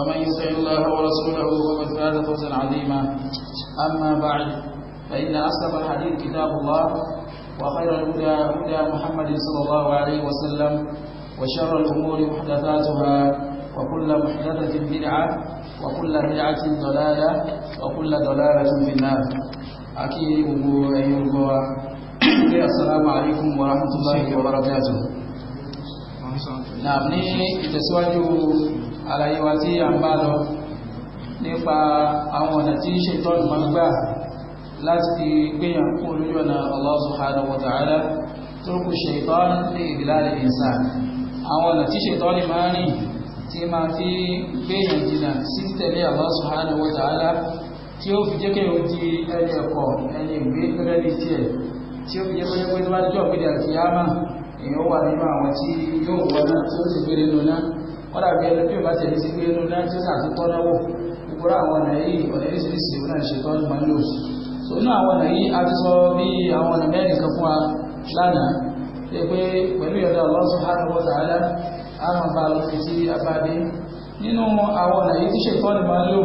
ومن يطع الله ورسوله فقد فاز فوزا عظيما أما بعد فإن أصدق الحديث كتاب الله وخير الهدى هدى محمد صلى الله عليه وسلم وشر الأمور محدثاتها وكل محدثة بدعة وكل بدعة ضلالة وكل ضلالة في النار أكيد ايها السلام عليكم ورحمة الله وبركاته نعم نيجي تسوى àlàyé wa tí a ń bá lọ nípa àwọn ọ̀nà tí ṣètọ́nù máa ń gbà láti fi gbéyàn kú lójú ọ̀nà Allah subhanahu wa ta'ala tó kù ṣètọ́nù ní ìbílẹ̀ ìsà àwọn ọ̀nà tí ṣètọ́nù máa ń rìn tí máa fi gbéyàn jìnà sí tẹ̀lé Allah subhanahu wa ta'ala tí ó fi jẹ́ kí ó ẹni ẹ̀kọ́ ẹni ìgbé rẹ́lí tiẹ̀ tí ó fi jẹ́ pé pé tó bá jọ́ òkèdè àkíyámà èèyàn wà nínú àwọn tí yóò wọ́n náà tí ó sì gbére nù wọ́n dàbí ẹni bí ìbá tẹ̀lé sí pé inú náà tí ó sàti tọ́náwó ìkúrò àwọn ọ̀nà yìí ọ̀nà so inú àwọn ọ̀nà yìí a ti sọ bí àwọn ọ̀nà mẹ́rin kan fún wa lánàá ṣe pẹ̀lú ìyọ̀dọ̀ Allah subhanahu wa ta'ala a máa bá lọ sí abáde nínú àwọn ọ̀nà yìí tí ṣe tọ́jú máa ń lò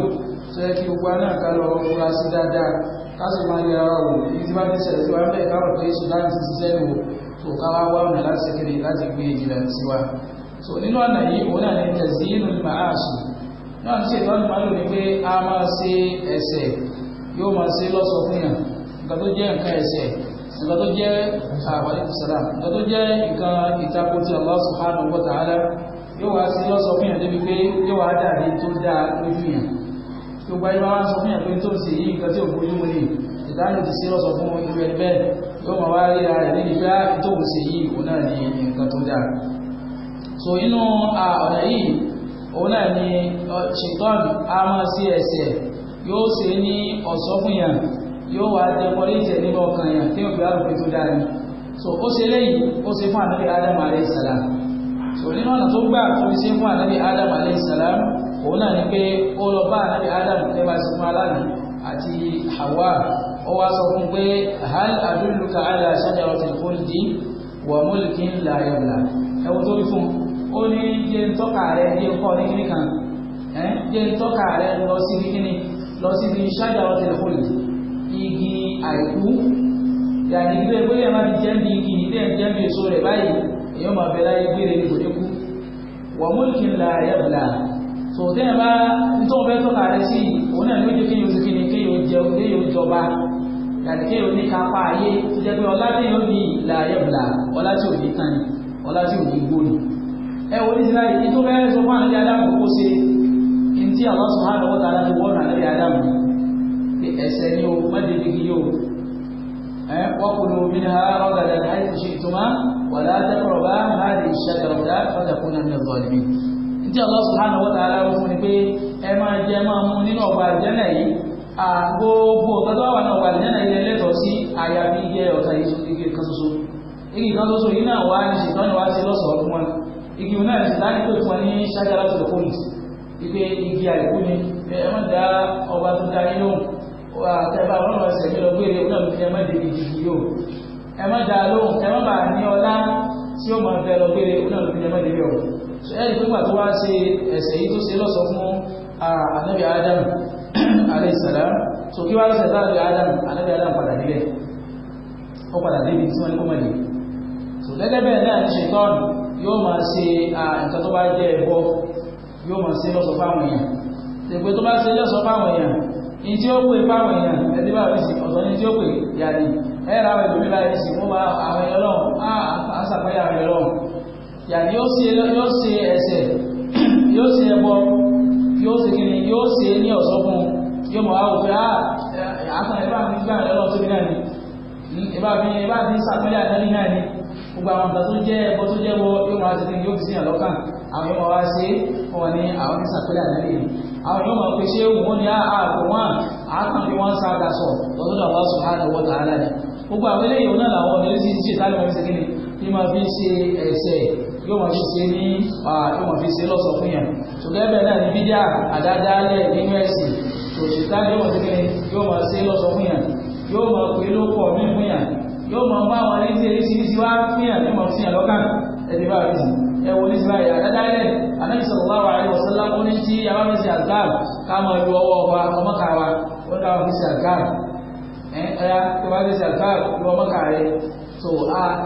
tó yẹ kí gbogbo aná ká lọ fura sí dáadáa ká sì máa yẹra wò èyí tí bá so nínú ọ̀nà yìí òun náà ní tẹ̀síìnù màáṣì náà ń ṣe ìtọ́jú máa ń lò ní pé a máa ṣe ẹ̀ṣẹ̀ yóò máa ṣe lọ́sọ fún yàn nǹkan tó jẹ́ nǹkan ẹ̀ṣẹ̀ nǹkan tó jẹ́ àwàlẹ́kùsọ̀lá nǹkan tó jẹ́ nǹkan ìtakò tí Allah subhanahu wa ta'ala yóò wá sí lọ́sọ fún yàn débi pé yóò wá dàbí tó dáa lójú yàn gbogbo ayé máa sọ fún yàn pé tó ń ṣe yìí nǹkan tí ò bójú mu ni ìdáhùn ti sí lọ́sọ fún irú ẹni yóò máa wá rí ara rẹ̀ níbi bá ìtòhùn ṣe yìí òun náà ní nǹkan tó dáa so inú ọ̀nà yìí òun náà ni ṣètọ́nù a máa sí ẹsẹ̀ yóò ṣe ní ọ̀sọ́ fún yàn yóò wá dẹkọrẹ́tẹ̀ nínú ọkàn yàn tí òbí àrùn tó dára ni so ó ṣe lẹ́yìn ó ṣe fún ànábì adam aleyhisselam so nínú ọ̀nà tó gbà tó ṣe fún ànábì adam aleyhisselam òun náà ni pé ó lọ bá ànábì adam lẹ́bàá sí fún aláàbì àti hawa ó wá sọ fún pé hal adulluka ala shajaratil khuldi wa mulkin la yabla ẹ̀wọ̀n tó rí fún un ó ní jẹ́ ń tọ́ka rẹ̀ jẹ́ ń kọ́ ní kíní kan jẹ́ ń tọ́ka rẹ̀ lọ sí ní kíní lọ sí ní ṣáàjà ọ̀tẹ̀ lẹ́kọ̀ọ́lì igi àìkú yàtí gbé bóyá má ti jẹ́ ń di igi ìdí ẹ̀ ń jẹ́ ń bí èso rẹ̀ báyìí èèyàn máa bẹ̀rẹ̀ ayé gbére ní kòdékù wà múlùkì ńlá ayébùlà tó tẹ́yìn bá ń tó fẹ́ tọ́ka rẹ̀ sí òun náà ló jẹ́ kéèyàn sí kíní kéèyàn jọba yàtí kéèyàn ní kápá ayé jẹ́ pé ọlá téèyàn ní ìlà ayébùlà ọlá tí ò ní tán ọlá tí ò ní gbóni ẹ wo ní sinari ní tó bẹ́ẹ̀ sọ fún àlẹ́ adamu kó ṣe ní tí Allah subhanahu wa ta'ala tó wọ́n àlẹ́ adamu pé ẹsẹ̀ ni o mẹ́tẹ̀ bí kí yóò ẹ wọ́pọ̀lù minha rọ́gàdà láì ṣe ìtumá wàlá tẹ́kọ̀rọ̀bá máàlì ìṣàkàrọ̀dá fọ́tàkùnà ní ọ̀dọ́lẹ́mí ní tí Allah subhanahu wa ta'ala fún ni pé ẹ máa jẹ máa mú nínú ọgbà àjẹ́nà yìí gbogbo ọ̀tọ́tọ́ wà wà ní ṣètọ́ni wá igi òun náà láti tó fún ní ṣájára tó lòkó nìsí wípé igi àìkú ni ẹ má da ọba tó da yín lóhùn àtẹ̀bá wọn lọ sẹ̀mí lọ gbére òun náà fi ẹ má débi ìdìbò yóò ẹ má da lóhùn ẹ má bà ní ọlá tí ó máa fẹ́ lọ gbére òun náà fi ẹ má débi ọ̀hún ṣe ẹ́ ìpínpà tó wá ṣe ẹ̀sẹ̀ yìí tó ṣe lọ́sọ̀ fún ànábì ádámù alayhi salam so kí wá lọ́sẹ̀ sáàbì ádámù ànábì ádámù padà nílẹ̀ ó padà débi tí wọ́n ní kó mọ̀ lè so gẹ́gẹ́ bẹ́ẹ̀ náà ní ṣètọ́nù yóò máa ṣe nǹkan tó bá jẹ́ ẹ̀bọ yóò máa ṣe lọ́sọ̀ fáwọn èèyàn ìpè tó bá ṣe lọ́sọ̀ fáwọn èèyàn ní tí ó pè fáwọn èèyàn ẹni bá wíṣì ọ̀tọ̀ ní tí ó pè yàrá ẹ̀rọ àwọn ìlú nílá yìí sì wọ́n máa àwọn èèyàn lọ́wọ́ á àwọn èèyàn lọ́wọ́ yàrá yóò ṣe ẹsẹ̀ yóò ṣe ẹbọ yóò ṣe kí ni yóò ṣe ní ọ̀sọ́ fún yóò mọ̀ àwọn òfin àtàn ìbá mi gbà ẹ̀rọ tó ní náà ni ìbá mi ìbá mi sàpáyà náà ní náà gbogbo àwọn nǹkan tó jẹ́ ẹbọ tó jẹ́ bọ yóò máa ṣe yóò fi síyàn lọ́kàn àwọn yóò máa wá ṣe wọn ní àwọn ní sàpẹ́lẹ̀ àlẹ́ yìí àwọn yóò máa pe ṣé òun ní ààbò wọn àákàn bí wọ́n ń sáà dasọ̀ lọ́dọ̀ àwọn subhanahu wa ta'ala ni gbogbo àwọn eléyìí òun náà làwọn ọ̀nà eléyìí ti ṣe táwọn ọmọ ṣe kíni bí máa fi ṣe ẹ̀ṣẹ̀ yóò máa fi ṣe ní yóò máa fi ṣe lọ́sọ̀ fún yàn ṣùgbọ́n yóò máa pè é lóko ọ̀mí fún yàn yóò mọ bá wọn létí eréṣiríṣi wá fíyàn ní mọ fíyàn lọ́kàn ẹbí bá rí ẹ wo nígbà yà dáadáa anábì sallallahu alaihi wasallam ó ní tí a bá fi ṣe àgbà ká mọ ju ọwọ́ ọba ọmọkà wa ó ní ká fi ṣe àgbà ẹ ẹyà tó bá fi ṣe àgbà ju ọmọkà rẹ so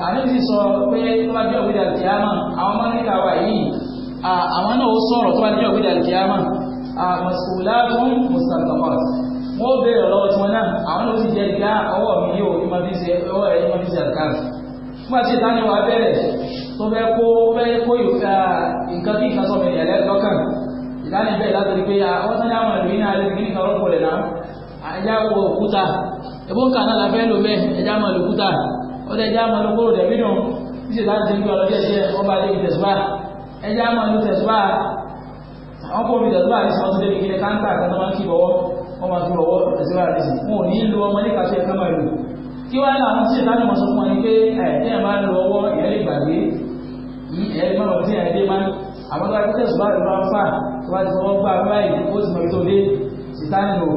anábì sọ pé tó bá jẹ́ òbí dàkíyàmà àwọn ọmọ nígbà wa yìí àwọn náà ó sọ̀rọ̀ tó bá jẹ́ òbí dàkíyàmà masulatun wọ́n bèèrè ọlọ́wọ́ tí wọ́n náà àwọn ó sì jẹ́ ìgbà ọwọ́ mi yóò ní ma fi ṣe ọwọ́ rẹ̀ ní ma fi ṣe àkáàtì fún àti ìtaní wa bẹ̀rẹ̀ tó fẹ́ kó fẹ́ kó ìka nǹkan kí nǹkan sọ̀rọ̀ ìyàlẹ́ lọ́kàn ìtaní bẹ́ẹ̀ látọ̀rí pé àwọn sáré àwọn ìlú iná rẹ̀ nìkan rọ́pò rẹ̀ náà ẹja wo òkúta ẹ̀bùn kan náà la fẹ́ lò bẹ́ẹ̀ ẹja máa lò òkúta ọdẹ ẹja máa lò kóró dẹ̀bí dùn títí láti ṣe ń gbé ọlọ́dẹ̀ díẹ̀ wọ́n bá dé ìtẹ̀síwá ẹja máa lò tẹ̀síwá àwọn kò fi tẹ̀síwá àti sọ́tún débi wọ́n máa fi ọwọ́ ẹ̀sẹ̀ wà lẹ́sìn wọn ò ọmọ ní kàṣẹ ẹ̀ká máa kí wá láwọn tí ìtàn ìmọ̀ sọ fún ni pé ẹ̀ẹ́dẹ́ ẹ̀ máa ń lo ọwọ́ ìyẹn lè gbàgbé ìyẹn máa lọ sí ẹ̀ẹ́dẹ́ máa ń àwọn tó akẹ́kẹ́ sùn bá rẹ̀ máa ń fà tó bá ti fọwọ́ gbà báyìí ó sì mọ̀ tó dé ìtàn lò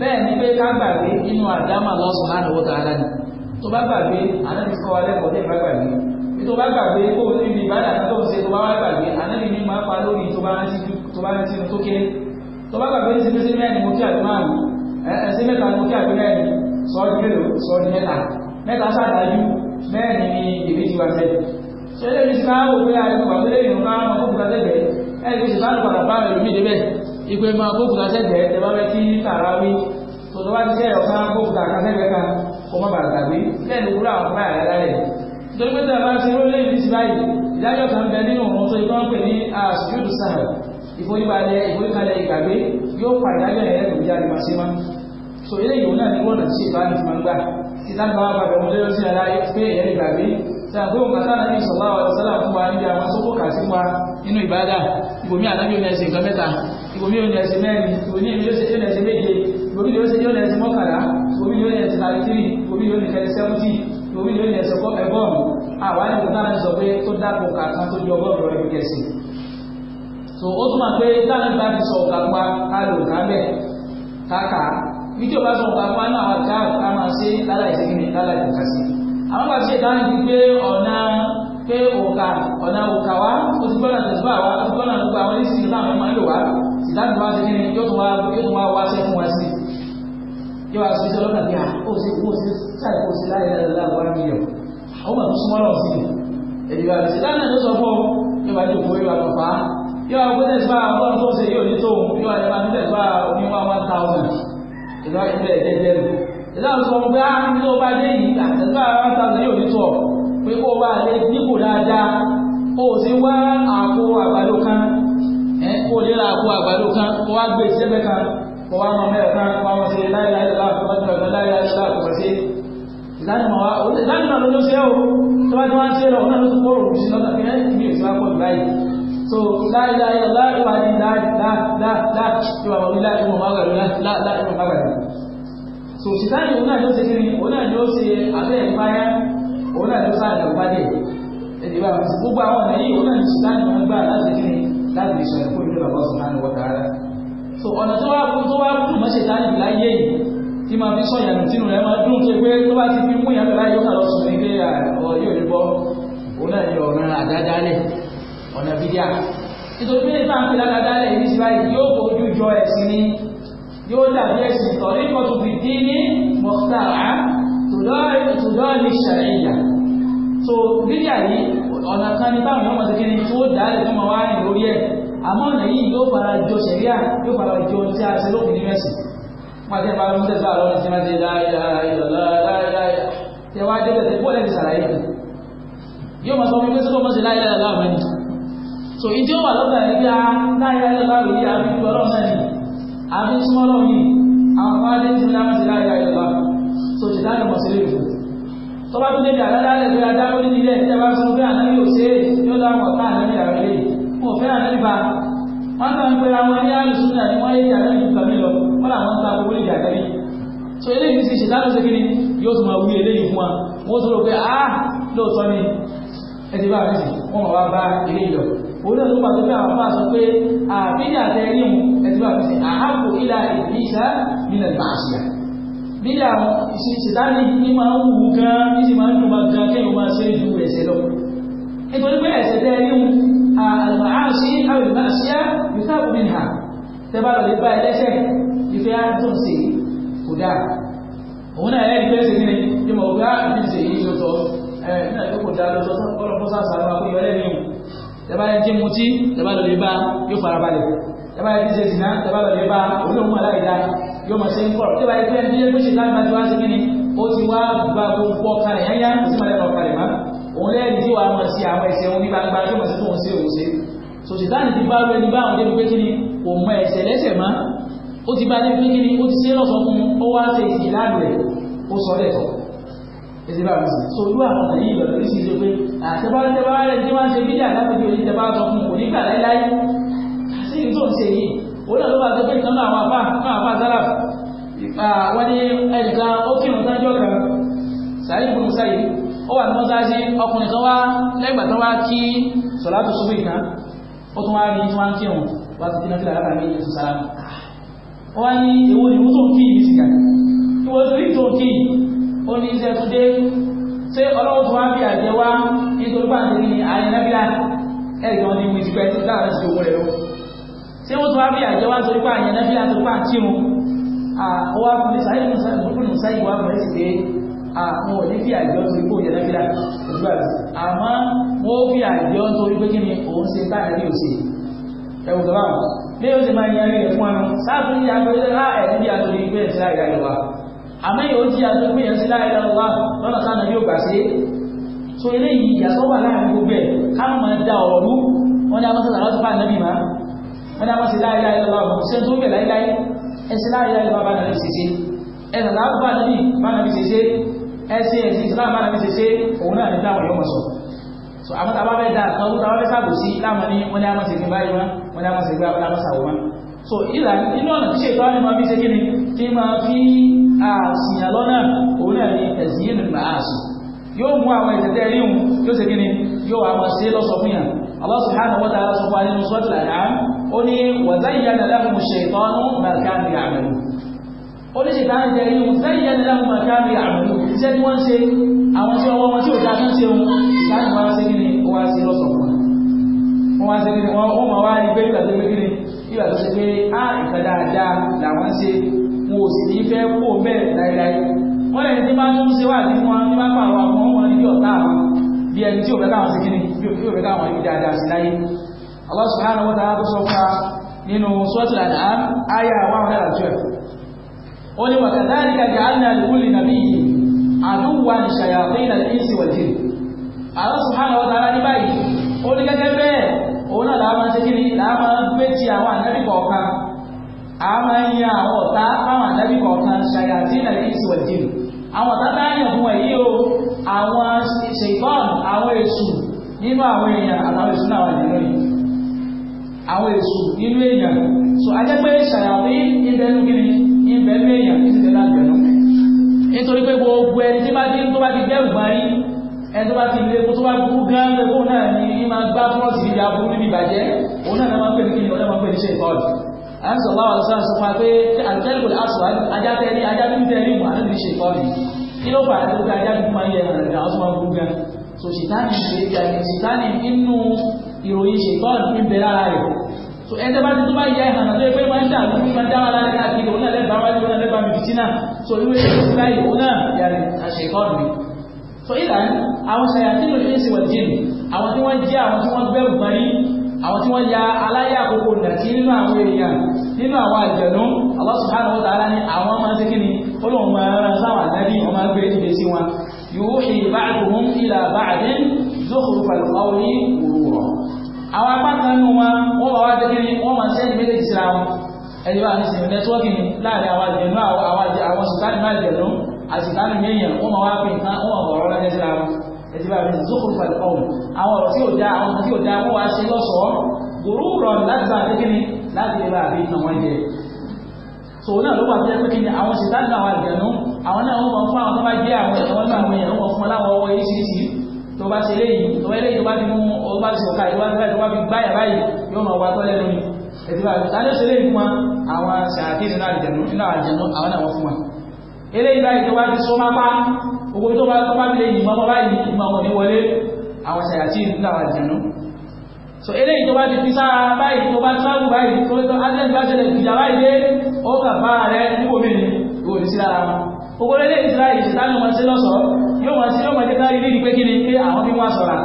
bẹ́ẹ̀ ni pé ká gbàgbé nínú àdámà lọ́sùn láàrin owó tààrà ni tó bá gbàgbé anábì kọ́ alẹ́kọ̀ọ́ lè bá gbàgbé bí tó bá gbàgbé kó o níbi ìbádà tó ń ṣe tó bá wá gbàgbé anábì ní máa pa lórí tó bá rántí tó bá gbàgbé ní sípé sí mẹ́rin mo kí àbí márùn ẹsẹ mẹ́ta mo kí àbí mẹ́rin sọ́ọ́dún mélòó sọ́ọ́dún mẹ́ta mẹ́ta ṣàdájú mẹ́rin ni èmi ti wá sẹ́yìn ṣé lèmi ti máa ń wò pé àìsàn wà lórí ìrùn máa mọ kókùnrin sẹ́gbẹ̀ẹ́ ẹ̀rí ti máa ń padà bá rẹ̀ lómi débẹ̀ ìpè máa kókùnrin sẹ́gbẹ̀ẹ́ tẹ bá fẹ́ kí tààrà wí tòtò bá ti jẹ́ ọ̀ká kókùnrin àkàtẹ́gbẹ̀ẹ́ kan kó má bàa gbàgbé lẹ́nu wúrà àwọn báyà lálẹ́ torí pé tí a bá ti ìforíbalẹ̀ ìforíkalẹ̀ ìgbàgbé yóò padà bẹ̀rẹ̀ ẹ̀rẹ́ tòun jáde máa ṣe máa so eléyìí òun náà ní wọ́n ti ìbáni ti máa ń gbà tí tábà wà bàbẹ̀ wọn lérò sí ara pé ẹ̀rẹ́ ìgbàgbé sàgbé òun kàtà náà ní sọ̀lá wa sọ́lá fún wa níbi àwọn sókò kà sí wa nínú ìbádà ìbomi àdájọ́ ní ẹsẹ̀ nǹkan mẹ́ta ìbomi ò ní ẹsẹ̀ mẹ́rin ìbomi ò ní ẹsẹ̀ méje ìbomi ò ní ẹsẹ̀ mọ́kànlá ìbomi ò ní ẹsẹ̀ tàbítírì ìbomi ò ní ẹsẹ̀ sẹ́wọ́ntì ìbomi ò ní ẹsẹ̀ ẹgọ́rùn-ún àwọn àyẹ̀wò náà sọ pé tó dákò kàkan tó ju ọgọ́rùn-ún rẹ̀ kẹsì so ó túmọ̀ pé táwọn bá ti sọ ọ̀gá pa ká lò ká bẹ̀ káka bí tí o bá sọ ọ̀gá pa náà wà ká ká máa ṣe láláì ṣe kíni láláì kò ká sí. àwọn bá ṣe ìdáhùn ti pé ọ̀nà pé òkà ọ̀nà òkà wa ó ti gbọ́nà tẹ̀síwá wa ó ti gbọ́nà gbogbo àwọn oníṣìí láwọn máa ń lò wá ìdáhùn wa ṣe kíni yóò tún wá yóò tún wá wá ṣe fún wa sí i yóò wá sọ ìṣẹ́ lọ́kàn bí i ó ṣe kó ṣe sáì ṣe láyé láyé wá mílíọ̀ àwọn máa tún súnmọ́ lọ sí i èdè wa ṣe dáná ló sọ fún ọ yóò bá jókòó yóò bá lọ fà á You yóò wá gbọ́dẹ̀ sọ́ra ọlọ́run tó ṣe yóò ní tó You are wá gbọ́dẹ̀ sọ́ra òní wá one thousand ìlọ ìbílẹ̀ jẹjẹ rẹ̀ ìlànà sọ pé á ní ló bá dé yìí àtẹ̀sọ́ one thousand yóò ní tọ̀ pé kó bá lè dínkù dáadáa ó sì wá àpò àgbàdo kan ẹ̀ kó lè ra àpò àgbàdo kan kó wá gbé ìṣẹ́fẹ́ kan kó wá mọ mẹ́rin kan kó wá mọ sí láyéláyé lọ́wọ́ ìdánimọ̀ wa ìdánimọ̀ ló ló ṣe ó tó bá ti wá ń ṣe lọ náà ló ti kó òrùn sí lọ́nà fi ẹ́ ìgbìyànjú wá pọ̀ jù báyìí so láìláì ọláìwà ní láìláìláìláì ìwà wọlé láì ìwọ̀n mágàrí láì ìwọ̀n mágàrí so ṣìtáyì òun náà ló ṣe kiri òun náà ló ṣe abẹ́ ìpáyà òun náà ló sáà lọ́pàdé ẹ̀dìbà gbogbo àwọn ọ̀nà yìí òun náà ṣìtáyì máa ń gbà láti kiri láti lè ṣọ̀rọ̀ fún ìlú ọ̀gá ọ̀sán náà wọ̀ta rárá so ọ̀nà tó wá kú tó wá kú mọ́ ṣètáyì láyé yìí tí máa fi sọ̀yà tìǹtìǹ rẹ̀ máa dùn tó pé tó bá ti fi mú ìyàtọ̀ láyé ó kà lọ sùn ní pé ọ̀rọ̀ yóò rí bọ́ òun náà ní ọ̀ràn àdádálẹ̀ ọ̀nà bídíà nítorí pé nípa àpè ládàá lẹ̀ ní síwáyé yóò fojú jọ ẹ̀sìn ni yóò dàbí ẹ̀sìn tọ̀rí kọ́tù fi dín ní mọ̀tàrà tùdọ́ọ̀lì ṣàríyà so bídíà yìí ọ̀nà kan ní báwọn ọmọ tẹ́kẹ́ ni tí ó dá lè fún ọmọ wáyé lórí ẹ̀ àmọ́ ọ̀nà yìí yóò fara jọ ṣẹ̀ríà yóò fara jọ tí a ṣe lópin ní mẹ́sì wọ́n ti fara mú tẹ̀sán àlọ́ ní ti láyé láyé láyé so ìdí ó wà lọ́gbà yìí bá láyé ayé lọ́wọ́ yìí àbí ìlú ọlọ́run náà ni àbí súnmọ́ lọ́wọ́ yìí àwọn kan dé ti láwọn ti láyé ayé lọ́wọ́ so ti láyé mọ̀ sílé ìfò tó bá tún débi àdáda lè fi adá lórí nílẹ̀ tí a bá sọ pé àná yóò ṣe é yóò dá mọ̀ ká àná yàrá ilé wọn ò fẹ́ àná nípa wọn kàn ń pe àwọn ní àlùsùn náà ni wọ́n yé ìyàrá ìlú kàmí lọ wọn làwọn ń ta gbogbo ìjà kẹ́lí so eléyìí ti ṣe láti ṣe kíni yóò tún máa wí eléyìí fún wa wọn ó tún rò pé ah lóòótọ́ ni ẹ ti bá a rí sí wọn máa wá bá eléyìí lọ òun náà ló pàtó pé àwọn máa sọ pé àbídà tẹ́rí mu ẹ̀tí wà pèsè àhápò ìlà ìbíṣà nílẹ̀ ìbáṣíà bídà ṣètàní ní máa ń wù gan ní sì máa ń dùn máa gan kéèyàn máa ṣe ju ẹ̀ṣẹ̀ lọ nítorí pé ẹ̀ṣẹ̀ tẹ́rí mu àlùmáàṣí àlùmáàṣíà yóò mi hà tẹ́bà lọ lè bá ẹlẹ́ṣẹ̀ ìfẹ́ àtún sí kò dáa òun náà ẹ̀rí pẹ́sẹ̀ ní ìmọ̀ ọ̀gá ìbí tẹ́bá yẹn ti mutí tẹ́bá lọ lè bá yóò farabalẹ̀ tẹ́bá yẹn ti ṣe sìnà tẹ́bá lọ lè bá olóhùn aláìda yóò máa ṣe ń kọ̀rọ̀ tẹ́bá yẹn ti ẹni tó yẹ kó ṣe láti máa ti wá sí kí ni ó ti wá gba gbogbo ọkàlẹ̀ yányá kò sí màlẹ́ ọkàlẹ̀ má òun lẹ́yìn tí wàá máa ṣe àwọn ẹ̀ṣẹ̀ òun ní gbangba yóò máa ṣe tóun ṣe òun ṣe sòṣìtáàni ti bá lọ ẹni bá àwọn débi pé kí ẹsẹ̀ bá mi sè so irú àwọn ọ̀nà yìí ìbẹ̀rẹ̀ oríṣi ṣe pé àtẹ̀bá rẹ̀ tí wọ́n ṣe bídíà lápẹ̀jọ yìí tẹ̀ bá sọ fún kò ní gbà láíláí sí ní tó ń ṣe yìí òun náà ló bá tó pé ìtàn náà àwọn afá náà afá sálà wọ́n ní ẹnìkan ó kírun sájọ́ kan sàárì ìbùnú sáyé ó wà ní mọ́sáàsì ọkùnrin kan wá lẹ́gbàá tó wá kí sọ̀lá tó sọ́bù ìtàn ó tún wá rí tí wọ́n kírun wá ti dín náà lára méjì tó sára wọ́n ní èwo ìwú tó ń kí ìbísí kan ìwọ́n tó ń kí ó ní iṣẹ́ tó dé ṣé ọlọ́wọ́ tó wá bí àjẹ wá nítorí pàǹdé ní ayẹnẹ́bíà ẹ̀rì wọn ni mo ti pẹ́ tó dára sí owó rẹ̀ o ṣé wọ́n tó wá bí àjẹ wá nítorí pàǹdé ayẹnẹ́bíà tó pàǹtí mu àwọn akùnrin sáyé nìkúnnù sáyé wà bẹ̀rẹ̀ sí pé àwọn òní fi àjọ tó ikú yẹn lẹ́fíà òjúbà rẹ̀ àmọ́ wọ́n fi àjọ tó ikú kí ni òun ṣe báyìí ní òsè ẹ̀wù gbọ́dọ̀ bí ó ti máa yan ẹ̀rí rẹ̀ fún ẹnu sáà tún ní àgbẹ̀rẹ̀ rá ẹ̀rí bí a tó ní pé ìṣẹ́ àìdáyọ̀ wa àmọ́ yóò jí àti pé yẹn sí láìláà wá lọ́nà sáà yóò gbà sí so eléyìí ìyàtọ̀ wà láàrin gbogbo ẹ̀ ká máa da ọ̀rọ̀ rú wọn ni a máa ń sọ̀rọ̀ sípà nàbì má wọn ni a máa ń sọ láìláà ìlọ́wọ́ àbọ̀ ṣé tó bẹ̀ láìláì ẹ sí láìláà ìlọ́wọ́ bá nàbì ṣèṣe ẹ sàlá bá nàbì bá nàbì ṣèṣe ẹ sí ẹ sí ìsìláà bá nàbì ṣèṣe òun náà ní so àmọ́ tá a bá fẹ́ da àtọ́ tá a bá fẹ́ sàbò sí láwọn ní wọn ni a máa ṣe gbìn báyìí wọn ni a máa ṣe gbà wọn so ìlànà inú ọ̀nà tí ṣètò àwọn ọmọ bí ṣe kí ni kí máa fi àṣìyàn lọ́nà òun náà ni ẹ̀sìn yìí nìgbà àṣù yóò mú àwọn ìtẹ̀tẹ̀ ríhun yóò ṣe kíni yóò àwọn sí lọ́sọ̀ fún yàn Allah subhanahu wa ta'ala sọ fún alẹ́nu ó ní wàzáyíyàn lahum shaytanu màkàmì wọn ò sì ní fẹ́ kó bẹ́ẹ̀ láíláí wọ́n lẹ́yìn tí bá ń ṣe wà ní wọn ní bá ń pàrọ̀ àwọn ọmọ níbi ọ̀tá àwọn bí ẹni tí ò fẹ́ káwọn ṣe kíni bí ò fẹ́ káwọn ibi dáadáa sí láyé Allah subhanahu wa ta'ala tó sọ fún wa nínú sọ́ọ̀tì Al-An'am áyà one hundred and twelve ó ní wakadhalika ja'alna likulli nabiyyin aduwwan shayatina al-insi wal jinn Allah subhanahu wa ta'ala ní báyìí ó ní gẹ́gẹ́ bẹ́ẹ̀ òun náà làá máa ṣe kíni àwọn ànábì kọ̀ọ̀kan a máa ń yan àwọn ọ̀tá fáwọn ànábì kọ̀ọ̀kan ṣàyà tí ìdàlẹ́ yìí sọ̀rọ̀ jìnnà àwọn ọ̀tá tá a yàn fún ẹ̀yí o àwọn ṣèkọ́ọ̀n àwọn èṣù nínú àwọn èèyàn àtàwọn èṣù náà wà nínú yìí àwọn èṣù nínú èèyàn so ajẹ́ pé ṣàyà ní ìbẹ̀rù kíni ìbẹ̀rù èèyàn ní ti tẹ̀lé àgbẹ̀nu nítorí pé gbogbo ẹni tí bá ti tó bá ti dẹ́rù bá yín ẹni tó bá ti lé kó tó bá kú gán lé kó náà ní máa gbá fúnrọ́ọ̀sì ìyá burú níbi ìbàjẹ́ òun náà máa ń pè ní kíni òun náà máa pè ní ṣèkọ́ọ̀dù àyẹ̀sọ̀ ọ̀la wàlúù sọ̀rọ̀ sọ fún wa pé àlùkẹ́lùkù àṣọ ajá tẹ́rí ajá bíbí tẹ́rí mọ̀ àná ìṣe ìkọ́ni kí ló fàá tó ajá bíbí máa ń ẹ̀rọ àwọn tó máa ń burú gan so ṣètánì ìṣèjà ṣètánì inú ìròyìn ṣètọ́ọ̀nù ń bẹ lára rẹ̀ so ẹni tẹ́ bá ti tó bá yẹ ẹ̀hàn tó yẹ pé máa ń dàgbù máa ń dá wàhálà rẹ̀ káàkiri òun náà lẹ́gbàá wájú òun náà lẹ́gbàá mi bìtínà so irú èyí ti báyìí òun náà so ìlànà àwọn ṣàyàtì lòdì ní ìṣèwọ̀dì jìn àwọn tí wọ́n jẹ́ àwọn àwọn tí wọ́n ya aláyé àkókò nàtí nínú àwọn èèyàn nínú àwọn àjẹ̀nú Allah subhanahu wa ta'ala ní àwọn máa ṣe kíni ó lóun máa rán sáwọn àdáni wọn máa gbé ìdè sí wọn yuhi ba'duhum ila ni láàrin àwọn àjẹ̀nú àwọn sùtánì wọ́n máa wá pè wọn ẹ̀tí bá rẹ̀ zókùn pẹ̀lú ọ̀hún àwọn ọ̀rọ̀ tí ó dá àwọn tí ó dá wọ́n wá ṣe lọ́sọ̀ọ́ gòrú rọ̀ láti bá àti kíni láti lè bá àbí ìtàn wọn jẹ so náà ló wà bí ẹgbẹ́ kíni àwọn ṣe láti àwọn àjẹnú àwọn náà wọ́n fún àwọn tó bá jẹ́ àwọn ẹ̀wọ́n náà àwọn èèyàn wọ́n fún láwọn ọwọ́ acc tó bá ṣe léyìn tó bá léyìn tó bá ti mú gbogbo tó bá tó bá bílẹ̀ yìí mọ́ báyìí ìmọ̀ wọn ní wọlé àwọn ṣàyàtì ìlú àwọn so eléyìí tó bá ti fi sára báyìí tó bá tíwájú báyìí tó tó adẹ́sí bá ṣẹlẹ̀ ìjà báyìí dé ó kà bá rẹ níbo mi ni ìwò ní sí lára wọn gbogbo eléyìí ti láyìí ṣe táwọn ọmọ sí lọ́sọ̀ọ́ yóò mọ̀ sí yóò mọ̀ dékárí pé kí ni pé àwọn bí wọ́n sọ̀ra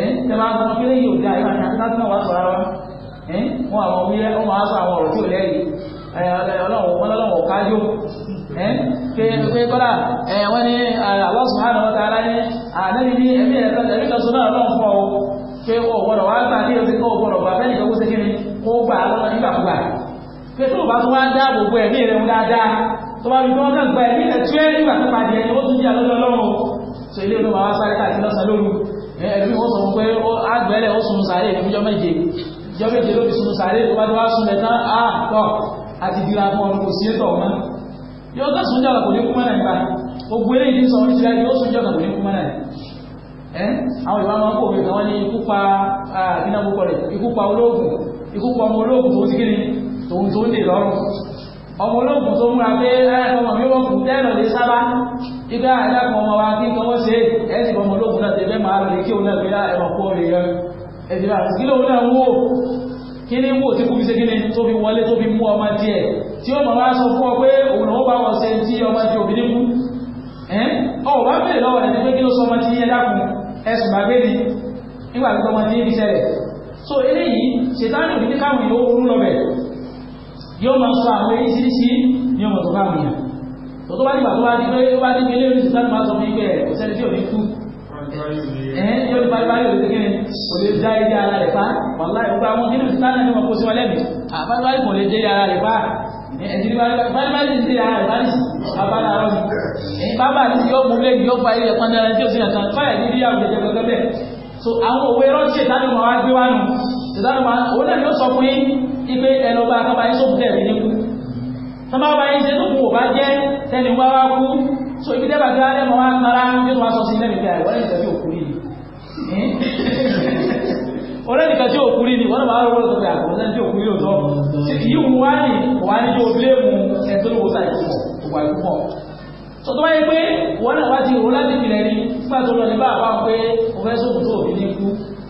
ẹ̀ tẹ́ máa gbọ́n kí léyìí ò dé àyíká ní àti wọ́n sọ̀ra wọn ẹ̀ wọ́n àwọn wíyẹ́ wọ́n máa sọ àwọn ọ̀rọ̀ tí ò lẹ́yìn ọlọ́run ọ̀kájú pé kọ́lá wọ́n ní Allah subhanahu wa ta'ala ní ànábi ní ẹ̀mí ẹ̀mí kan sọ́nà ọlọ́run fún ọ pé o gbọ́dọ̀ wá gbà ní oṣù kó o gbọ́dọ̀ gbà bẹ́ẹ̀ ìjọba ṣe kó gbà lọ́nà nígbàkúgbà pé tó o bá tún wá dá gbogbo ẹ̀mí rẹ̀ ń dáadáa tó bá fi kọ́ kàn gba ẹ̀mí rẹ̀ tún ẹ̀ nígbà tó padì ẹni ó tún jí àlọ́jọ́ ọlọ́run tó ilé olóma wá sáré káàkiri lọ́sàn lóru ẹ̀mí ó sọ fún pé àgbẹ̀lẹ̀ ó sun sáré ìfúnjọ́ méje ìjọ́ méje ló fi sun sáré tó bá tó wá sun mẹ́tán á tọ̀ àti dira fún ọ kò sí ètò ọ̀mọ́ yóò tó sùn jọ̀nà kò ní kú mọ́nà nípa gbogbo eléyìí ti sọ ní ti láti yóò sùn jọ̀nà kò ní kú mọ́nà ẹ àwọn ìwà máa ń kó òwe kan wọ́n ní ikú pa iná púpọ̀ rẹ̀ ikú pa olóògùn ikú pa ọmọ olóògùn tó ti kí ni tòun tó ń dè lọ́rùn ọmọ olóògùn tó múra pé ọmọ mi wọ́n kù tẹ́lọ̀ lè sábà ibi àdákan ọmọ wa kí nǹkan wọ́n ṣe ẹ̀sìn ọmọ olóògùn náà tẹ̀lé máa lè kí òun náà gbé ẹ̀rọ kó rè é ẹ̀sìn bá kí lóun náà wò kí ní wò tí kú fi ṣe kí ní tó fi wọlé tó fi mú ọmọ tí ẹ̀ tí ó mọ̀ wá sọ fún ọ pé òun náà bá wọ́n ṣe tí ọmọ tí òbí níkú ọ bá bèèrè lọ́wọ́ rẹ̀ pé kí ló sọ ọmọ tí yẹ dákun ẹ̀sùn bá gbé ni nígbà tí ọmọ tí yẹ fi ṣẹlẹ̀ so eléyìí ṣètánì òbí ní káwọn ìlú oorun lọ bẹ̀ yóò máa sọ àwọn èyí sírísí ní ọmọ tó bá wù yàn tó tó bá dìgbà tó bá di pé ó bá di pé ilé ìrìnsì já ilé ara rẹ̀ pa wàhálà ìgbà àwọn nínú ìsìláàmù ni wọn kó sí wọn lẹ́bi àbálùbálì kò lè jẹ́ ilé ara rẹ̀ pa ẹ̀jìnì bálùbálì ti ara rẹ̀ bálì abala ara mi bàbá mi yóò mú lẹ́yìn yóò fa ilé ẹ̀kọ́ náírà tí ó sì yàn kan fáyà ní ìyá òjèjì kankan bẹ́ẹ̀ so àwọn òwe rọ́ọ̀tì ìtàn ìmọ̀ wá gbé wá nù ìtàn ìmọ̀ òun náà yóò sọ fún yín ipe ẹlọba akaba yín sókùtẹ̀ rí ní kú tọ́ba bá yín ṣe tókùn òbá jẹ́ tẹnìwá wá kú so ibi dẹ́gbàgbé alẹ́ mọ́ wá kára yóò wá sọ sí ilé mi pé àìwọ́lẹ́ ìtẹ́jú ọlẹ́nìkan tí òkú rí ni wọ́n máa wọ́n sọ pé àgbọ̀n ah, náà tí òkú rí òtọ́ yìí wù wá ní wà ní yóò lé mu ẹ̀tọ́ ló wọ́sà ìkúpọ̀ ìwà ìkúpọ̀ tó tó wáyé pé wọ́n náà wá ti wọ́n láti ìpìlẹ̀ ni nígbà tó lọ ní bá àwọn pé òun fẹ́ sókùn tó òbí ní ikú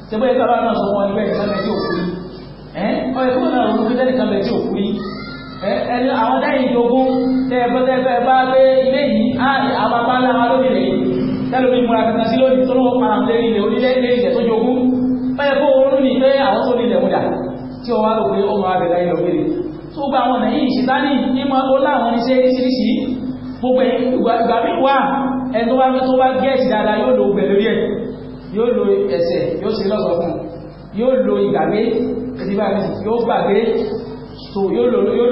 tẹ́gbẹ́ yẹn kábàá náà sọ wọn níbẹ̀ ìsẹ́mẹ̀ tí òkú rí ẹ̀ ọ̀yẹ̀ kúrò náà ronú pé tẹ́nìkan bẹ̀ tí òkú rí ẹni àwọn dáyìn ìjogún tẹ́ẹ̀bẹ́tẹ́ẹ̀bẹ́ bá gbé ilé yìí àwọn bá ńlá wa lónìí rẹ̀ tó nílẹ̀ múdà tí ó wá rò pé ó máa bẹ̀rẹ̀ ilẹ̀ òkèrè tó gba àwọn ọ̀nà yìí ṣìtánì ní máa ó láwọn oníṣẹ́ oríṣiríṣi gbogbo ìgbà mí wà tó bá fi tó yóò lo yóò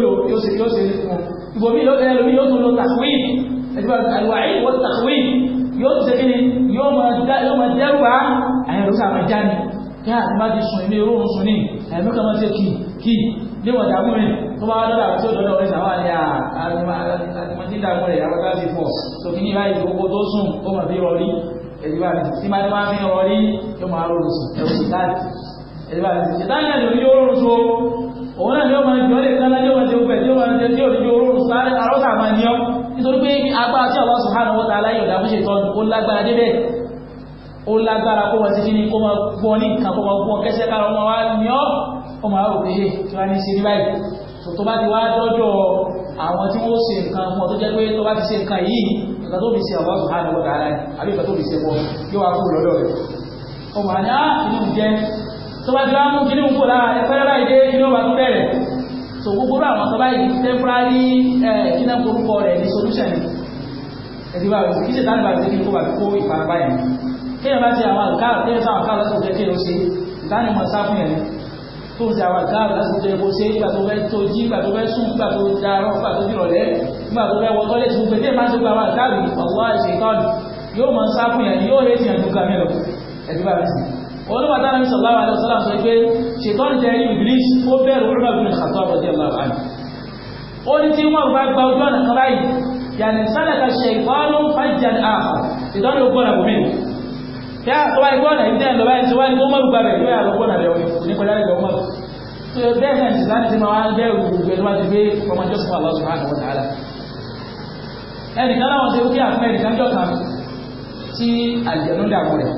lo ṣe kí ni yóò máa dẹ́rù wá àyẹ̀rù ni ní àtúmá ti sùn ní irú sùn ní ẹ̀mí kan máa ṣe kì kì níwọ̀n dààmú rẹ̀ tó bá dọ́dọ̀ àti òdòdó rẹ̀ sàwọn àyà àtìmọ̀tí dààmú rẹ̀ àwọn bá ti pọ̀ sókè ní báyìí gbogbo tó sùn ó mà fi rọrí ẹ̀dùbà tí máa máa fi rọrí yóò máa rọrùn sùn ẹ̀rù sùtáàtì ẹ̀dùbà tí sùtáàtì náà lórí yóò rọrùn sùn òun náà yóò máa jọ lè kánná yóò máa jẹ gbẹ yóò máa jẹ tí òdìjọ rọrùn sáré àrọ́sà máa ní ọ nítorí pé agbára tí ọlọ́sùn hàn wọ́ta aláyọ̀ dàmúṣe tọ́nu ó lágbára débẹ̀ ó lágbára kó wọ́n ti kí ni kó máa gbọ́ ní nǹkan kó máa gbọ́ kẹ́sẹ́ kára ọmọ wa ní ọ́ ó máa rò pé tí wọ́n ní ṣe rí báyìí tó tó bá ti wá dọ́jọ́ àwọn tí wọ́n ṣe nǹkan fún ọ tó jẹ́ pé tó bá ti ṣe nǹkan yìí nǹkan tó fi ṣe ọ̀wọ́ sùn hàn lọ́wọ́ dáadáa àbí nǹkan tó fi ṣe pọ̀ yóò wá kú lọ́dọ̀ rẹ̀ ó máa ní á inú tó bá ti wá mú kíní kó lára ẹgbẹ́ tó gbogbo àwọn tó báyìí temporary kíná korúkọ rẹ̀ ní solution ẹ̀ ti bá kí ṣe tánibà ti kí kó bá kó ìfarabáyìí kéèyàn bá ti àwọn àlùkáà kéèyàn sáwọn àlùkáà lásìkò jẹ́ kéèyàn ṣe ìdánimọ̀ mọ̀ sáfún yẹn tó ń ṣe àwọn àlùkáà lásìkò jẹ́ kó ṣe ìgbà tó fẹ́ tó jí ìgbà tó fẹ́ sùn ìgbà tó darọ́ ìgbà tó dìrọ̀lẹ́ ìgbà tó fẹ́ wọtọ́ lẹ́sùn pé kéèyàn bá ti gba àwọn àlùkáà rí ọ̀wọ́ àṣetọ́ọ̀lù yóò mọ̀ sáfún yẹn yóò rẹ́ tìyàn dùn kàmí lọ ẹ̀dí bá mi sì olùwà tá nàbí sallallahu alaihi wasallam sọ pé ṣètọ́nù jẹ́ rí Iblis ó bẹ̀rù Umar bin Khattab radiyallahu anhu ó ní tí wọ́n bá gba ojú ọ̀nà kan báyìí yàní sálàkà ṣe ìfọ́nù fàjàn àhà ṣètọ́nù ó gbọ́dọ̀ bùnmí tí a tọ́wá ikú ọ̀nà ìdílé lọ́wọ́ ẹni tí wọ́n kó mọ́rù gbàgbé yóò yà lọ́kọ́ nàbẹ̀ òní ní kọjá lẹ́gbẹ̀ẹ́ ọmọ tó bẹ́ẹ̀ náà ti láti máa wá bẹ́ẹ̀ gbogbo ẹni wá ti gbé ọmọ jọ́sìn fún Allah subhanahu wa ta'ala ẹnìkan láwọn ṣe wúkí àpẹ ẹnìkan jọ kan tí àjẹnú dààmú rẹ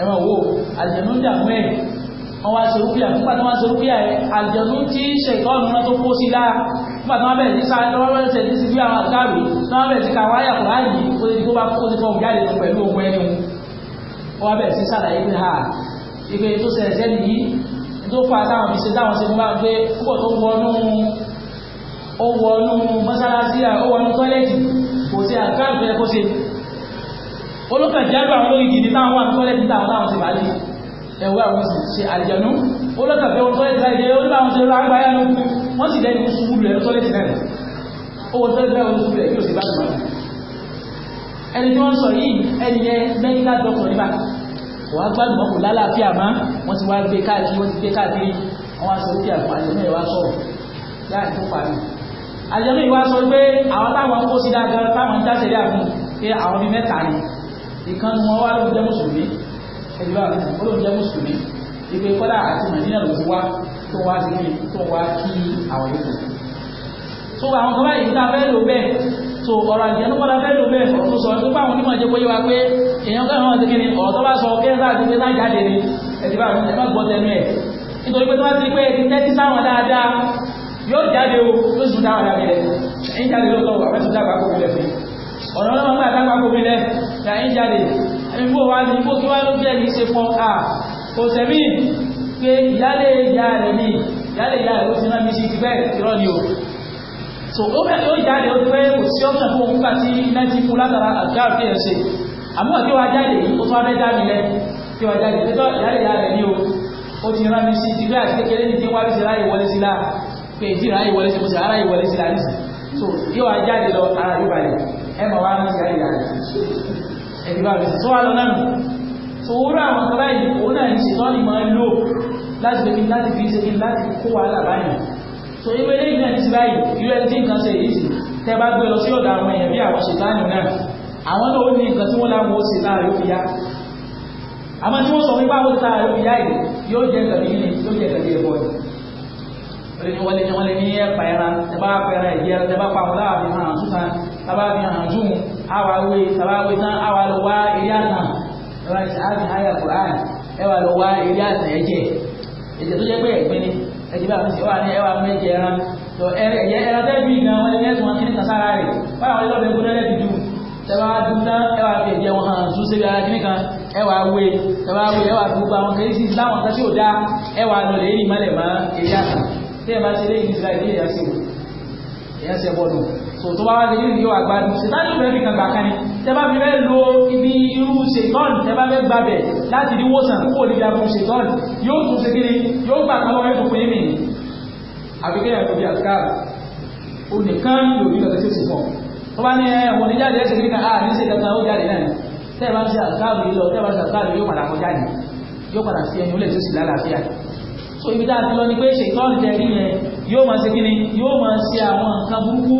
ẹmọ wo àjẹnú dààmú ẹ wọn wá ṣe wúkí àpẹ wọn ṣe wúkí àjẹnú tí ṣètọ́nù náà tó kó sí lára nígbà tí wọn bẹ̀rẹ̀ sí sáré wọn bẹ̀rẹ̀ sí sí bí àwọn àkáàrí tí wọn bẹ̀rẹ̀ sí kàwáyà kùráyì ó ti kó bá kó ti kọ́ jáde pẹ̀lú ohun ẹni wọ́n bẹ̀rẹ̀ sí sàlàyé pé ha ìpè tó ṣẹlẹ̀ sẹ́ni yìí tó fa táwọn fi ṣe táwọn ṣe máa gbé púpọ̀ tó wọnú ó wọnú mọ́sálásí ó wọnú tọ́lẹ́tì kò sí àkáǹtì ẹ kó ṣe olókàn jágbà àwọn lórí gidi táwọn wà ní tọ́lẹ́tì táwọn táwọn ṣe bá lè ẹ̀wọ́ àwọn sì ṣe àjẹnú olókàn fẹ́ wọn tọ́lẹ́tì láì jẹ́ ó ní báwọn ṣe lọ àgbà yánu wọ́n sì dẹ́ni sùúrù ẹ̀ tọ́lẹ́tì náà ó wọ tọ́lẹ́tì náà ó sùúrù ẹ̀ yóò sì bá ẹni tí wọ́n sọ yìí ẹni yẹn mẹ́ríkà dọ́kítọ̀ nígbà wọ́n á gbádùn ọkùnrin lálàáfíà má wọ́n ti wá gbé káàkiri wọ́n ti gbé káàkiri wọ́n á sọ pé àwọn àjẹmọ́ ìwà sọ̀rọ̀ yá ìtú parí àjẹmọ́ ìwà sọ pé àwọn táwọn kó sí dáadáa táwọn ń dáṣẹ́ dà fún pé àwọn bíi mẹ́ta ni ìkan ni wọ́n wá ló ń jẹ́ mùsùlùmí ẹ̀dùbà ó ló ń jẹ́ mùsùlùmí ìpè kọ́dà àti màdínà ló wá tó wá sí tó wá kí àwọn ètò tó àwọn kan báyìí tá a fẹ́ lò bẹ́ẹ̀ so ọrụ àjẹnú kọ́lá fẹ́ lò bẹ́ẹ̀ ọ̀rọ̀ tó sọ ẹ̀kú onímọ̀ ìjẹ́kó yé wa pé èèyàn kẹ́hàn ti kiri ọ̀rọ̀ tó bá sọ jáde bá tẹnu ẹ̀ nítorí pé tó bá ti pé tẹ́tí o sùn dáwọn rẹ̀ ẹ̀yìn jáde àfẹ́sùn fún ọ̀rọ̀ náà máa ẹ̀yìn jáde wa ni kó kí wá ló a kò sẹ́mi pé so ó fẹ́ tó jáde ó fẹ́ kò sí ọ́pṣà fún òun kàtí iná ti fún látara àgbáà fi ẹ̀ṣẹ̀ àmúhàn tí wá jáde yìí ó tún wá fẹ́ já mi lẹ tí wá jáde tó jáde yá rẹ̀ ní o ó ti rán mi sí ti gbé àti kékeré ní tí wá rí sí ráyè wọlé sí láà pé ìdí ráyè wọlé sí mo sì ráyè wọlé sí láà nísì so yóò wá jáde lọ ara yóò balẹ̀ ẹ mọ̀ wá rántí ráyè yá rẹ̀ ẹ̀dí bá mi sì tó wá lọ náà so wúrọ̀ àwọn kan báyìí òun náà ní ṣètọ́ ni máa ń lò láti fi láti fi ṣe kí láti kó wàhálà báyìí so irú eléyìí náà ti báyìí irú ẹni tí nǹkan ṣe èyí sì tẹ bá gbé lọ sí ọ̀dọ̀ àwọn èèyàn bí àwọn ṣètánì náà àwọn náà ó ní nǹkan tí wọ́n láwọn ó ṣe láàrin òfin yá àmọ́ tí wọ́n sọ wípé àwọn ìta àrùn ìyá yìí yóò jẹ́ gàbí yìí yóò jẹ́ gàbí ẹ̀bọ yìí wọ́n ní wọlé ní wọ́n lé ní ẹ̀pà ẹran tẹ́bá pa ẹran ìdí ẹran tẹ́bá pa àwọn láàbí hàn túnṣan tàbá fi hàn jùm àwà wé tàbá wé tán àwà lọ wá eré àná ẹwà ní sàábì háyà kùrán ẹwà lọ wá eré àná ẹ̀jẹ̀ ẹ̀jẹ̀ tó jẹ́ pé ẹ̀gbin ẹ̀jẹ̀ bá mi sì wà ní ẹwà méje ẹran tó ẹ̀yẹ ẹran tẹ́ bí gan wọ́n lé lẹ́sùn wọn kí ní kasára rẹ̀ wọ́n àwọn ẹlọ́bẹ̀ gbọ́dọ̀ lẹ́bi dùn tẹ́wà dùn tán ẹwà fi ẹ̀jẹ̀ wọn hàn tún síbi ara kíní kan ẹwà wé tẹ́wà wé ẹwà tó gba wọn kéré sí láwọn kan tí ò dá ẹwà lọ lè ní ìmọ̀lẹ̀ mọ́ èyí àtà tí ẹ bá ti lé ìdílé ìdílé ìyàsẹ̀ ìyàsẹ̀ bọ́ọ̀lù so tó bá wá délé yóò agbádùn ṣètàlù rẹ̀ fi kàgbà kan ni tẹ́bá fi fẹ́ lo ibi irú ṣètọ́n tẹ́bá fẹ́ gbàbẹ̀ láti rí wòsàn kó níbi abú ṣètọ́n yóò tún ṣe kíni yóò gbà kan lọ́wọ́ ẹ̀fọ́ pé mí àbíkẹ́ ẹ̀kọ́ bí àtúkà ò nìkan yóò rí lọ́tẹ́ sí fún tó bá ní ẹ̀wọ̀n ní jáde ẹ̀ṣẹ̀ kíkà á ní ṣe kankan ó jáde náà tẹ́ẹ̀bá ń ṣe àtúkà yìí lọ tẹ́ẹ̀bá ń ṣe àtúkà yìí yóò padà kọjá ni yóò padà sí ẹni ó lè tó sì lálàáfíà so ibi dáa lọ ni pé ṣètọ́nù tẹ̀rí yẹn yóò máa ṣe kíni yóò máa ṣe àwọn nǹkan burúkú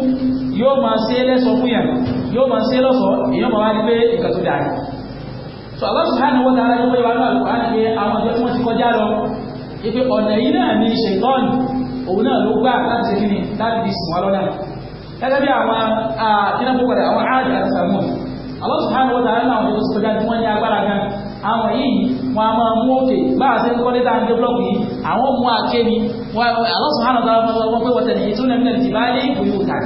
yóò máa ṣe lẹ́sọ̀ fún yàn yóò máa ṣe lọ́sọ̀ èèyàn máa wá ní pé nǹkan tó dáa so Allah subhanahu wa ta'ala yóò wá náà lùkọ́ àti pé àwọn ọjọ́ tí wọ́n ti kọjá lọ ipe ọ̀nà yìí náà ni ṣètọ́nù òun náà ló gbà láti ṣe kíni láti fi sùn wá lọ́nà gẹ́gẹ́ bí àwọn ah, kínábùkọ̀dà àwọn áàdì àti sàmù Allah subhanahu wa ta'ala náà wọ́n ti kọjá tí wọ́n ní agbára gan àwọn yìí wọn a máa mú òkè bá a ṣe ń kọ́ déta ń dé blọọkù yìí àwọn mú àké ni Allah subhanahu wa ta'ala wọn pé wọ́tẹ̀ nìyí tó lẹ́nu náà ti bá lé ìwé òkà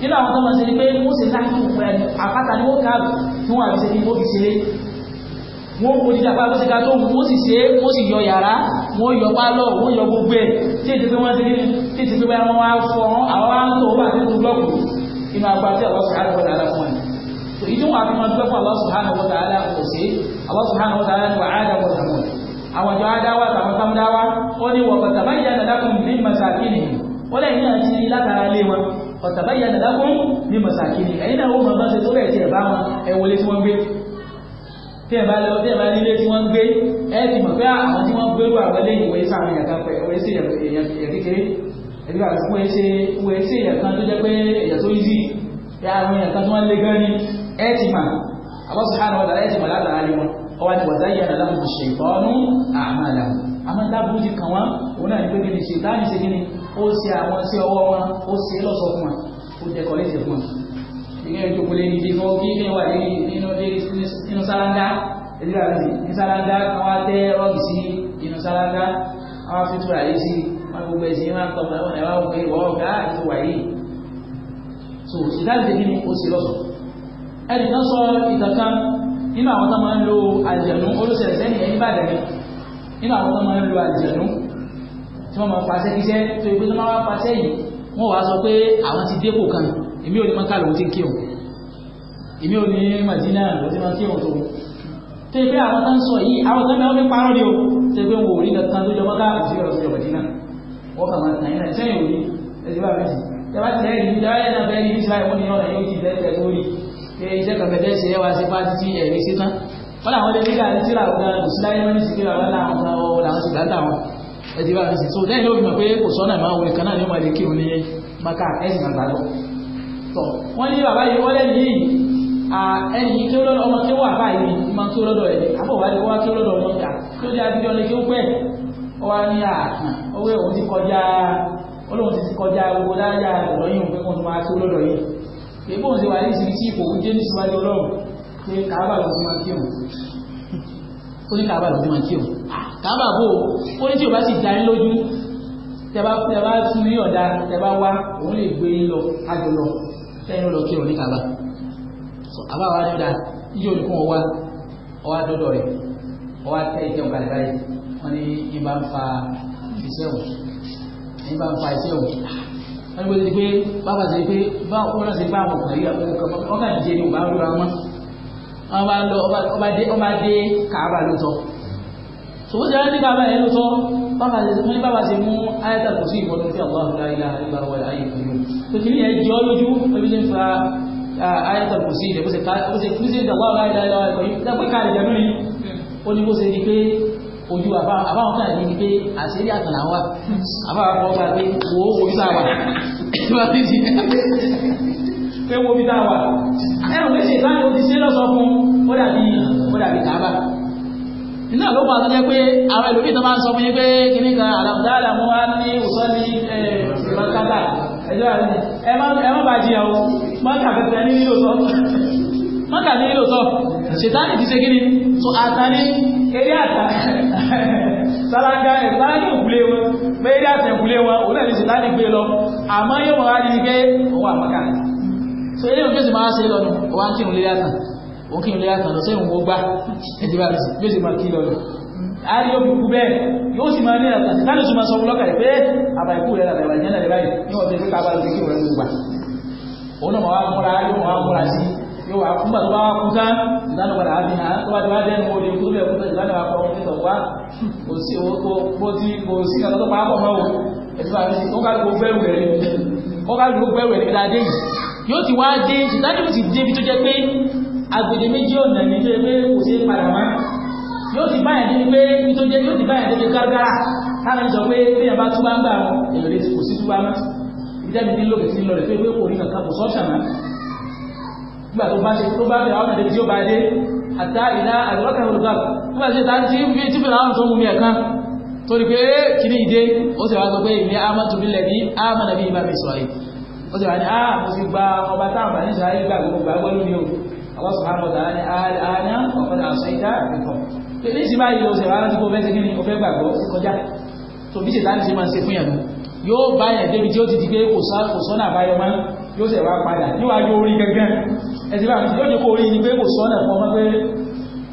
nínú àwọn tó máa ṣe ni pé wọ́n ṣe láti fún ẹni àpáta ni wọ́n ká tí wọ́n àbíṣe ni wọ́n fi ṣeré wọ́n kò dídá pa àbíṣe ká tó wù wọ́n Allah subhanahu wa ta'ala wà áádá wọ Samud àwọn ìjọ ádáwà àtàwọn sámúdáwà ó ní wọ fatabayyana lakum min masakinihim ó lẹ́yìn náà ti látara lé wọn fatabayyana lakum min masakinihim ẹ̀yìn náà ó mọ bá ṣe tó bẹ̀ tí ẹ̀ bá wọn ẹ̀ wọlé tí wọ́n gbé tí ẹ̀ bá lọ tí ẹ̀ bá nílé tí wọ́n gbé ẹ̀ ti mọ̀ pé àwọn tí wọ́n gbérú àwọn eléyìí wọ́n sàmì ẹ̀ka pẹ̀ wọ́n sì yẹ̀ kékeré ẹbí wa fún ẹsẹ wọ ẹsẹ èèyàn kan tó jẹ pé èèyàn tó yíṣì ẹ àwọn èèyàn kan tó wọn gan ni ẹ ti mà Allah subhanahu wa ta'ala ẹ̀sìn wàlá àtàrà lé wọn ọwọ́ ni wàzá yàrá láwọn ti ṣe ìtọ́nú àmàlà àmọ́ dábùú ti kàn wọ́n òun náà ní pé kíni ṣe dáàbì ṣe kíni ó ṣe àwọn sí ọwọ́ wọn ó ṣe lọ́sọ̀ fún wọn ó dẹkọ̀ léṣe fún wọn. ìyẹn ìjókòó lé ní ibi kan kí ní wà nínú sáláńdá ẹ̀dí rà lẹ́sìn ní sáláńdá kan wá tẹ́ rọ́ọ̀gì sí inú sáláńdá àwọn fi túra yìí sí wọn gbogbo ẹ̀sìn máa ń tọ́ ọmọ ẹ̀wọ̀n ẹ̀wọ̀n ọ̀gá àti wàyí. so ìdáàbì ṣe kíni ó ṣe lọ́sọ̀ọ́ ẹnì kan sọ ìtàkan nínú àwọn tó máa ń lo àlìjẹ̀nú olóṣèlú sẹ́yìn ẹ̀yìn Ìbàdàn nínú àwọn tó máa ń lo àlìjẹ̀nú tí wọ́n máa pàṣẹ kíṣẹ́ tó ìgbé tó máa wá pàṣẹ yìí wọ́n wá sọ pé àwọn ti dépò kan èmi ò ní máa kálọ̀ tí ń kírun èmi ò ní Madina ló ti máa kírun tó tó ìgbé àwọn tó ń sọ yìí àwọn tó ń bẹ wọn fi parọ́ ni o tó ìgbé wọn ò rí kankan tó jọmọ́ káàkiri sí ọ̀rọ̀ sí Madina wọ́n kà ṣe iṣẹ́ kẹfẹ́tẹ́ ṣe ẹwà sí pàtí tí ẹ̀rí sí tán wọ́n làwọn lẹ́bí kà ní tíra ọ̀gá ìsìláyé mọ́ ní síkírà ọ̀gá làwọn ọ̀gá ọ̀gá làwọn sì gbá táwọn ẹ̀dí bá mi sì so lẹ́yìn ló fi mọ̀ pé kò sọ́nà máa wọ ìkànnà ní ọmọdé kírun ní maka ẹ̀sìn àgbà lọ. tọ́ wọ́n ní bàbá yìí wọ́n lẹ́yìn yìí ẹni kí ó lọ́dọ̀ ọmọ kí ó wà báyìí máa kí ó lọ́dọ̀ ẹ̀ àbọ̀wá ni wọ́n kí ó lọ́dọ̀ ọmọ kà kí ó jẹ́ abidjan ni kí ó pẹ́ ọ wá ní owó òun ti tó èbó ń ṣe wà ní ìsirísí ipò oúnjẹ ní síwájú ọlọ́run ní kàábà lọ sí máa kí òun ó ní kàábà lọ sí máa kí òun kàábà bò ó ní tí ò bá sì darí lójú tẹ́bá tún ní ọ̀dà tẹ́bá wá òun lè gbé lọ ájọ lọ tẹ́yìn lọ kí òun ní kàábà àbá wa ní ọ̀dà yíyí olùkọ́ wọn wá ọwá dọ́dọ̀ rẹ̀ ọwá tẹ́ ìjẹun kalẹ̀ báyìí wọ́n ní ìbá ń fa ìṣẹ́wọ̀n ìbá ń fa ìṣẹ́wọ̀n wọ́n gbé pé bàbá ṣe pé bá wọn ṣe bá àwọn ọ̀gá yìí ọ̀gá ìjẹ ni ọ̀gá rírà wọn ọba lọ ọba dé ọba dé kàába lóòótọ́ sòwò ṣe rántí bàbá yẹn lóòótọ́ bàbá ṣe wọ́n ní bàbá ṣe mú ayẹta kò sí ìbọn tí àwọn ọ̀gá ilà ìgbà wọlé ayé fún yìí tó kiri yẹn jọ lójú ebi ṣe fa ayẹta kò sí ìdẹ bó ṣe kú sí ìdàgbà ọ̀gá ilà ìgbà yìí dàgbé káàdì ojú àbá àbáwọn kan ní pé àṣírí àtàlà wa àbáwọn kan gba pé wo omi tá a wà ìwà tí ti pé wo omi tá a wà ẹnu pé ṣe ìtàn òbí ṣe lọ́sọ̀ fún ó dàbí ó dàbí kàábà iná ló pa àtúnyẹ pé àwọn ẹlòmíì tó máa ń sọ fún yín pé kíní kan àlàmúdá àlàmú wa ní òsán ní mọ́kátà ẹjọ́ àti ẹ má bàjẹ́ o mọ́kà pẹ̀pẹ̀ ní òsán mọ́kà ní ìlò tọ́ ṣètánì ti ṣe gíní tó àtàní eré àtà sálága ẹ̀sálága òkúlé wọn pé eré àtà òkúlé wọn òun náà ní ṣètánì gbé lọ àmọ́ yóò wọ́n wá ní pé òun àmọ́kà so eré òun tó sì máa ṣe lọ́nu wá ń kírun lé àtà òun kírun lé àtà lọ sí òun gbá ẹ̀jẹ̀ bá yóò sì máa kí lọ́nu àárí yóò fi kú bẹ́ẹ̀ yóò sì máa ní àtà ṣètánì tó máa sọ lọ́kà rẹ̀ pé àbàìkú rẹ̀ làbàìbàjẹ́ náà rẹ̀ báyìí ní ọ̀dẹ̀ yóò wá kúmọ̀ tó bá wá kú tán ìlànà padà á fi hàn tó bá ti wá dẹnu olè kú tó bẹ̀ kú tán ìlànà wa kọ́ ọ́ nítorí wá kò sí kò sí kò sí kàtó tó pa á pọ̀ mọ́ o ẹ̀sùn àti ó ká ló gbẹ́rù rẹ̀ ni ó ká ló gbẹ́rù ni dáadé yìí yóò ti wá dé ìdájọ́ ti dé ibi tó jẹ́ pé agbèdè méjì ọ̀nà ní tó yẹ pé kò sí padà mọ́ yóò ti báyà dé pé ibi tó jẹ́ yóò ti báyà dé gárgárà táwọn ìjọ pé téèyàn bá túbá ń gbà wọn kò sí túbá mọ́ ìdájọ́ ti lókè sí lọ rẹ̀ pé kò rí kankan kò sọ́ọ̀ṣà náà nígbà tó bá ṣe tó bá bẹ̀rẹ̀ àwọn àdébí tí ó bá dé àtà ìlà àdúrókà olùgbà nígbà tí ta ti fi tí fìlà àwọn tó mú mi ẹ̀ka torí pé kìíní ìdé ó sì wá sọ pé ìní amátúbílẹ̀ ní amánàbí ìbá mi sọ̀rọ̀ ó sì wá ní àà ah, mo fi gba ọba táwọn àní sàárè gbà gbogbo gbàgbọ́ lónìí o àwọn sọ̀rọ̀ àwọn ọ̀tà ní àná ọ̀pọ̀lọpọ̀ àṣọ ìdá àbíkọ̀ pé ní ìsìn báyìí ó sì wá láti kó fẹ́ sí kí ni ó fẹ́ gbàgbọ́ sí kọjá tó bí ṣètà ní ṣe máa ṣe fún yàn yóò bá yàn débi tí ó ti di pé kò sọ́nà àbáyọ mọ́ yóò sì wá padà níwájú orí gangan ẹ̀sìnbà yóò jẹ́ kó rí ní pé kò sọ́nà fún ọmọ pé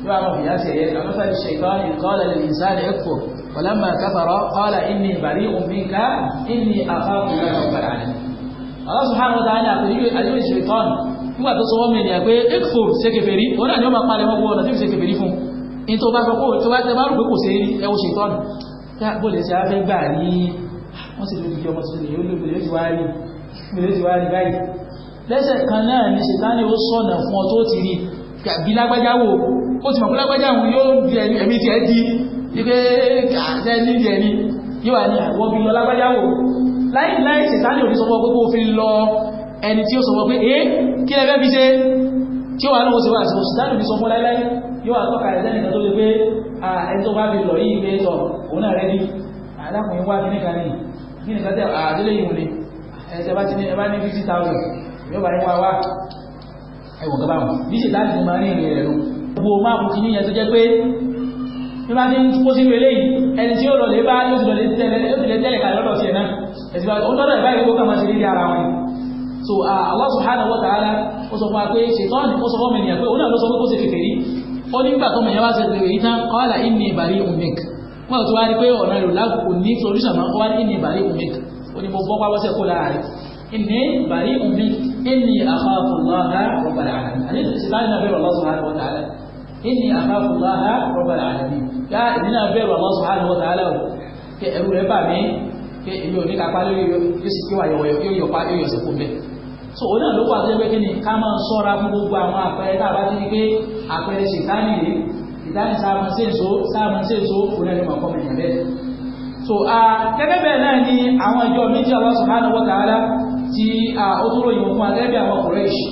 yóò àwọn ìyá sí ẹ̀yẹ àmọ́fà ní ṣẹ̀kọ́ ìkọ́lẹ̀ lè ní sáré ẹ̀kọ́ ọ̀làmà káfàrọ̀ ọ̀là ìní ìbàrí òmìn ká ìní àfáàkùn lọ́wọ́ padà ní. Allah subhanahu wa ta'ala àpèjú àdéhùn ìṣèkọ́n nígbà tó sọ́wọ́ mi nìyà pé ẹ̀kọ́ ṣèkèfèrí òun náà ni ó máa palẹ̀ mọ́ gbọ́dọ̀ tí ó ṣèkèfèrí fún un tó bá sọ pé tó lẹ́sẹ̀ kan náà ni ṣètánì ó sọ̀nà fún ọ tó ti rí bí lágbájá wò ó ti mọ̀ fún lágbájá òun yóò di ẹ̀mí tiẹ̀ di ipe àṣẹ níbi ẹ̀mí yóò wà ní àwọn bí lọ lágbájá wò láì láì ṣètánì òní sọmọ pé kó fi lọ ẹni tí ó sọmọ pé é kí ẹ fẹ́ fi ṣe tí ó wà lọ́wọ́ sí wà sí ṣètánì òní sọmọ láíláí yóò wà tọ́ka rẹ̀ ẹ̀sẹ̀ bá ti ní ẹ ní fifty yóò bá ní wá wá ẹ̀wọ̀n kan báwọn bí ṣe láti máa ní ìrìn rẹ̀ lọ gbogbo máàpù kì ní yẹn tó jẹ́ pé bí bá ti ń kó sínú eléyìí ẹni tí ó lọ lè bá yóò sì lọ lè tẹ́lẹ̀ kalẹ̀ lọ́dọ̀ sí ẹ̀ náà ẹ̀sì bá ó lọ́dọ̀ ìbáyìí kó kàmá sí rírí ara wọn so Allah subhanahu wa ta'ala ó sọ fún wa pé ṣètọ́nì ó sọ fún mi nìyà pé òun náà ló sọ pé kó ṣe kèfèrí ó nígbà tó mọ̀ yẹn wá ṣe kèfèrí tán qala inni bari'un mink wọ́n ti wá rí pé ọ̀nà ìlú lágùn kò ní solution máa wá ní ìbàrí òmìnir ó ní mo bọ́ pápọ́sẹ̀ kó láàárín إني بريء منك إني أخاف الله رب العالمين حديث لا نبير الله سبحانه وتعالى إني أخاف الله رب العالمين يا إننا بير الله سبحانه وتعالى كي كأبو ربا مين كأبو نيك أقبال يسكي ويو يو يو يو سكون بي so òun náà ló wà tó yẹ pé kí ni ká máa sọ́ra fún gbogbo àwọn àpẹẹrẹ tá a bá ti ní pé àpẹẹrẹ ṣètánì rèé ìdáhùn sáàmù sí èso sáàmù sí èso òun náà ni màá kọ́ mi yàn bẹ́ẹ̀. so gẹ́gẹ́ bẹ́ẹ̀ náà ni àwọn ìjọ méjì Allah subhanahu wa ta'ala tí ó tó ròyìn fún agẹ́bí àwọn kùrẹ́ṣì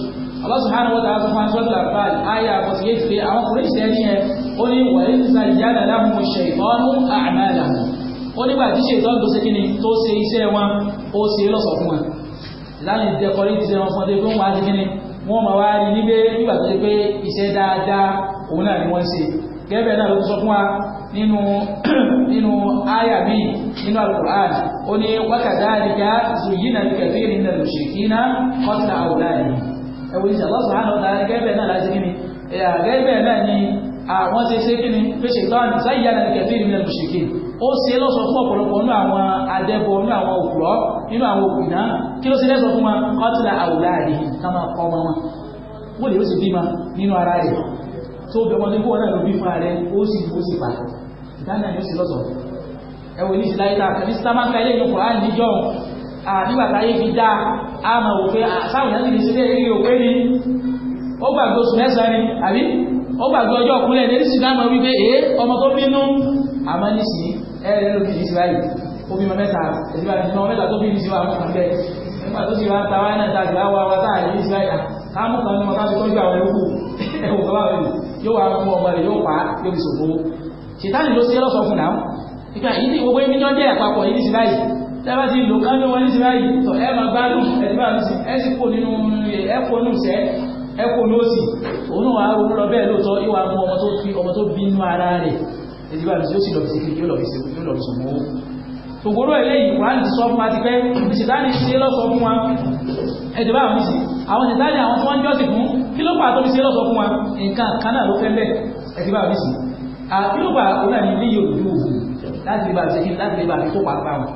Allah subhanahu wa ta'ala fún asọ́lù àbáyé ayé àkọsí yé ti àwọn kùrẹ́ṣì ẹni yẹn ó ní wàyé ti sa ìyáda láwọn ṣèkọ́nù àmàlà ó nígbà tí ṣètọ́nù tó ṣe kíni tó ṣe iṣẹ́ wọn ó ṣe lọ́sọ̀ fún wọn láàrin ìdẹ́kọrí ti ṣe wọn fún wọn á ti kíni wọn máa wá rí níbẹ̀ nígbà tó ṣe pé iṣẹ́ dáadáa òun náà ni wọ́n ṣe gẹ́gẹ́ bẹ́ẹ̀ náà ló sọ fún wa nínú nínú àyà mi nínú alukur'an ó ní wakadhalika zuyina kẹfìrì nínú mushrikina qatla awladi ẹ̀wọ̀n ìṣẹ̀ Allah subhanahu wa ta'ala gẹ́gẹ́ bẹ́ẹ̀ náà láti kíni gẹ́gẹ́ bẹ́ẹ̀ náà ni àwọn ti ṣe kíni fèsì tán zayyana kẹfìrì nínú mushrikina ó ṣe lọ́sọ̀ fún ọ̀pọ̀lọpọ̀ nínú àwọn adẹ́bọ̀ nínú àwọn òkúrọ̀ nínú àwọn òkùnà kí ló ṣe lẹ́sọ̀ fún wọn ara rẹ̀ tó bẹ̀ ní kó wọn náà ló bí fún ara ó sì ó sì pàtàkì Ghana ni ó sì lọ́sọ̀ọ́ ẹ̀wò ní ìsìláyé tá a kàn ní sítámákà ilé ìjọkọ̀ á níjọ́ nígbà táyé fi dá a mọ̀ wò pé sáwọn ìyá sì lè sílẹ̀ rí òpé ni ó gbàgbé oṣù mẹ́sàn-án ni àbí ó gbàgbé ọjọ́ ọ̀kúnlẹ̀ ní sídámọ̀ wípé èé ọmọ tó bínú àmọ́ nísìnyí ẹ̀rẹ́ ló fi ní síláyé omi mọ mẹ́ta ìdíbà ní ọmọ mẹ́ta tó bí ní síwá àwọn ọ̀gbẹ́ nígbà tó sì wá ta wá náà tàbí àwọn àwọn táà ní síwá ìyá káàmù kan ní wọn káàmù ṣètánì ló ṣe lọ́sọ̀ fún náà ìgbà yìí tí gbogbo ẹni jọ jẹ́ àpapọ̀ yìí sí báyìí tẹ́bá ti lò kán ló wọ́n ní sí báyìí tọ̀ ẹ máa gbádùn ẹ̀dùn àmì sí ẹ sì kò nínú ẹ̀kọ́ nù sẹ́ ẹ̀kọ́ ló sì òun wà ronú lọ bẹ́ẹ̀ lóòótọ́ ìwà mú ọmọ tó fi ọmọ tó bí inú ara rẹ̀ ẹ̀dùn àmì sí ó sì lọ sí kékeré lọ sí lọ sí mọ́ ògbóró ẹlẹ́yìn wà àwọn ìṣètánì àwọn tí wọ́n ń jọ́sìn fún kí ló pàtó fi ṣe lọ́sọ fún wa nǹkan kan ló fẹ́ bẹ́ẹ̀ ẹ̀dùn bá sí àbílùpà ah, òun náà ní ilé yòòdù òhun láti ibà ṣe kí láti ibà fi tó pàápàá wọn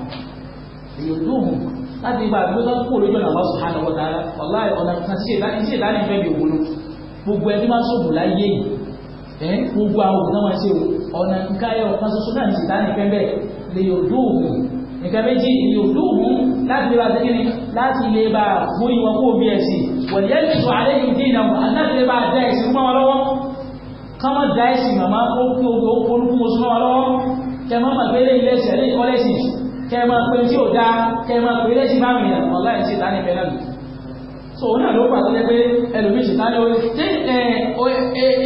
yòòdù òhun láti ibà fi tó kó lójú ọ̀nà wọn sùn hàn lọ́wọ́ tààrà ọ̀la ọ̀nà kan sí ìlànà sí ìlànà ìfẹ́ mi òwúlò gbogbo ẹni máa sọ̀bù láyé yìí ẹ̀ gbogbo àwọn òun náà máa ṣe ọ̀nà nkáyọ̀ kan ṣoṣo náà ní ìlànà ìfẹ́ bẹ́ẹ̀ lè yòòdù òhun nǹkan méjì ìlú olóògùn láti lè bá tẹ́kẹ́ni láti lè bá fún ìwọ̀n kó bí ẹ̀sìn wọ̀nyẹ́lì tó àlẹ́ ìdí ìnáwó àti láti lè bá dá ẹ̀sìn fún wọn lọ́wọ́ kọ́mọ̀ dá ẹ̀sìn màmá ó kí ogun olúkú oṣù náà lọ́wọ́ kẹ máa mọ̀ pé ilé ilé ìṣẹ̀lẹ̀ ìkọ́lẹ́sìn kẹ máa pé tí ò dá kẹ máa pé ilé ìṣìn báwọn èèyàn ọ̀la ẹ̀sìn ìta níbẹ̀ náà so òun náà ló pàtó jẹ́ pé ẹlòmíì ṣìta ni ó ṣe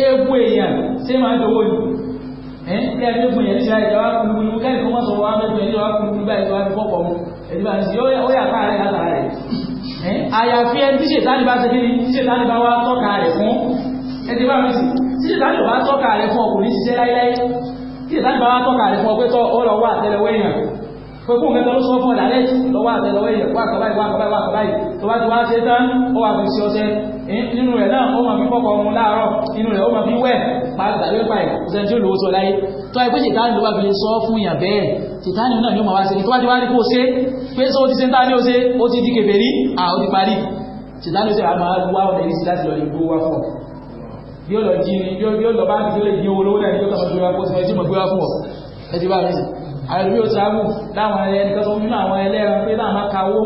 egbò èèyàn ṣe máa ń dowó ìlú ẹ̀ kí ẹ fi gbìyànjú ṣe àìjọ wa kúlú kúlú kẹ́ni kó má sọ wá mẹ́tò ẹ̀jọ wa kúlú kúlú báyìí wá fi fọ́pọ̀ mu ẹ̀dí bá ń ṣe ó yà ká rẹ̀ látara rẹ̀ àyàfi ẹni tí ṣètánì bá ṣe kí ni tí ṣètánì bá wá tọ́ka rẹ̀ fún ẹ̀dí bá mi sì tí ìdájọ́ bá tọ́ka rẹ̀ fún ọkùnrin ṣiṣẹ́ láíláí tí ìdájọ́ bá tọ́ka rẹ̀ fún ọgbẹ́ tọ́ ọ lọ́wọ́ àtẹlẹwọ́ èèyàn pẹ̀kú mẹ́ta ló sọ fún ọ̀dà rẹ̀ lọ́wọ́ àtẹlẹwọ́ èèyàn wà kàbáyì wà kàbáyì wà kàbáyì tó bá ti wá ṣe tán ó wà fi ṣe ọṣẹ nínú rẹ̀ náà ó máa fi kọ́kọ́ ọmọ láàárọ̀ inú rẹ̀ ó máa fi wẹ̀ pàtàkì pàì ṣe tí ó lówó sọ láyé tó ẹ pé ṣètánì ló wà fi lè sọ fún yàn bẹ́ẹ̀ ṣètánì náà ni ó máa wá ṣe ní tó bá ti wá ní kó ṣe pé sọ ti ṣe ń tá ní ó ṣe ó ti di kèfèrí à ó ti parí ṣètánì ó sì máa wá ọ̀nà ìrísí láti lọ ìgbó wá fún ọ yóò lọ jí ni yóò lọ bá ti lè jí owó lówó náà yóò tọ́jú ìwà kó sí ẹjí mọ̀ pé wá fún ọ ẹjí bá mi sì àrẹ̀bí ó sáàbù láwọn ẹni kan tó ń nínú àwọn ẹlẹ́ran pé náà máa kawó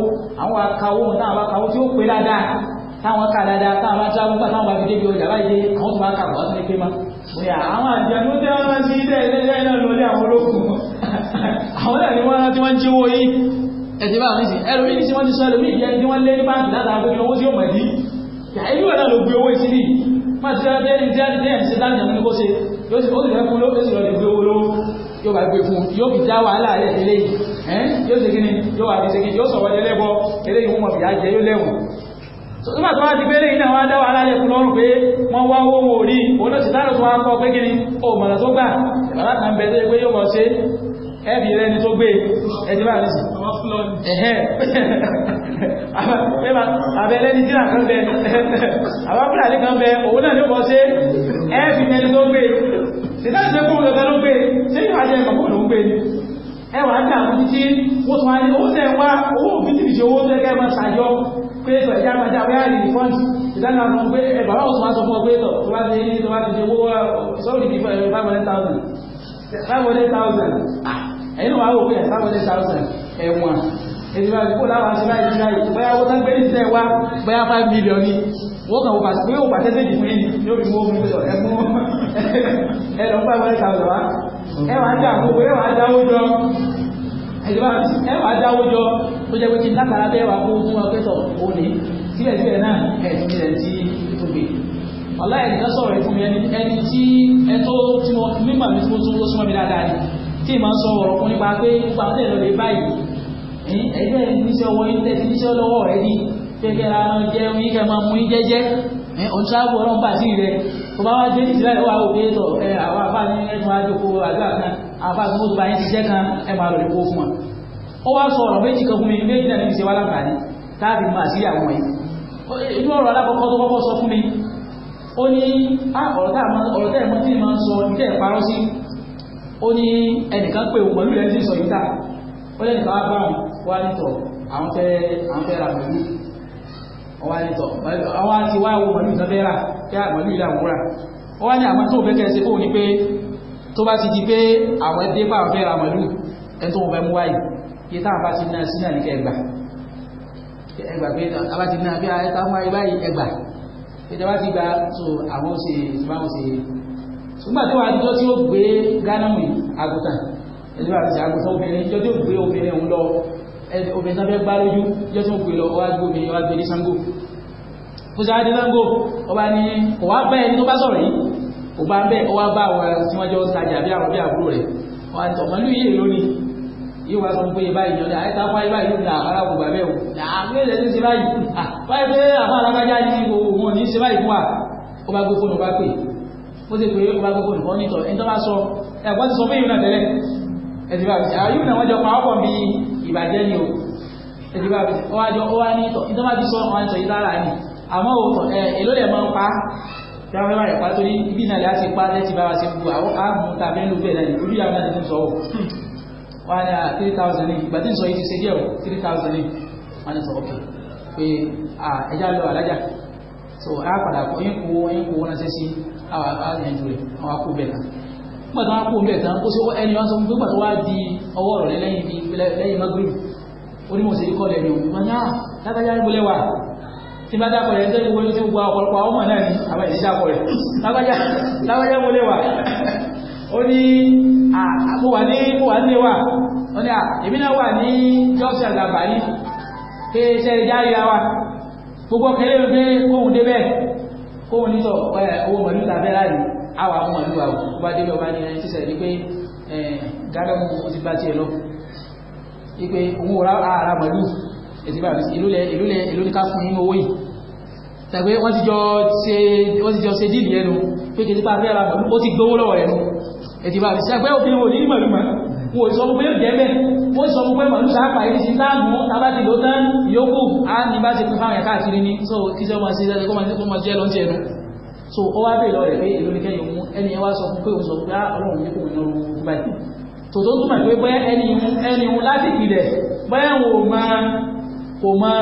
àwọn akawó náà máa kawó tí ó pé dáadáa táwọn ká dáadáa táwọn máa jáwó gbà táwọn bá fi débi ọjà báyìí àwọn tó máa kà wọ́n ní pé má. àwọn àjẹmú tí wọ́n máa ń sí ilé ilé náà lórí àwọn olókùn àwọn náà ni wọ́n ti wọ́n ń jẹ́wọ́ yìí ẹ̀sì bá wọn sí ẹlòmí ní sí wọ́n ti sọ ẹlòmí ìyẹn tí wọ́n lé ní báńkì látàgbé owó tí ó mọ̀ má ti rẹ́ ní tí ẹni ṣe láti ẹ̀mú ní kó ṣe yóò sì ó sì rẹ́ fún lókè sì lọ́dẹ̀ gbé owó lówó yóò bá gbé fún yóò fi já wàhálà rẹ̀ eléyìí ẹ̀ yóò ṣe kíni yóò wà fi ṣe kíni yóò sọ̀rọ̀ ẹlẹ́bọ eléyìí wọn fìyà jẹ yóò sì dáàrọ̀ yóò mọ̀ ẹ̀bì rẹ̀ ni tó gbé ẹ̀dì bá rí sí ẹ̀hẹ́ abẹ́lẹ́ ní tíra kan bẹ àbábúrà ní kan bẹ òun náà ní ọmọ sí ẹ̀bì rẹ̀ ni tó gbé sìtáàtì pé kóhùn lọ́ta ló gbé sí ìwájẹ́ ìkọ̀kọ̀ ló ń gbé ni ẹwà ń dàmú títí ó tún wáyé owó tẹ̀ wá owó òbítìbì tí owó tẹ́gẹ́ máa ṣàjọ pé ètò ẹ̀já máa dá wíyá rìn fọ́ǹtì ìdáná àwọn pé ẹ̀bà báwo tún wá sọ fún ọ pé ètò tó bá ti ní tó bá ti di owó sọ́ọ̀rì bí five hundred thousand five hundred thousand ah, ẹ̀yìn wà wò pé ẹ̀ sáwọn ní thousand ẹ̀wọ̀n èdè bá kó láwọn aṣọ láì ṣíra yìí bóyá wọ́n tán gbé ní ìṣẹ́ wa bóyá five million ni wọ́n kàn wọ́n pàṣẹ pé yóò pàṣẹ méjì fún yìí yóò fi mú omi sọ ẹ̀kún ẹ̀lọ́ five hundred thousand wa ẹ̀wà ń dà gbogbo ẹ̀wà ń dáwó jọ ẹ̀dè bá ẹ̀wà ń dáwó jọ tó jẹ́ pé kí lákàrà bẹ́ẹ̀ wà kó fún ọkẹ́tọ̀ òní síbẹ̀síbẹ̀ náà ẹ̀sìn rẹ̀ ti tóbi ọ̀la ẹ̀dì tí ìmọ̀ sọ ọ̀rọ̀ fún nípa pé nípa ọ̀tẹ̀ lọ lè báyìí ẹgbẹ́ níṣẹ́ ọwọ́ ilẹ̀ tí níṣẹ́ lọ́wọ́ rẹ ní gẹ́gẹ́ ra máa jẹ́ oyin kẹ́ máa mú yín jẹ́jẹ́ ọ̀nṣáàbù ọlọ́run bàtí rẹ tó bá wá dé ìsìlẹ̀ ìwà òkè tọ̀ àwọn àbá ní ẹ̀tún àjòkó àdúrà kan àbá tó bá yín ṣiṣẹ́ kan ẹ̀ máa lọ lè kó fún ọ ó wá sọ ọ̀rọ̀ méjì kan fún mi méjì náà níbi ṣe wá láǹfààní táàbì máa sí àwọn yìí inú ọ̀rọ̀ alákọ̀ọ́kọ́ tó kọ́kọ́ sọ fún mi ó ní ọ̀rọ̀ tẹ́ẹ̀ mọ́ tí ì máa ń sọ ní tẹ́ẹ̀ parọ́ sí ó ní ẹnìkan pé òun pẹ̀lú ẹni tí sọ yìí tà ó lẹ́nu ká bá wọn wá nítọ̀ àwọn fẹ́ àwọn fẹ́ ra pẹ̀lú ọwá nítọ̀ àwọn àti wá wo pẹ̀lú ìtàn fẹ́ rà kí àgbọ̀lú ìlà òun rà ó wá ní àwọn tó fẹ́ kẹ́sẹ̀ fóun ni pé tó bá ti di pé àwọn dé bá àwọn fẹ́ ra pẹ̀lú ẹni tó fẹ́ mú wáyé iye táwọn bá ti ná sí náà ní kẹ́ ẹgbà ẹgbà pé àbá ti ná bí i ẹgbà pé ìjọba ti gba so àwọn ó ṣe nígbà tó àjọ tí ó gbé gánàmù àgùntàn ẹjọ́ àti àgùntàn obìnrin jọ tí ó gbé obìnrin òun lọ obìnrin tó fẹ́ gbá lójú jọ tí ó gbé lọ ọwá gbé obìnrin ọwá gbé ní sango kó sì adé sango ọba ní ọwá bá ẹni tó bá sọ̀rọ̀ yìí kò bá bẹ́ẹ̀ ọwá bá àwọn tí wọ́n jọ tajà bí àwọn bí àbúrò rẹ̀ ọwá ní tọ̀mọ́lú yìí lónìí yóò wá sọ pé báyìí yọ̀dá àyíká fún ayé báyìí lóòdà àkàrà kò gbà bẹ́ẹ̀ o àgbẹ̀ lẹ́nu ṣe báyìí báyìí pé àwọn alágbájá ní owó wọn ní ṣe báyìí fún wa ó bá gbé fóònù bá pè é ó sì pé ó gbogbo nǹkan nítọ̀ ẹni tó bá sọ ẹ̀kọ́ ti sọ fún ìrìnà tẹ́lẹ̀ ẹ̀dìbà bìí àyùn náà wọ́n jọ pa ọkọ̀ bí ìbàjẹ́ ni o ẹ̀dìbà bìí ó wá jọ ó wá nítọ̀ bá ti sọ wọn sọ yìí lára ni àmọ́ òótọ́ ẹ̀ èló lẹ̀ máa ń pa tí máa rẹ̀ pa torí ibi náà láti pa lẹ́tì bá ti bu àwọn àmú ah, thousand ní ìgbà ah, so a padà àwọn àgbẹ̀jù rẹ̀ àwọn akó bẹ̀ tán nígbà tó wá kó bẹ̀ tán ó sọ ẹni wá sọ fún gbígbà tó wá di ọwọ́ rẹ̀ lẹ́yìn bíi lẹ́yìn magrib onímọ̀ sí ikọ́ lẹ́yìn òun wọn náà lágbájá ń gbọ́lẹ̀ wà tí bá dákọ̀ rẹ̀ tẹ́lẹ̀ wọlé tí gba ọ̀pọ̀lọpọ̀ àwọn ọmọ náà ni àwọn èyí dákọ̀ rẹ̀ lágbájá lágbájá ń gbọ́lẹ̀ wà ó ah, ní mo wà ní mo ní wà ó ní èmi náà wà ní jọ́sí àgbàbà yìí pé sẹ́yìn jáde wa gbogbo kẹlẹ́ mi kóhun débẹ̀ kó wọn nítọ̀ owó màlúù tàbí láàyè àwọn àwọn màlúù àwọn tó bá délé ọba ní ẹni sísẹ̀ ní pé gágámù ó ti bá tiẹ̀ lọ wípé òun ò ara màlúù ètí bá ìlúlẹ̀ ìlúlẹ̀ ìlú ní ká fún yín owó yìí tàbí wọ́n ti jọ ṣe wọ́n ti jọ ṣe díìlì ẹnu pé kìí fẹ́ ra màlúù ó ti gbowó lọ́wọ́ ẹnu ètí bá ṣàgbẹ́ òfin wò ní màlúù màlúù wò sọ fún pé yóò jẹ́ bẹ́ẹ̀ wọ́n sọ fún pé màlúù sáàpà yìí ti táàmù tábàtì ló tán ìyókù á ní bá ti fáwọn ẹ̀ka àkiri so kí sẹ́ wọn ṣe ṣe kó máa so ó wá bèèrè ọ̀rẹ́ pé èlò ní kẹ́yìn òun ẹni yẹn wá sọ fún pé òun sọ fún pé ah, ọlọ́run ní kò ní ọrùn báyìí tòótọ́ túmọ̀ pé bóyá ẹni ẹni òun láti ìpìlẹ̀ bóyá òun máa kò máa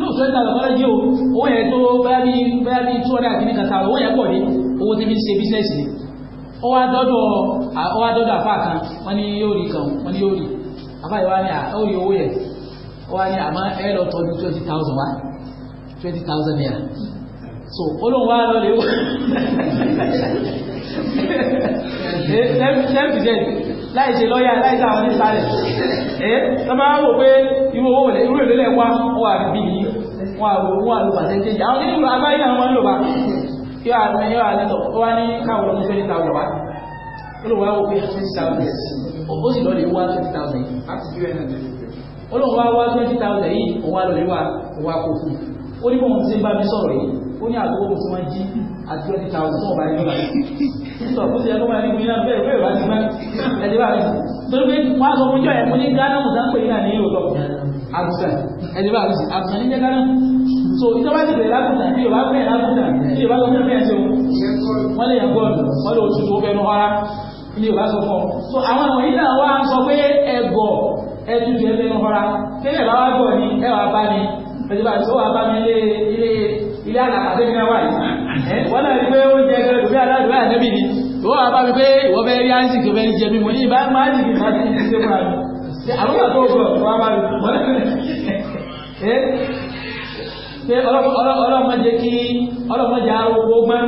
lóòótọ́ ìta àlọ́kọ́lá yìí o owó yẹn tó bẹ́ẹ̀ bí bẹ́ẹ̀ bí two hundred àti ní kàtà owó yẹn pọ̀ ní owó tí fi ń ṣe bísíǹsì ni ó wá dọ́dọ̀ ó wá dọ́dọ̀ àfa kan wọ́n ní yóò rí kan wọ́n ní yóò rí àfa yìí wá ní ó rí owó yẹn ó wá ní àmọ́ ẹ lọ tọ́jú twenty thousand wá twenty thousand naira so olóhùn wa lọ lè wò eh, ten percent láì ṣe lọ́yà láì ṣe àwọn onísàlẹ̀ ẹ́ eh, tọ́mọ́ wò pé irú owó rẹ̀ irú èlé lẹ́wà ó wà bí i wọn àlò wọn àlò pàṣẹ́ntéèjì àwọn nínú agbáyé náà wọ́n ń lò bá yóò àlọ́ yóò àlọ́ tọ̀ ó wá ní káwọn ọmọ twenty thousand wá ó lò wá wò pé twenty thousand yẹn ó sì lọ lè wá twenty thousand yìí láti ju ẹ̀ náà ó lò wá wá twenty thousand yìí òun wá lọ lè wá wá kó fún ó ní bóun ti bá mi sọ̀rọ̀ yìí ó ní àgbo ohun tí wọ́n jí àti twenty thousand fún ọ̀bá yẹn lọ́la sọ fún ṣe ẹgbẹ́ ẹni gbìyànjú bẹ́ẹ̀ bẹ́ẹ̀ bá ti máa ẹ̀dí bá rẹ̀ torí pé wọ́n á sọ fún jọ ẹ̀ fún ní gánà mùsà absent ẹni bá absent absent ní jẹ́ dáná so ìjọba ti bẹ̀rẹ̀ lábùtà ní yorùbá bẹ̀rẹ̀ lábùtà ní yorùbá lọ́mọ bẹ̀rẹ̀ ṣe wọ́n lè yàn bọ́ọ̀lù wọ́n lè oṣù tó bẹ̀ nù ọ́rá ní yorùbá sọ fọ́ so àwọn àwọn yìí náà wá sọ pé ẹ̀gọ̀ ẹtù tó bẹ̀ nù ọ́rá tẹ́lẹ̀ bá wá bọ̀ ní ẹ wà bá ní ẹtì bá tó wà bá mi ilé ilé ilé àlàkàtẹ́ mi náà wà yìí wọ́n náà rí pé oúnjẹ gẹ́gẹ́ tó wà bá mi pé ìwọ fẹ́ rí áìsì tó fẹ́ jẹ mi mo ní ìbá máa ń jìgì máa ti ṣe àwọn àtọ́ ọgbọ̀ wà bá rí wọ́n lẹ́nu ṣe ọlọ́mọdé kí ọlọ́mọdé arógbó gbọ́n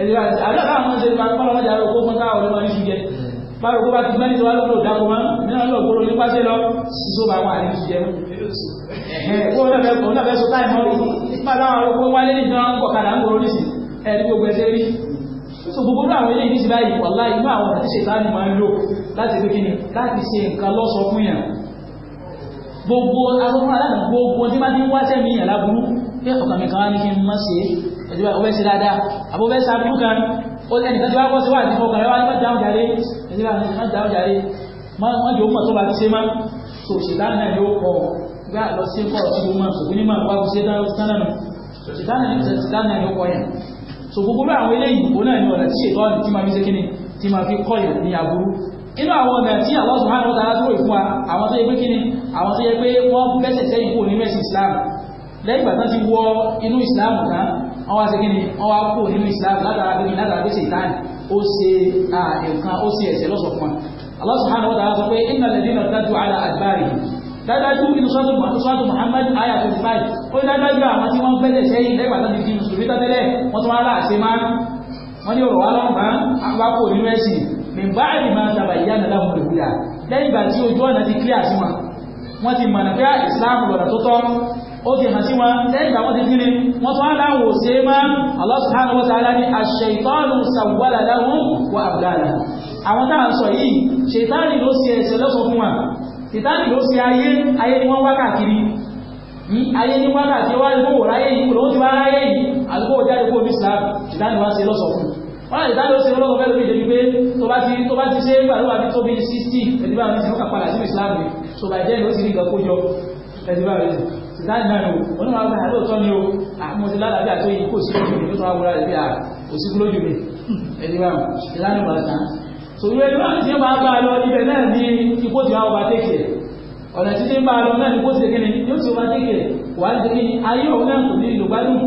ẹ̀dùn àti àdúrà àwọn ṣe máa kọ́lọ́mọdé arógbó gbọ́n káwọn ọlọ́mọ ní ṣùjẹ́ báwo kó bá ti gbẹ́ nítorí wọn lọ́dọ̀ dáko mọ́ nínú lọ gbọ́dọ̀ nípa ṣe lọ sísọ bá wọn àti ṣùjẹ́ kó náà fẹ́ sọ táìmọ́ rí nípa táwọn arógbó wálé nìkan kọ̀kadà ń gbòòrò nísìn ẹ̀ẹ́dì gbogbo ẹ̀ṣẹ́ rí so gbogbo àwọn ilé ìdíje báyìí wàlá inú àwọn ọ̀nà tí ṣètánì máa ń lò láti pé kíni láti ṣe nǹkan lọ́sọ fún yàn gbogbo agbóhùn aláàbò gbogbo tí máa ti ń wáṣẹ́ mi yàn láburú pé ọ̀kà mi kan wá ní kí n má ṣe ẹ̀dùn ọ̀bẹ ṣe dáadáa àbọ̀bẹ ṣe aburú kan ó lẹ́nu ìtọ́jú wá kọ́sí wà ní ọkàn rẹ wá ní mọ́tàún jáde ẹ̀dùn mọ́tàún jáde wọ́n jò mọ̀ tó bá ti ṣe má so ṣètánì náà yóò kọ̀ gbá lọ sí kọ̀ ọ̀tún mọ̀ ṣùgbọ́n ní mọ̀ so gbogbo àwọn eléyìí òun náà ni ọ̀nà tí ṣètò ọ̀nà tí máa fi ṣe kíni tí máa fi kọ́ ìyàn ní aburú inú àwọn ọ̀nà tí Allah subhanahu wa ta'ala dúró ìfún wa àwọn tó yẹ pé kíni àwọn tó yẹ pé wọ́n bẹ́sẹ̀ sẹ́yìn kúrò nínú ẹ̀sìn Islam lẹ́yìn ìgbà tán ti wọ inú Islam tán wọ́n wá ṣe kíni wọ́n wá kúrò nínú Islam látara pé kíni látara pé Satan ó ṣe nǹkan ó ṣe ẹ̀sẹ̀ lọ́sọ̀kan Allah subhanahu wa ta'ala sọ pé innal ladhina irtaddu ala adbarihim dájú inú sọ́tù Muhammad ayat 25 ó ní dájú àwọn tí wọ́n gbẹ́lẹ̀ sẹ́yìn lẹ́gbàá tó ti di mùsùlùmí tọ́tẹ́lẹ̀ wọ́n tún wá rà ṣe máa wọ́n ní ọ̀rọ̀ wa lọ́gbàá àgbákò nínú ẹ̀sìn nígbà tí máa tàbà ìyá nàlá wọn ìgbìyà ìgbà tí ti clear sí wọn wọ́n Islam lọ́nà tó tọ́ ó ti hàn sí wọn lẹ́yìn ìgbà wọ́n ti kiri é máa Allah subhanahu wa ta'ala ní ash-shaytanu sawwala lahum wa abdala àwọn táà ń sọ yìí ṣètánì ló ṣe ẹ̀ṣẹ̀ lọ́sọ̀ fún wa sìtáàtì ló ṣe ayé ayé ni wọ́n wá káàkiri ayé ní wákàtí wá ní kòwò ráyé yìí lóun ti bá ráyé yìí àdúgbò jáde kó omi sàá ìdáni wá sí lọ́sọ̀ fún wọn láti dáni ó sí lọ́sọ̀ fẹ́ lómi ìdẹ́bí pé tó bá ti tó bá ti ṣe pẹ̀lú àbí tó bí sísítì ẹ̀dí bá mi ti lọ́kà padà sínú ìsìlámù ni tó bá jẹ́ ní ó sì ní nǹkan kó jọ ẹ̀dí bá mi ìdáni náà ni o wọn náà wá ló tọ́ ni o àmọ́ ah, ti lálàbí àtó yìí kò sí lójú mi tó wá wúra rẹ̀ bí i ah, kò sí lójú mi ẹ̀dí bá mi ìdáni wà sòrí ẹni náà tí ń bá bá lọ ibẹ̀ náà ní ipò tí wọ́n bá tẹ̀kẹ̀ ọ̀nà tí ń bá lọ náà ní ipò tí kìíní yóò ti wọ́n tẹ̀kẹ̀ wà á tẹ̀kẹ̀ ní ayé òun náà kò ní ìlú gbádùn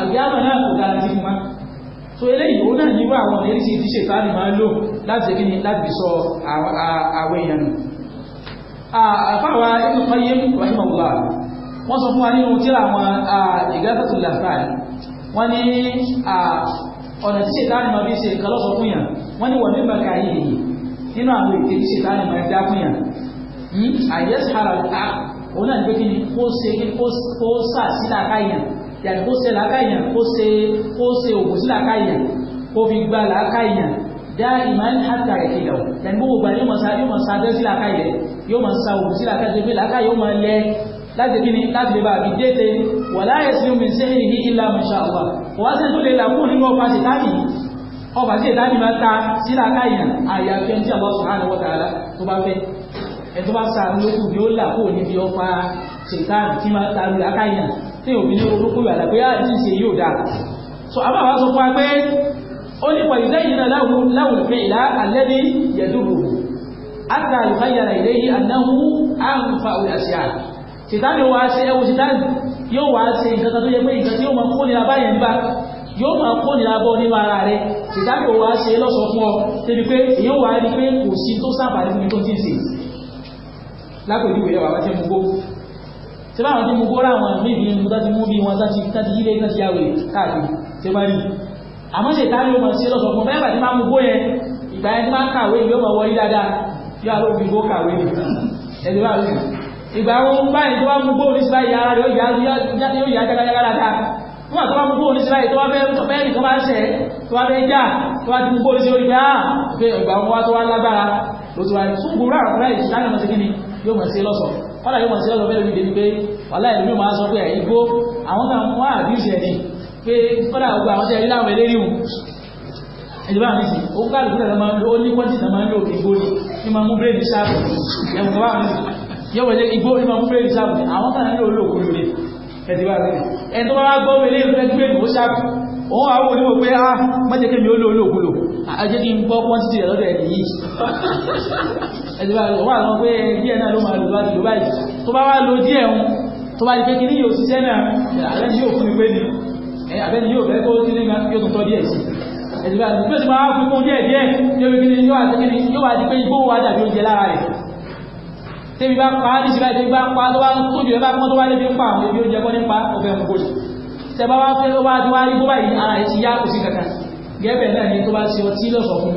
àgbéyàmọ̀ náà kò dára sí kuma so eléyìí òun náà níwọ̀ àwọn èyí tí ti ṣètò àmì máa ń lò láti tẹ̀kẹ̀ ní láti fi sọ àwọn èèyàn nù. àfáwa inú kọ́yé rahimahullah wọ́n sọ fún wa nínú tíra àwọn ìgbà ọ̀nà tí ṣètáni máa fi ṣe nǹkan lọ́sọ̀ fún yàn wọ́n ní wọ́n ní màkà yìí nínú àwọn ètè tí ṣètáni máa dá fún yàn ní hmm? àyẹ́sàrà ká òun náà ní pé kí ni kó ṣe kó sà sí làákàyàn yàtọ̀ kó ṣe làákàyàn kó ṣe kó ṣe òògùn sí làákàyàn kó fi gba làákàyàn dá ìmáyé hàtà ìkìlọ̀ yàtọ̀ gbogbo gbà yóò máa sa yóò máa sa abẹ́ sí làákàyàn yóò máa sa òògùn sí làákàyàn láti kí ni láti lè bá àbí déte wà láyé sí omi sẹ́yìn ní ilá masha Allah wà sí tó lè làkú nínú ọba sí tábì ọba sí ìdábì máa ta sílá káyàn àyàfi ẹni tí Allah subhanahu wa ta'ala tó bá fẹ́ ẹ tó bá sa lókù ni ó làkú níbi ọfà ṣètàn tí máa ta lórí akáyàn tí òbí ní orúkú yàrá pé á ti ṣe yóò dáa so àbá wa sọ fún wa pé ó ní pẹ̀lú lẹ́yìn náà láwùn fẹ́ ìlà alẹ́bí yẹ̀dúró àtàlùfáyàrá ìlẹ́yìn àdáhùn sìtáni yóò wá ṣe ẹwù sìtáni yóò wá ṣe nǹkan kan tó yẹ pé nǹkan tí yóò máa kó nira báyẹn nípa yóò máa kó nira bọ́ nípa ara rẹ sìtáni yóò wá ṣe lọ́sọ̀ọ́ fún ọ débi pé èyí wà á rí pé kò sí tó sábàá níbi tó ti ń ṣe lápèjúwe ẹ bàbá tí mo gbó tí báwọn tí mo gbó láwọn míì ní mo dájú mú bí wọn dájú dájú yílé dájú yàwé káàkiri tí wọ́n rí àmọ́ sìtáni yóò máa ṣe lọ́sọ̀ọ́ fún bẹ́ẹ̀ bàtí máa mú gbó yẹn ìgbà yẹn ìgbà wọn báyìí tó wá mú gbóhùn nísìlá yìí ara rẹ̀ yóò yá jágájágá ta wọn àti wọn mú gbóhùn nísìlá yìí tó wá fẹ́ fẹ́ nìkan bá ń sẹ̀ tó wá fẹ́ já tó wá ti mú gbóhùn sí orí bá pé ìgbà wọn wá tó wá lágbára ló ti wá tún gbúrú àrùn rẹ̀ ìṣáná mọ̀ sí kíni yóò mọ̀ sí lọ́sọ̀ kọ́lá yóò mọ̀ sí lọ́sọ̀ bẹ́ẹ̀ lórí pé wàhálà ìlú máa pé ìgbó ìjọba mi sì ó kálukú náà máa ń lo ó ní pọ́ńtì náà máa ń lo òkè gbóni ní máa mú bírèdì ṣáàpù ẹ̀wọ̀n bá mi sì yóò wọlé igbó ní máa ń fẹ́ ìṣàbù àwọn kan nílò olóògùn lórí ẹ̀dí wà lórí ẹni tó bá wá gbọ́ wọlé ìlú ẹgbẹ́ ìlú ó ṣàbù òun àwọn oníwò pé ah, á mọ́jẹ́ kí mi ó lóògùn lò ajé kí n gbọ́ pọ́ńtítì rẹ̀ lọ́dọ̀ ẹ̀dí yìí ẹ̀dí wà lórí wà lọ́wọ́ pé díẹ̀ náà ló máa lò láti lò báyìí tó bá wá di pé kí ní yóò ṣiṣẹ́ náà àbẹ́ni yóò fún mi pé ni àbẹ́ni yóò fẹ́ kó nílé yóò tún tọ́ díẹ̀ sí ẹ̀dí wà lórí tẹ́bi bá pa á ní ìṣẹ́lá tẹ́bi bá pa tó bá tóbi rẹ̀ bá pọ́n tó wá lébi ń pa àwọn ebi oúnjẹ kọ́ ní pa ọ̀fẹ́ mú kóòlì tẹ́ bá wá fẹ́ wá ti wá rí bó báyìí ara ẹ̀ yá kò sí kankan gẹ́gẹ́ náà ni tó bá ṣe ọtí lọ́sọ̀ fún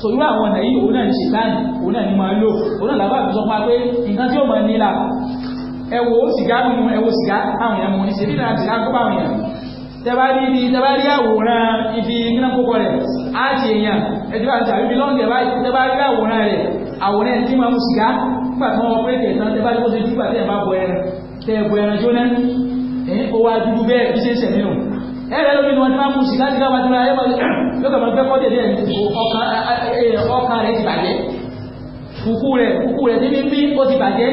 so irú àwọn ọ̀nà yìí òun náà ní ṣìtáàní òun náà ní máa lò òun náà làbá àbùsọ pa pé nǹkan tí ó máa nílà ẹwọ sìgá mímu ẹwọ sìgá táwọn èèyàn mú ní ṣèlú náà sìgá kó báwọn èèyàn tẹbárí ibi tẹbárí àwòrán ibi nínú kókó rẹ á ti èèyàn ẹjọ́ àti àbíbí lọ́ǹgẹ̀ báyìí tẹbárí àwòrán rẹ àwòrán ẹ̀ tí máa mú sìgá nígbà tí wọ́n péré tẹ̀sán tẹ́ bá tó ṣe dúgbà tẹ́ bá bọ ẹran tẹ́ bọ ẹran jóná ó wá dúdú bẹ́ẹ̀ bí ṣe ń sẹ̀mí o ẹ̀rẹ́ lómi ni wọ́n ti máa kú sí láti káwá tó ra ẹ̀ yóò kà máa gbẹ́ kọ́ dẹ̀dẹ̀ ọkàn rẹ̀ ti bàjẹ́ kùkú rẹ̀ kùkú rẹ̀ ti bíbí ó ti bàjẹ́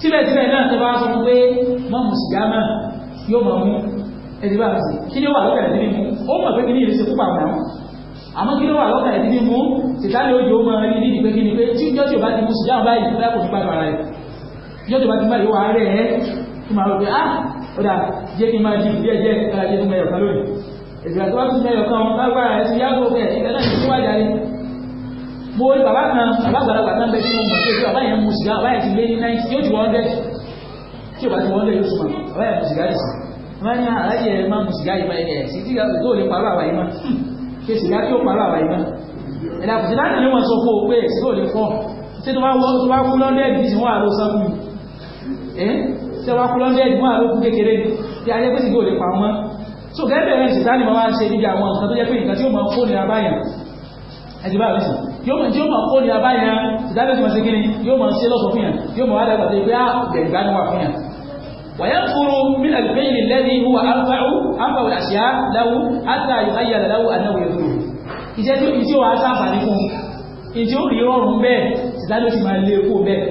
síbẹ̀síbẹ̀ náà tẹ́ bá sọ pé mọ́mù sìgámà yóò mọ̀ mú ẹ̀dí bá mi sí kí ni ó wà lókè rẹ̀ nínú ó mọ̀ pé àmọ́ kí ló wà lọ́kàn ẹ̀ dídí mú sìtáni ojú ó máa rí nídìí pé kí ni pé tí yóò tí ò bá ti mú sùjáwó báyìí bóyá kò ní pàtó ara rẹ̀ yóò bá ti báyìí wà rẹ̀ ẹ́ kí máa rò pé ah ó dà jẹ́ kí n máa di díẹ̀ díẹ̀ kára jẹ́ kí n máa yọ̀kan lónìí ìgbà tó bá tún mẹ́yọ̀ kan lágbára ẹ̀ ti yàgò ẹ̀ o bá ti wọ́n lé lóṣù mọ́ bàbá yẹn mu sìgá lè sùn bàbá yẹn aláàjì ẹ̀ máa mu sìgá yìí báyìí ẹ̀ sì tí ṣe sì láti ó parọ́ àwà iná ẹ̀dàkùn sí láti níwọ̀n sọ fún òpé sí òlè fún ṣe tó bá kú lọ́ndẹ̀ẹ́dì sí wọ́n àrò sánú ẹ̀ ṣe wá kú lọ́ndẹ̀ẹ́dì wọ́n àrò kú kékeré tí a jẹ́ pé sì kí òlè pa wọn so gẹ́gẹ́ bẹ̀rẹ̀ sì sáà ni wọ́n ṣe níbi àwọn nǹkan tó jẹ́ pé nǹkan tí ó máa fóònù abáyàn ẹ̀sìn bá rẹ̀ yóò mọ̀ tí ó máa fóònù abáyàn ìdájọ́ tí wọ́n ṣe kí ni yóò máa ṣe lọ́sọ̀ fún yàn yóò máa wá dàgbà tó yẹ pé á ah, gbẹ̀gbá ni wà fún yàn وينفر من الفعل الذي هو أرفع أرفع الأشياء له حتى يغير له أنه يذنب ìjẹ́ tó ìjẹ́ wàá sáfàní fún ìjẹ́ ò rí ọrùn bẹ́ẹ̀ ìdájọ́ ti máa lé kó bẹ́ẹ̀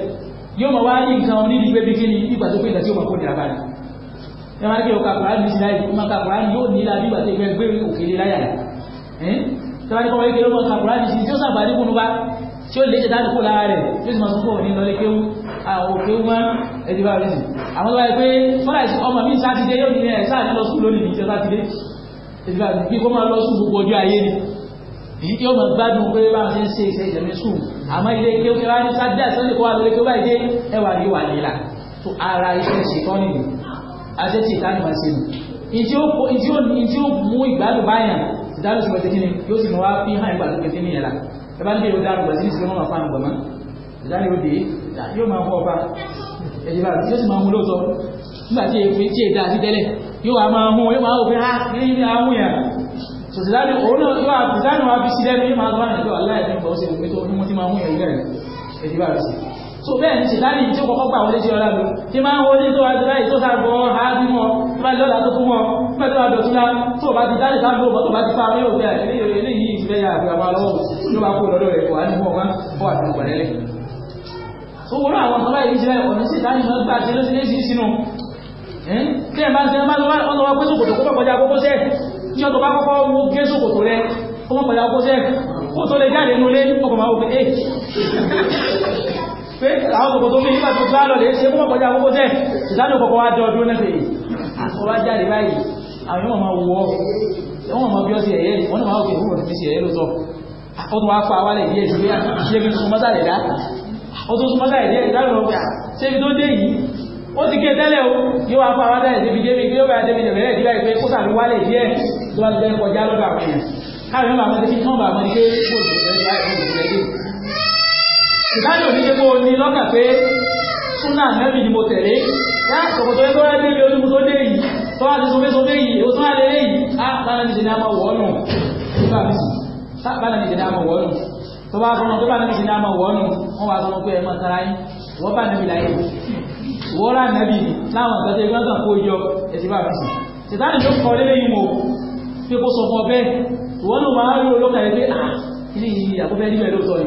yóò máa wá ní nǹkan onídìí pé bíkí ni ìgbà tó pé ìdájọ́ máa kó nira báyìí ẹ máa kí ọkà kùrán ní síláì ó máa ka kùrán yóò nílá bí ìgbà tó fẹ́ gbé òkèlè láyà ẹ̀ tí wọ́n ní kọ́ wọ́n kéré ó máa ka kùrán ní síláì tí ó sàbà ní kúnú bá tí ó lè ṣe dáadé kó lára rẹ̀ tí ó sì máa sọ fún òní lọ lé kéwú òkè ọmọ ẹ̀dí bá rí sí àwọn tó bá yẹ pé fọ́nà ìsìn ọmọ mi sátidé yóò nílẹ̀ sáà ní lọ sùn lónìí ìjọ sátidé ẹ̀dí bá rí bí kó máa lọ sùn gbogbo ọjọ́ ayé ni èyí tí ó mọ̀ gbádùn pé bá ṣe ń ṣe ìṣe ìjẹ̀mí sùn àmọ́ ilé ike ó kẹra ní sátidé àtúnṣe kó wà lórí kó bá ìdé ẹwà ní wà nílà tó ara iṣẹ́ ṣètọ́ nìyí aṣẹ́ tí ìta nìwà ṣe nù ìdí ó mú ìgbádùn báyàn ìdálòsùn pẹ̀tẹ́kínì yóò sì mọ̀ wá fi hàn ìgbàdùn pẹ̀tẹ́kínì yẹn la ẹ bá ń gbé ìwé dáàbò pẹ̀tẹ́kínì sí ọmọ àfáànù gbọ̀mọ́ ìdáni ó dé yóò máa fọ́ ọba ẹ̀jẹ̀ bá yóò sì máa mú lóòótọ́ nígbà tí èèfé tí èdè àti tẹ́lẹ̀ yóò wá máa mú yóò máa wò pé ah ní ilé àwọn èèyàn sòsìdánì òun náà yóò àbùdánì wá fi sí lẹ́nu yóò máa gbọ́ àyàn lọ́wọ́ aláìsàn ìgbà ó sì rò pé tó ní mo ti máa mú yàn ilé rẹ̀ ẹ̀jẹ̀ bá sí so bẹ́ẹ̀ ni sèdánì tí ó kọ́kọ́ gbà wọlé sí ọlá mi tí máa ń wọlé tó wá sí báyìí tó sàgbọ́ ha bí mọ́ tó bá lọ́la tó fún mọ́ pẹ́ tó wá dọ̀tún lá tó bá ti dáre sáà lóòbọ̀ tó bá ti fa yóò fẹ́ àìlè eléyìí ìfẹ́ yà àgbà wa lọ́wọ́ ló bá kó lọ́dọ̀ rẹ̀ wà ní mọ́ wá fọ́ àtúnkọ̀lẹ́lẹ́ tó wúrọ̀ àwọn ọ̀sán báyìí jẹ́ ọ̀nà sí ìdáni náà gbà tí ló ti lé sí sínú kí ẹ̀ bá ń sẹ́yìn bá lọ́wọ́ ọlọ́wọ́ pé sòkòtò kó pọ̀ kọjá kókó sẹ́ kí ọ̀tọ̀ bá kọ́kọ́ wo gé sòkòtò rẹ kó pọ̀ kọjá kókó sẹ́ kó tó lè jáde nulẹ̀ ọkọ̀ máa wò pé ee pé àwọn sòkòtò mi nígbà tó tó á lọ lè ṣe kó pọ̀ kọjá kókó sẹ́ ìdáni kọ̀kọ́ wá jọ ọdún náà fèyí àkọ́ wá jáde báyìí àwọn yóò máa wọ ẹ̀wọ̀n máa bí ọ́ sí ẹ̀yẹ́ wọ́n náà máa wò pé òwúrọ̀ ti fi sí ẹ̀yẹ́ lóòótọ́ ó tún wá pa wálẹ̀ díẹ̀ sí pé ṣé kí n ó tó súnmọ́ láì díẹ̀ ìdáhùn ọgbà ṣébi tó dé yìí ó ti gé tẹ́lẹ̀ o yóò wá fún àwọn dáhùn débi débi yóò bá débi débi rẹ̀ díẹ̀ pé kó sàmì wálé díẹ̀ tó wá lẹ́nu kọjá lọ́dọ̀ àwọn èèyàn káàmì máa mọ̀ sí nọ́mbà mọ̀ ní pé kó o ìdájọ́ mi ṣe kó o ní lọ́kàn pé súnà nẹ́bì ni mo tẹ̀lé yá sọ̀kòtò ẹgbẹ́ wá dé ibi olúmu tó dé yìí tó wá ti sọfẹ́ sọfẹ́ yìí ó tó wá lé yìí á bá nàìjíríà máa wọ̀ ọ́ nù tó bá fọmọ tó bá níbi sí ní àmọ́ wọ́n nù wọ́n wá fọmọ pé ẹ̀ tara yín wọ́n bá níbi láyé wọ́n rà nẹ́bì láwọn nǹkan tó yẹ gbọ́ngàn kó yọ ẹ̀sìn bá fi sùn sètáni ló kọ́ lé lẹ́yìn mọ́ pé kó sọ fún ọbẹ̀ wọ́n ló máa rí olóka yẹn ah, kí ni àkọ́fẹ́ níbẹ̀ ló sọ ni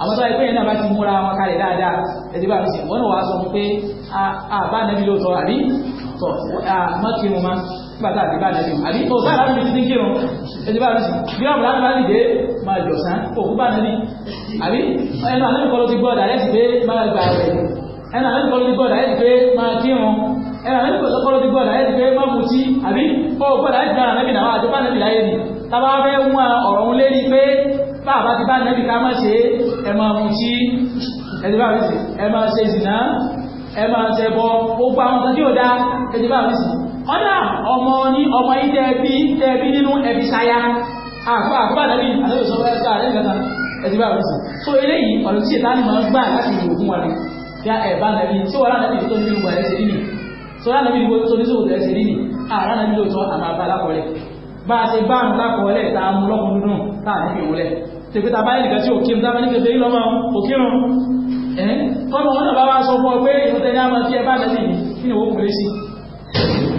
àwọn tó yẹ yẹn náà bá ti múra wọn kalẹ̀ dáadáa ẹ̀sìn bá fi sùn wọ́n náà wàá sọ fún pé ah, ah bá ló sọ àbí gbàtà àti báyìí lẹ́yìn àbí o sáà láti fi kírun ẹni báyìí sí bí ọ̀pọ̀ láti bá dìde máa jọ sán òkú bá nẹ́ni àbí ẹnu àlẹ́ ìkọlù ti gbọ́dà ẹ̀ sì pé máa gbà rẹ̀ máa kírun ẹnu àlẹ́ ìkọlù ti gbọ́dà ẹ̀ sì pé máa mutí àbí o gbọ́dà ẹ̀ sì dára náà àti bá láyé ni tábà fẹ́ mú ọ̀rọ̀ ń lérí pé báàbá ti bá nẹ́bì ká má ṣe ẹ máa mutí ẹni báyìí sí ẹ máa ṣe ìsìná ẹ máa ṣẹbọ gbogbo àwọn kan tí ò dá ẹni báyìí kọ́dà ọmọ ní ọmọ yìí tẹ́ẹ̀bí tẹ́ẹ̀bí nínú ẹbí sáyá àpá àpá àdàbí àdàbí sọ fẹ́ sáà lẹ́yìn kẹta ẹtì bá wọ́n sì so eléyìí ọ̀nà tí ìta ni máa ń gbà láti ìwò fún wa ni ya ẹ̀bá nàbí tí wọ́n ránàbí tó ní ìwà ẹ̀sẹ̀ nínú tó ránàbí ìwò tó ní ìwò ẹ̀sẹ̀ nínú àránàbí lóòótọ́ àmà bá lákọ̀ọ́lẹ̀ bá a ṣe bá ń lákọ̀ọ́lẹ̀ tá a mú lọ́kùn nínú tá a ní ìwòlẹ̀ tèpé ta bá yẹn nìkan tí òkè ń dábàá ní kẹfẹ́ yìí lọ́mọ òkè rán ẹ̀ kọ́nà wọn náà bá wá sọ fún ọ pé ìwọ́n tẹ́lẹ̀ á máa fi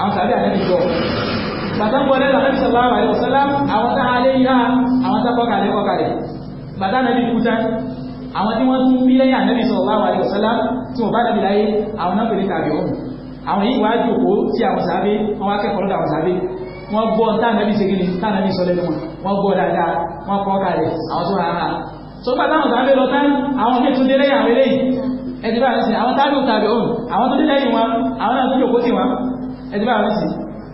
àwọn tàbí ànábì jọ bàtà gbọ́dọ̀ lọ ànábì sallallahu alaihi wasallam àwọn tá alẹ́ yá àwọn tá kọkàlẹ́ kọkàlẹ́ bàtà ànábì kúta àwọn tí wọ́n tún bí lẹ́yìn ànábì sallallahu alaihi wasallam tí wọ́n bá dàbí láyé àwọn náà pèlè tàbí ọ̀hún àwọn yìí wá jòkó tí àwọn sàábé wọn wá kẹ́kọ̀ọ́ lọ́dọ̀ àwọn sàábé wọn gbọ́ tánàbí segin tánàbí sọ lẹ́nu wọn gbọ́ dáadáa wọn kọ́ kalẹ̀ àwọn tó rárá tó bá táwọn sàábé lọ tán àwọn mí tún délé àwọn eléyìí ẹ̀dí bá àwọn tàbí òun àwọn tó délé ẹ̀dí báwọn sì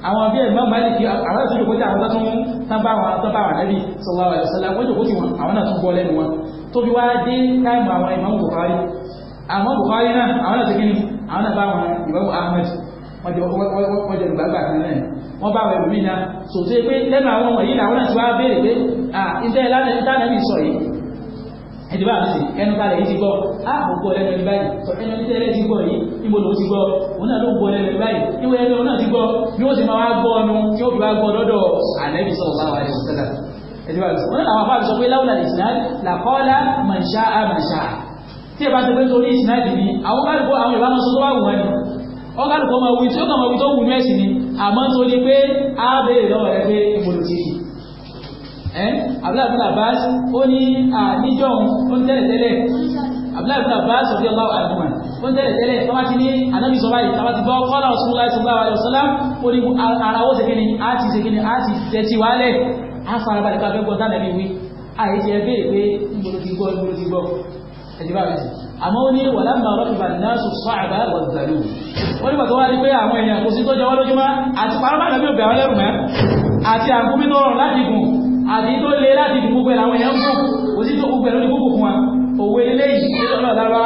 àwọn bí ẹ̀gbọ́n máìlìkì àwọn ètò ìjòkó tí àwọn tó tún tán bá wọn tán bá wọn lẹ́bí sallallahu alaihi wasallam wọ́n jòkó tí wọn àwọn náà tún bọ́ lẹ́nu wọn tó fi wá dé táìmù àwọn Imam Bukhari àwọn Bukhari náà àwọn náà ti kí Ahmad wọ́n jẹ ìgbàgbà kan náà wọ́n bá wọn ẹ̀rù mí náà sòtẹ́ pé lẹ́nu àwọn wọ̀nyí làwọn náà ti wá béèrè pé à ìtẹ́ ìlànà ìtànà mi ẹni bá ti ẹnu balẹ̀ yìí ti gbọ́ a ah, mo gbọ́ lẹ́nu ẹni báyìí sọ ẹnu ẹni tẹ́lẹ̀ ti gbọ́ yìí níbo ló ti gbọ́ òun náà ló gbọ́ lẹ́nu ẹni báyìí níbo ẹni òun náà ti gbọ́ bí wọ́n ti máa wá gbọ́ ọnu tí ó fi wá gbọ́ lọ́dọ̀ ànẹ́bí sọ̀rọ̀ bá wà ní ìṣẹ̀lẹ̀ ẹni bá ti wọ́n àwọn afáàbí sọ pé láwùlà ìsìnáàdì làkọ́lá màṣá àmàṣá tí ẹ bá ti pé torí ìsìnáàdì ni àwọn kálukọ àwọn ìbámu sọ tó wà wù wọn ni wọn kálukọ máa wí tí ó kàn máa wí ni àmọ́ torí pé á béèrè lọ́wọ́ rẹ ẹ́ abúláàbúlà báàs ó ní àníjọ́ ó ń tẹ́lẹ̀ tẹ́lẹ̀ abúláàbúlà báàs ọ̀dí ọláwà àdúmà ó ń tẹ́lẹ̀ tẹ́lẹ̀ tọ́wá ti ní anábì sọ báyìí tọ́wá ti bọ́ kọ́lá ọ̀sùn láti ọlá wa lọ́sọ́lá ó ní ara ó ṣe kíni á ti ṣe kíni á ti tẹ́tí wálẹ̀ á farabalẹ̀ ká fẹ́ gbọ́ tá nàbí wí àyè ti ẹ béèrè pé ìgbòrò ti gbọ́ ìgbòrò ti gbọ́ ẹ̀dí bá mi sì àmọ́ ó ní wàlámà rọ́kìbà náà sùn sọ àbá wọ̀dàlú ó nígbà tó wá rí pé àwọn èèyàn kò sí tó jọ wọ́n lójúmọ́ àti paramá nàbí òbí àwọn ẹlẹ́rù mẹ́ àti àgúnmí tó rọrùn láti gùn àbí tó lé láti fi gbogbo ẹ̀làwọn èèyàn kù kò sí tó gbogbo ẹ̀lú ní gbogbo fún wa òwe eléyìí tó lọ́nà lára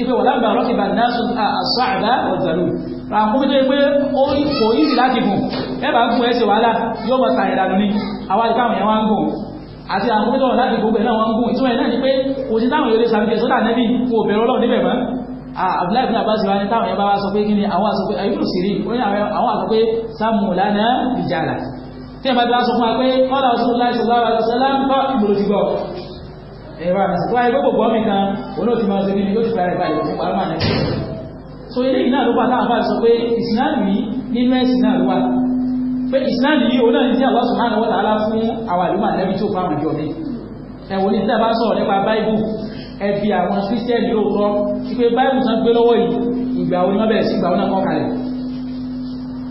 ife wà lábàá rọ́kì bá náà sùn àṣọ àdá ọ̀dàlù ràkúnmí tó yẹ pé kò yìí láti gùn ẹ bá gùn ẹsẹ̀ wàhálà yóò mọ̀ tàn ìdànù ni àwa ìka àwọn èèyàn wá ń gùn àti àwọn tó láti gbogbo ẹ̀ náà wọ́n ń gùn ìtumọ̀ ẹ̀ ni pé kò sí táwọn yóò lè sàbíkẹ́ sódà nẹ́bí kò bẹ̀rẹ̀ ọlọ́run níbẹ̀ mọ́ abdullahi ibn abbas wa ni táwọn yẹn bá sọ pé kí ni àwọn àsọ pé ayúrò sírí àwọn àsọ pé ìjàlá tí ẹ̀mà tí wá sọ fún wa pé kọ́lá ọ̀sán láìsọ̀ lára ṣẹlá ń bá ìgbòrò ti gbọ́ ẹ̀rọ àti wá ẹgbẹ́ gbogbo ọmọ ìkan òun ó ti máa ṣe nínú yóò ti fara ìgbà ìgbà so eléyìí náà ló wà láwọn báyìí sọ pé ìsìláàmù yìí nínú ẹ̀sìn náà ló wà pé ìsìláàmù yìí òun náà ní tí Allah subhanahu wa ta'ala fún àwọn àlùmọ̀ àlẹ́bí tó fáwọn ìjọ mi ẹ̀wọ̀n ní tí a bá sọ̀rọ̀ nípa báìbù ẹbí àwọn kírísítẹ́nì lóòótọ́ pé báìbù tán gbé lọ́wọ́ yìí ìgbà wo ni wọ́n bẹ̀rẹ̀ sí ìgbà wọn náà kọ́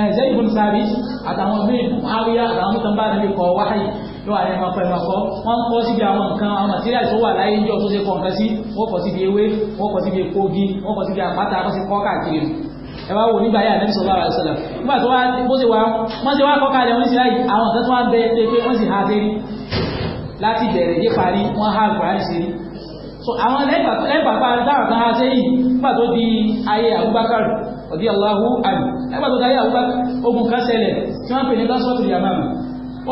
ẹ̀ẹ́dẹ́ ìbùn sábì àtàwọn míì áríyá àtàwọn tó ń bá níbi kọ wáyé yóò àrẹ máa pẹ̀lú ọkọ wọ́n kọ́ síbi àwọn nǹkan àwọn material tó wà láyé ń jọ tó ṣe kọ̀ nǹkan sí wọ́n kọ́ síbi ewé wọ́n kọ́ síbi kogi wọ́n kọ́ síbi àpáta wọ́n sì kọ́ káàkiri ẹ wá wò nígbà yà nẹ́bí sọ̀rọ̀ àwọn ìṣẹ̀lẹ̀ nígbà tó wá bó ṣe wá wọ́n ṣe wá kọ́ kalẹ̀ wọ́n sì láyé àwọn nǹkan tó wá bẹ ẹ pé wọ́n sì há dé láti bẹ̀rẹ̀ dé parí wọ́n há àgbà sí so àwọn lẹ́gbàá lẹ́gbàá bá dáhùn kan há sẹ́yìn nígbà tó di ayé Abubakar ọdí aláhu àmì nígbà tó dáyé àwọn ogun kan ṣẹlẹ̀ tí wọ́n pè ní lọ́sọ̀tù yamama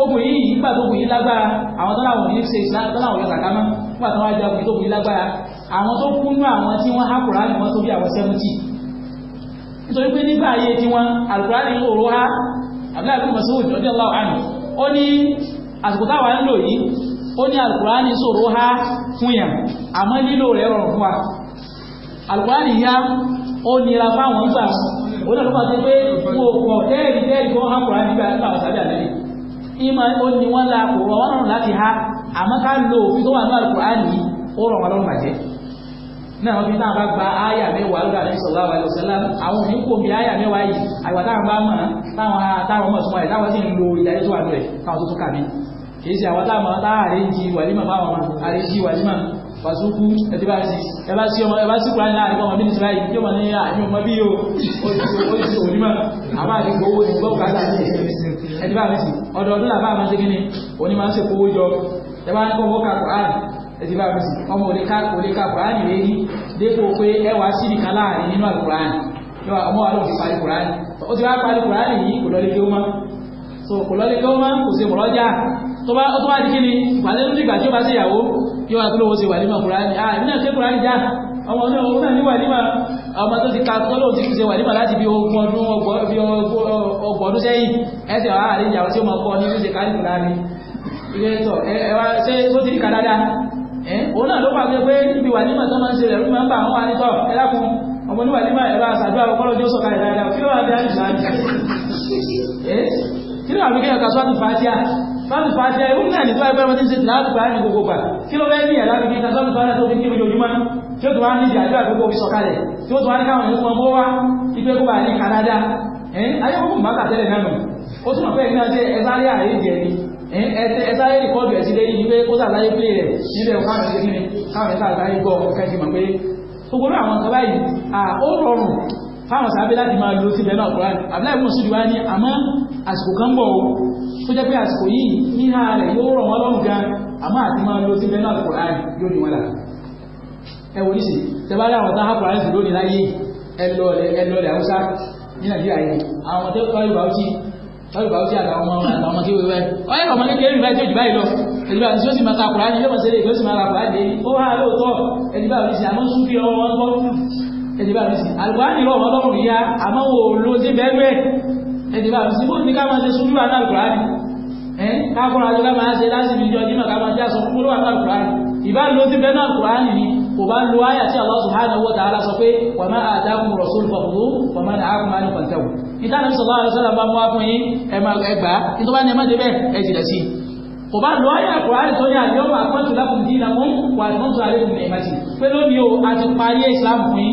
ogun yìí nígbà tó ogun yìí lágbára àwọn tó láwọn ní ṣe ìsìlá tó láwọn yọta kámá nígbà tó wájú ogun tó ogun yìí lágbára àwọn tó kúnú àwọn tí wọ́n hákùrá ni wọ́n tó bí àwọn sẹ́mùtì nítorí pé nígbà ayé tí wọ́n àlùkùrá ni òru ha abúlé àbúrò masoud ọdí aláhu àmì ó ní àsìkò táwa ó nira fáwọn gbà ó náà ló pàṣẹ pé wo kọ̀ dẹ́ẹ̀rì dẹ́ẹ̀rì kọ́ hàn kúrò nígbà nígbà ọ̀sán àbí àlẹ́ ìmọ̀ ó ní wọ́n la kò rọ̀ wọ́n rọrùn láti ha àmọ́ ká lo òfin tó wà ní Al-Kùránì yìí ó rọ̀ wọn lọ́rùn bàjẹ́ náà wọ́n fi náà bá gba áyà mẹ́wàá lórí àdéhùn sọ̀rọ̀ àwọn àlùsọ̀lá àwọn òfin kò bí áyà mẹ́wàá yìí àgbà táwọn bá mọ̀ táwọn táwọn mọ̀ sọ́mọ́ rẹ̀ táwọn sì ń lo ìdájọ́ tó wà lórí káwọn tó tún kà mí kì í ṣe àwọn táwọn táwọn àrèjì wàlímà báwọn àrèjì wàlímà fàṣúkú ẹ̀díbà sí ẹbá sí ọmọ ẹbá sí kúránì láàrin ọmọ mínísítì báyìí yóò ah, mọ̀ ní àyè ọmọ bí yóò oṣù onímọ̀ àbá àdìgbò owó ìgbọ́ òkàtà sí ẹ̀díbà sí ọdọọdún làbá àmọ́ ṣe kíni òní máa ń ṣe kówó jọ ẹbá ní kọ́wọ́ kà kúránì ẹ̀díbà sí ọmọ òní ká kúránì rẹ̀ yí dépò pé ẹwà sí nìkan láàrin nínú àkùránì ọmọ wa ló fi parí kúránì ó ti wá parí kúránì yóò wá pé òun ṣe wà nímọ̀ kùránì ah èmi náà ṣe kùránì já ọmọ náà òun náà ní wà nímọ̀ ọmọ tó ti ka tọ́lọ́ ti ṣe wà nímọ̀ láti bí ogun ọdún ọgbọ̀n ọdún sẹ́yìn ẹsẹ̀ wà á rí ìyàwó tí ó mọ̀ kọ́ ní ṣíṣe kárí kùránì ilé tọ̀ ẹ wá sọ́ọ̀tù fàájá irú náà ní tó ẹgbẹ́ ọmọdé ṣe láti bá ní gbogbo gbà kí ló bẹ́ẹ̀ ní ẹ̀lá fi kíta sọ́ọ̀tù fàájá tó fi kí ojoojúmọ́ tí ó tó wá ní ìjà àjọ àgbogbo fi sọ̀kalẹ̀ tí ó tó wá ní káwọn ẹ̀kọ́ ọmọ wá ipé kó bá ní Canada ayọ́kùnkùn bàtà tẹ́lẹ̀ mẹ́nu ó túnmọ̀ pé ìgbà jẹ́ ẹ̀sáré ààrẹ jẹ́ ni ẹ̀sáré ìkọlù ẹ̀sí lé yìí pé ó sàlàyé pé rẹ̀ nílẹ̀ káwọn ẹ̀sẹ̀ kíni káwọn ẹ̀sẹ̀ àgbáyé gbọ́ kẹ́sì mọ̀ tó jẹ́ pé àsìkò yìí níhà rẹ̀ yóò rọ̀ wọ́n lọ́rùn gan àmọ́ àti máa lo síbẹ̀ náà kò ráàyè yóò ní wọn là ẹ wò níṣì tẹ́bá rí àwọn táhà kùránì sì lónìí láyé ẹlọ́ọ̀lẹ̀ ẹlọ́ọ̀lẹ̀ haúsá ní nàìjíríà yìí àwọn tó kọ́ yorùbá ọtí yorùbá ọtí àtàwọn ọmọ àtàwọn ọmọ kéwèé wẹ́ ọyẹ ọmọ kékeré rẹ̀ tó jù báyìí lọ ẹ̀dùbà tí ó sì máa ka kùránì yóò máa ṣe lè kí ó sì máa ka kùránì lè ó wà lóòótọ́ ẹ̀dùbà oríṣi àmọ́ súnfì ọwọ́ wọn gbọ́ ẹ̀dùbà oríṣi àlùkò ẹ̀dì bá sí bóòdì ká máa ṣe sùúrù wà náà kùrá ní ẹ́ káàkùrá jù ká máa ṣe lásìbí ìjọ jímọ̀ ká máa ṣe aṣọ kúrò wà náà kùrá ní ìbá ló ti bẹ́ náà kùrá ní ni kò bá lo áyà tí Allah subhanahu wa ta'ala sọ pé wa ma atakum rasul fọ̀fọ̀fọ̀ wa ma na'akum anhu fantahu ìtànà sallallahu alaihi wasallam bá ní ẹmọ́ débẹ̀ ẹ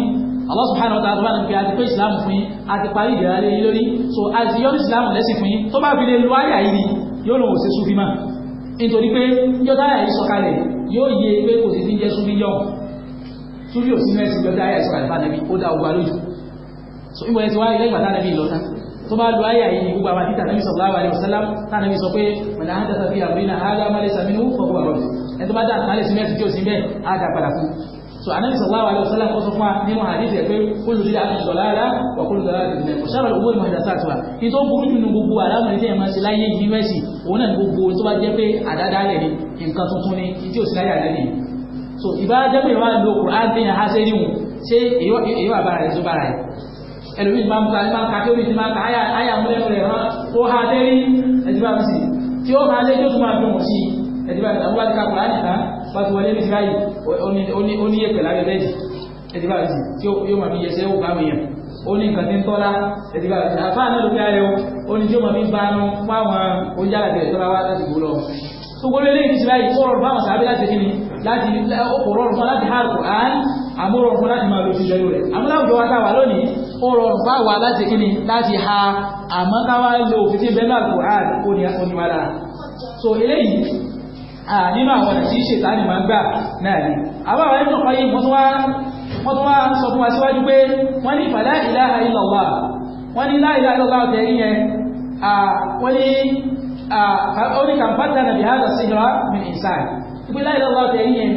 Allah subhanahu wa ta'ala bá nàbí àti pé ìsìláàmù fún yín àti parí ìdẹ̀ra lé yín lórí so àti yọ́nù ìsìláàmù lẹ́sìn fún yín tó bá fi lè lu àyà yìí yóò lòun ò ṣe súnfí máa nítorí pé yọ́dá àyà yìí sọ̀kalẹ̀ yóò yé pé kò sì ti jẹ́ súnfí yọ̀ súnfí ò sí mẹ́sì yọ́dá àyà sọ̀kalẹ̀ bá nàbí ó dá ogun alójú so ìwọ̀n ẹ̀ ti wáyé lẹ́gbàá tánàbí lọ́tà tó bá lu àyà yìí gbogbo àwọn títà nàbí sallallahu alaihi wasallam tánàbí sọ pé mọ̀nà àádọ́ta fi àbúrí náà ágá má lè sàmínú fọ́gbọ́n rọ̀ ẹ̀ tó bá dá àtàlẹ̀ sí mẹ́sì tí ò sí bẹ́ẹ̀ á dá padà fún so anabi sallallahu alaihi wasallam kó sọ fún wa nínú hadith ẹ pé kullu bid'atin dalalah wa kullu dalalatin fi nar sharru al-umuri muhdathatuha ní tó burú nínú gbogbo àlámọ̀ ní tẹ́yìn máa ṣe láyé yìí mẹ́sì òun náà ní gbogbo tó bá jẹ́ pé àdádálẹ̀ ni nǹkan tuntun ni tí ò sí láyé àlẹ́ ni so ìbá jẹ́ pé ìwà lo Qur'an bí i ha ṣe ríhun ṣé èyí wà bára rẹ̀ tó bára rẹ̀ ẹlòmíì ti máa ń ka máa ka kí omi ti máa ka àyà múlẹ́nu rẹ̀ rán kó ha dé rí ẹ̀dí bá mi sì tí ó ha dé tó tún máa dùn sí ẹ̀dí bá mi àwọn bá ti ka Qur'an bá ti wọlé ní ti báyìí ó ní bẹ́ẹ̀dì ẹ̀dí bá tí yóò máa fi yẹsẹ̀ ó bá mi yàn nǹkan tí ń tọ́lá ẹ̀dí bá ti àfáà ló fi ayọ̀ ó ní tí ó máa fi bá nu fún àwọn oníjàlàbẹ̀ tó bá wá láti gbó lọ. gbogbo lórí ní ti ó rọrùn fáwọn sàbí láti kí láti ó rọrùn fún láti há àlùkò án àmọ́ rọrùn fún láti máa lo ìṣiṣẹ́ rẹ̀ àmọ́ láwùjọ wa táwa lónìí ó rọrùn fáwa láti kí láti ha àmọ́ táwa lo òfin tí bẹ́ẹ̀ náà kò há àlùkò ní wàhálà so eléyìí nínú àwọn ọ̀nà tí ṣètánì máa ń gbà náà ni àbáwá ẹ̀kọ́ ọ̀pá yìí wọ́n tún wá sọ fún wa síwájú pé wọ́n ní fala ilaha illallah wọ́n ní la ilaha illallah tẹ̀rí yẹn wọ́n ní ó ní kàmpátà nàbí hàdà síhìrà min insan pé la ilaha illallah tẹ̀rí yẹn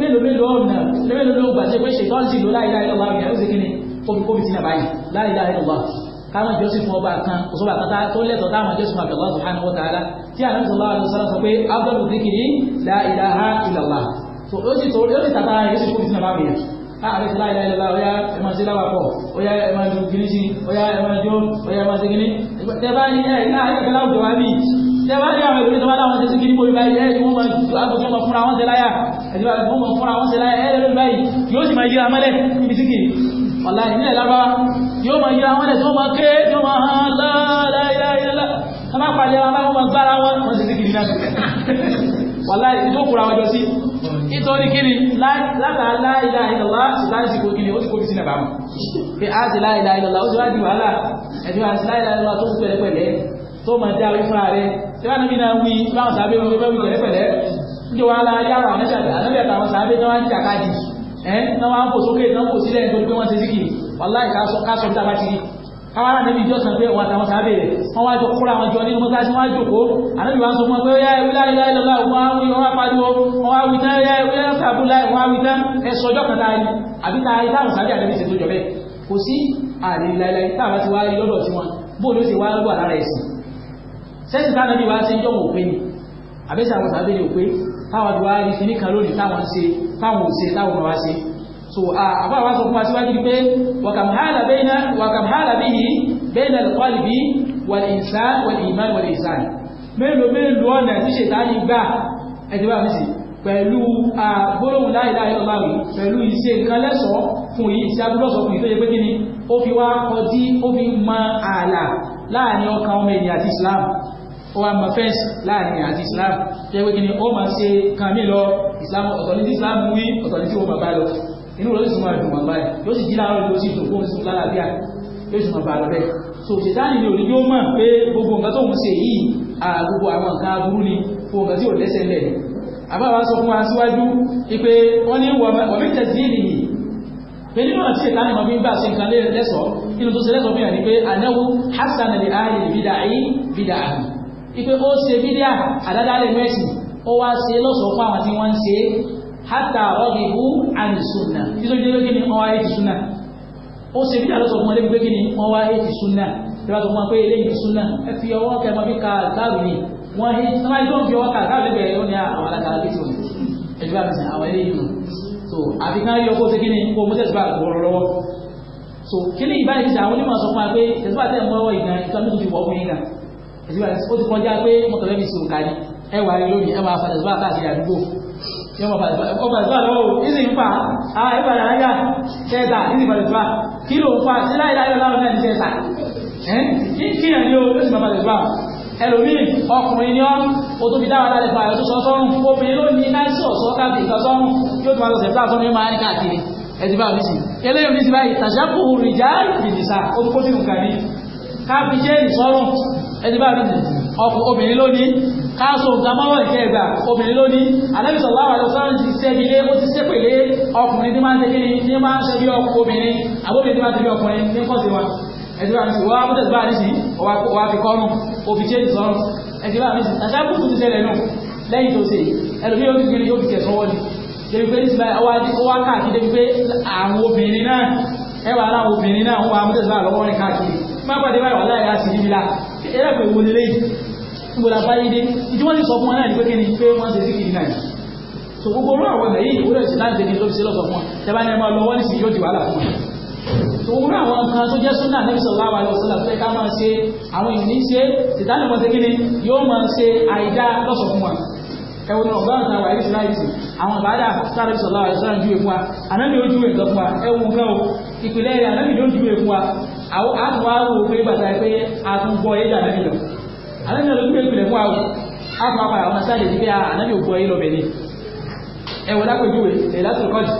mélòó mélòó ọ̀nà mélòó mélòó gbàṣẹ́ pé ṣètọ́ káwọn jọ́sìn fún ọba kan òṣùpá kan tó lẹ́tọ̀ọ́ táwọn jọ́sìn fún Allah subhanahu wa ta'ala tí àlejò sọlá àlejò sọlá sọ pé abdul zikiri la ilaha illallah so ó sì tó ó sì tàtà yìí ó sì kó ìsinmi àbáwò yẹn ààrẹ ti láìláì lọ́la ọ̀yá ẹ̀mọ̀ sí láwàpọ̀ ọ̀yá ẹ̀mọ̀ ju kìíní sí ọ̀yá ẹ̀mọ̀ jó ọ̀yá ẹ̀mọ̀ sí kìíní tẹ́bá ní ẹ̀ náà ẹ̀kẹ́ láwùjọ wá bí tẹ́bá ní àwọn ìwé tọ́lá wọn ti sí kìíní bóyá ẹ̀ ẹ̀ wọ́n ọ̀la ìnílẹ̀ lábá yóò máa yíra wọn lẹ̀ tí wọ́n máa ké yóò máa hàn láàláìláìlá tá bá pàdé ara wọn máa gbára wọn wọ́n sì ní kiri náà wàlá ìdókòrò àwọn ọjọ́ sí nítorí kí ni látà láìláìlọ́lá ṣùgbọ́n ti kò kí ni ó ti kò fi sínú ẹ̀bà mọ̀ pé á ti láìláìlọ́lá ó ti wá di wàhálà ẹ̀mí wa ti láìláìlọ́lá tó kú pẹ̀lẹ́pẹ̀lẹ́ tó máa dá orí fúnra rẹ̀ tí wọ́n níbi náà wí láwọn sábẹ́ wọn fẹ́ wí pẹ̀lẹ́pẹ̀lẹ́ ń jẹ́ wàhálà yára àwọn ẹ̀ṣẹ̀ àtàwọn sábẹ́ náà wá ń jà káàdì ẹ́ náà wọ́n á fò sókè náà fò sílẹ̀ nítorí pé wọ́n ti síkì wàláì káṣọ bí tábàtì rí káwárà níbi ìjọ kan pé wọn àtàwọn sábẹ́ rẹ̀ wọ́n wá jọ kóra wọn jọ nínú mọ́tàsí wọ́n á jòkó ànábì wá ń sọ fún wọn pé ó yá ìwé láì láì lọ́la òun á wí wọ́n á pariwo wọ́n á wí tán yá ìwé láì sàbú láì wọ́n á wí tán ẹ sọjọ́ kan tá a rí àbí tá a táwọn ti wá rí sí ní kan lónìí táwọn ń ṣe táwọn ò ṣe táwọn wá ṣe so àbá wa sọ fún wa síwájú pé wàkàmhálà bẹ́yìn bẹ́yìn alqalbi wal insan wal iman wal ihsan mélòó mélòó ọ̀nà tí ṣètánì gbà ẹ̀dí bá mi sì pẹ̀lú gbólóhùn la ilaha illallah pẹ̀lú iṣẹ́ nǹkan lẹ́sọ̀ọ́ fún yìí iṣẹ́ abúlọ́sọ̀ fún yìí tó yẹ pé kí ni ó fi wá kọjí ó fi mọ ààlà láàrin ọkàn ọmọ ènìyàn àti Islam ó wá mọ fẹ́ǹsì láàrin àti islam tó yẹ kí ni ó máa ṣe kan mí lọ islam ọ̀tọ̀ ní tí islam wí ọ̀tọ̀ ní tí ó máa bá lọ inú rẹ̀ sì máa dùn wọn báyìí yóò sì jí láàárọ̀ yóò sì dùn fóun sí lálàáfíà yóò sì máa bá lọ bẹ́ẹ̀ so ṣètáàlì ni òní yóò mọ̀ pé gbogbo nǹkan tóun ṣe yìí gbogbo àwọn nǹkan aburú ni gbogbo nǹkan tí ò lẹ́sẹ̀ lẹ̀ àbáwá sọ fún wa síwájú pé wọ́n nínú àti ìlànà ìmọ̀ bí ń bá ṣe nǹkan lẹ́sọ̀ọ́ nínú tó ṣe lẹ́sọ̀ọ́ fún yàrá ni pé ànáwó hasan àlè ààrẹ bídà ipe ó ṣe bídíà àdádálẹ̀ mẹ́sì ó wá ṣe lọ́sọ̀ọ́ fún àwọn tí wọ́n ń ṣe hátà ọ̀dìbú àmì sunna ìtòjú lókè ni wọ́n wá ètì sunna ó ṣe bídíà lọ́sọ̀ọ́ fún wọn lébi lókè ni wọ́n wá ètì sunna ìjọba tó wọn pé eléyìí sunna ẹ fi ọwọ́ kẹmọ bí ká láàrú ni wọ́n hí sábà tó ń fi ọwọ́ ká láàrú lẹ́bẹ̀ẹ́ ó ní ah, àwọn alákàlà bí tòun ẹjọ́ àmì so àfi ká ṣe ni kó mú tẹ̀síbà gbọ́rọ̀ lọ́wọ́ so kí ni ìbáyìí ti àwọn onímọ̀ sọ fún wa pé tẹ̀síbà tẹ̀ ń bọ́ ìgbà ìtọ́jú ti wọ̀ fún yín náà ìgbà ó ti kọjá pé mọ́tọ̀lẹ́ mi sòrò kárí ẹ wà rí lónìí ẹ máa fàdà ìgbà káàkiri àdúgbò yọ máa fàdà ìgbà ọba ìgbà lọ́wọ́ ìsì ń fà á ìgbà láyà tẹ́ẹ̀ta ìsì fàdà ìgbà kí ló ń fà sí láìláyọ̀ láwọn náà ní tẹ́ẹ̀ta kí ẹ̀ ní o ó sì máa fàdà ìgbà ẹlòmíì ọkùnrin ni ọ́ o tó fi dáwà lálẹ́ fún àyọ̀ tó sọ sọ́run obìnrin ló ní láìsí ọ̀sọ́ káàkiri ìkan sọ́run yóò tó máa lọ sẹ̀fẹ́ àtọ́nu yóò máa ní káàkiri ẹ̀dí báyìí sí eléyìí ní ti báyìí tàṣàkùn rìjà rìbìdìsà ó tó kó sínú kàrí káàkiri jẹ́ ìsọ́run ẹni bá rí ọkọ̀ obìnrin lónìí káàsọ̀ ògbàmọ́wọ̀ ìkẹ́ ẹgbà obìnrin lónìí Ànábì sallallahu alaihi wasallam ti sẹ́bílé ó ti sẹ́pèlé ọkùnrin tí máa ń tẹ́kí ní máa ń ṣe bí ọkùnrin àbóbìnrin tí máa ń tẹ́kí ọkùnrin ní kọ́sí wa ẹni bá rí wọ́n mú tẹ̀síwá rí sí wà fi kọ́nù òfin ṣe ìsọ̀rọ̀ ẹni ni débi pé nígbà wá káàkiri débi pé àwọn obìnrin náà ẹwà aláwọ̀ obìnrin náà wọ́n mú tẹ̀síwá lọ́wọ́ rìn káàkiri má pàdé báyìí wà láyé láti níbi láà ẹ̀rẹ́ pé wo lélẹ́ yìí gbogbo la báyé dé ìdí wọ́n ti sọ fún wọn náà ní pé kí ni pé wọ́n ṣe síkìrì náà so gbogbo orú àwọn ẹ̀yìn ìwúrẹ̀ sí láti ní ló fi ṣe lọ́sọ̀ fún wọn tẹ́bá ní ẹmọ lọ́wọ́ nísìnyí yóò di wàhálà fún wọn so orú àwọn kan tó jẹ́ súnà níbi sọ̀rọ̀ àwọn àwọn sọ̀rọ̀ pé ká máa ṣe àwọn èèyàn ní ṣe tìtánì wọn ṣe kí ni yóò máa ṣe àìdá lọ́sọ̀ fún wọn ẹwọn náà ọgbà àtàwà ẹ̀rí síláìtì àwọn àbádà sáré sọ̀rọ̀ àwọn sọ̀rọ̀ ju èfún wa ànábì ó ju èkó fún wa ẹwọn gan o ìpìlẹ̀ rẹ̀ ànábì ló ju àwọn àtúwà wò pé gbàtà pé àtúgbọ́ ẹ̀dà náà lọ àlejò ló gbé ìpìlẹ̀ fún àwọn àpapọ̀ àwọn sáàdì sí pé ànábì ògbó ẹ̀ lọ bẹ̀rẹ̀ ẹ̀wọ̀n lápẹ̀júwe Lailatul Qadr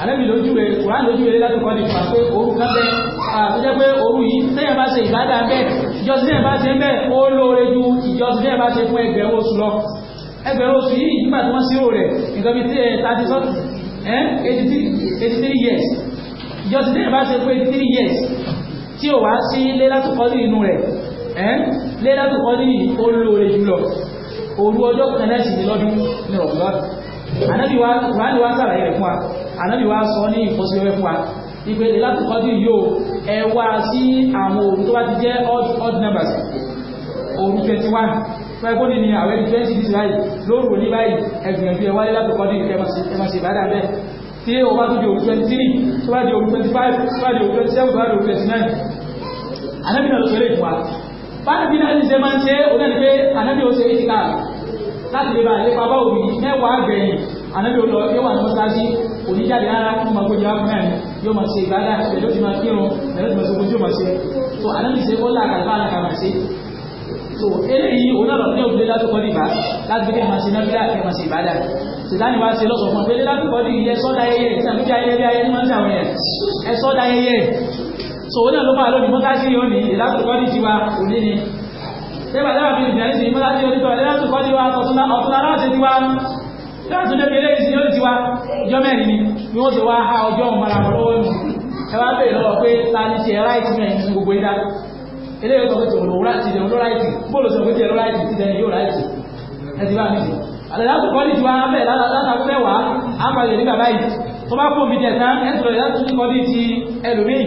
ànábì lójúwe Kùránì lójúwe Lailatul Qadr fà pé òru kan bẹ́ àtúnjẹ́ pé òru yìí sẹ́yìn bá ṣe ìbádà bẹ́ẹ̀ ìjọsìn náà bá ṣe bẹ́ẹ̀ ó lóore ju ìjọsìn náà bá ṣe fún ẹgbẹ̀rún oṣù lọ ẹgbẹ̀rún oṣù yìí nígbà tí wọ́n ṣírò rẹ̀ nǹkan bíi eh, thirty something eh, eighty three years ìjọsìn náà bá ṣe fún eighty three years tí ò wá sí Lailatul Qadr inú rẹ̀ ẹ́n Lailatul Qadr olóore jùlọ òru ọjọ́ kan náà sì ní lọ́dún ní ọ̀gbọ́n ànábì wa wà ní wa sàlàyé rẹ̀ fún wa ànábì wa sọ ní ìfọ́síwẹ́wẹ́ fún wa ìpè Lailatul Qadr yóò ẹ wá sí àwọn òru tó bá ti jẹ́ odd numbers òru twenty one fẹ́gbọ́n ní àwẹ̀ twenty six báyìí lóru òní báyìí ẹgbìyànjú ẹ wá Lailatul Qadr ẹ má ṣe ìbádà bẹ́ẹ̀ tí ó bá tó di òru 23 tó bá di òru 25 tó bá di òru 27 tó bá di òru 29 anábì náà ló fẹ́rẹ̀ fún wa báyìí bí náà ní ṣe máa ń ṣe ó náà ní pé anábì ó ṣe é ti ká láti lè ba àlépa bá òbí mẹ́wàá gbẹ̀yìn anábì ó lọ yóò wà ní mọ́ṣáláṣí oníjáde ara fún ọmọ gbòjì wákùn náà yóò máa ṣe ìgbádà ẹ̀lọ́dì máa kírun ẹ̀lọ́dì máa ṣe ojú máa ṣe so anábì ṣe ó là kàlùbá àlàkà máa ṣe so eléyìí òun náà ní òbílẹ̀ láti kọ́dí ìbá láti gbé máa ṣe náfíà kí máa ṣe ìbádà sìtáni wá ṣe lọ́sọ̀ fún ọ̀pẹ́lẹ́ láti kọ́dí ìyẹ sọ́dá ayẹyẹ ìsàmúkí ayẹyẹ bí ayẹyẹ máa ń sàwọn yẹn ẹ sọ́dá ayẹyẹ so òun náà ló máa lónìí mọ́tásí yóò ní ìlàtí kọ́dí tiwa òní ni sẹ́gbà dábàá fi ìgbà nísìnyí mọ́tásí yóò ní tọ́lẹ̀ láti kọ́dí wa ọ̀tún aláṣẹ tiwa láti lé pẹ̀lẹ́ ìsìn yóò tiwa ìjọ mẹ́rin ni ni wọ́n ti wá ha ọjọ́ òun mara lọ́wọ́ ẹ wá bèèrè lọ́wọ́ pé ta eléyìí ọkọ̀ tó wọ́n láti ilẹ̀ olóráìtì bóòlù sọ pé tí ẹlóráìtì ti tẹ̀yìn yóò ráìtì ẹtì bá mi sí àlẹ́láàtò kọ́lì tí wọ́n á bẹ̀ látàkùn mẹ́wàá á máa lè nígbà báyìí tó bá kó mi jẹ tán ẹtì lọ ìlàtò kọ́lì ti ẹlòmíì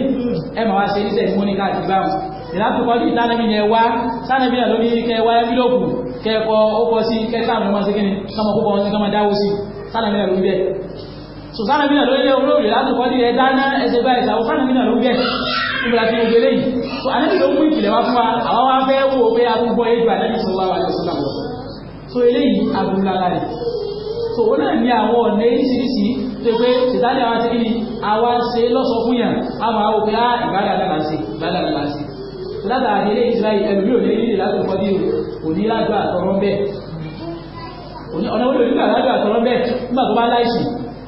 ẹ máa wá ṣe iṣẹ́ ìmúni káàkiri báwọn ìlàtò kọ́lì tánàbí yẹn wá tánàbí yẹn lómi kẹ wá ẹbílòpù kẹkọ ókọ sí kẹta àwọn ọmọ sí kíni kọmọ kókọ wọn sí kọmọ dáwó sí tánàbí yẹn lómi bẹ́ẹ̀ sùsánàbí yẹn lómi olóòrè látò kọ́lì ẹ dáná ẹsẹ̀ báyìí sàwọn tánàbí yẹn lómi bẹ́ẹ̀ ìbẹ̀rẹ̀ tí mo gbélé yìí so ànábì ló mú ìkìlẹ̀ wá fún wa àwọn wá fẹ́ wò pé agbúgbọ ẹgbẹ́ ànábì sọ wá wà lọ sọ́nà lọ so eléyìí agbóhùnlára rẹ̀ so òun náà ní àwọn ọ̀nà oríṣiríṣi tó pé ìtàlẹ̀ àwọn ti kíni àwa ṣe lọ́sọ fún yàn àwọn àwọn òpin ah, á ìbádàdà là ń ṣe ìbádàdà là ń ṣe látàrí ẹlòmí ò ní nílè láti kọ́ bí òní lágbà àtọ̀rọ̀ bẹ́ẹ̀ ọ̀nà olóògbé àlágbà àtọ̀rọ̀ bẹ́ẹ̀ nígbà tó bá láìsì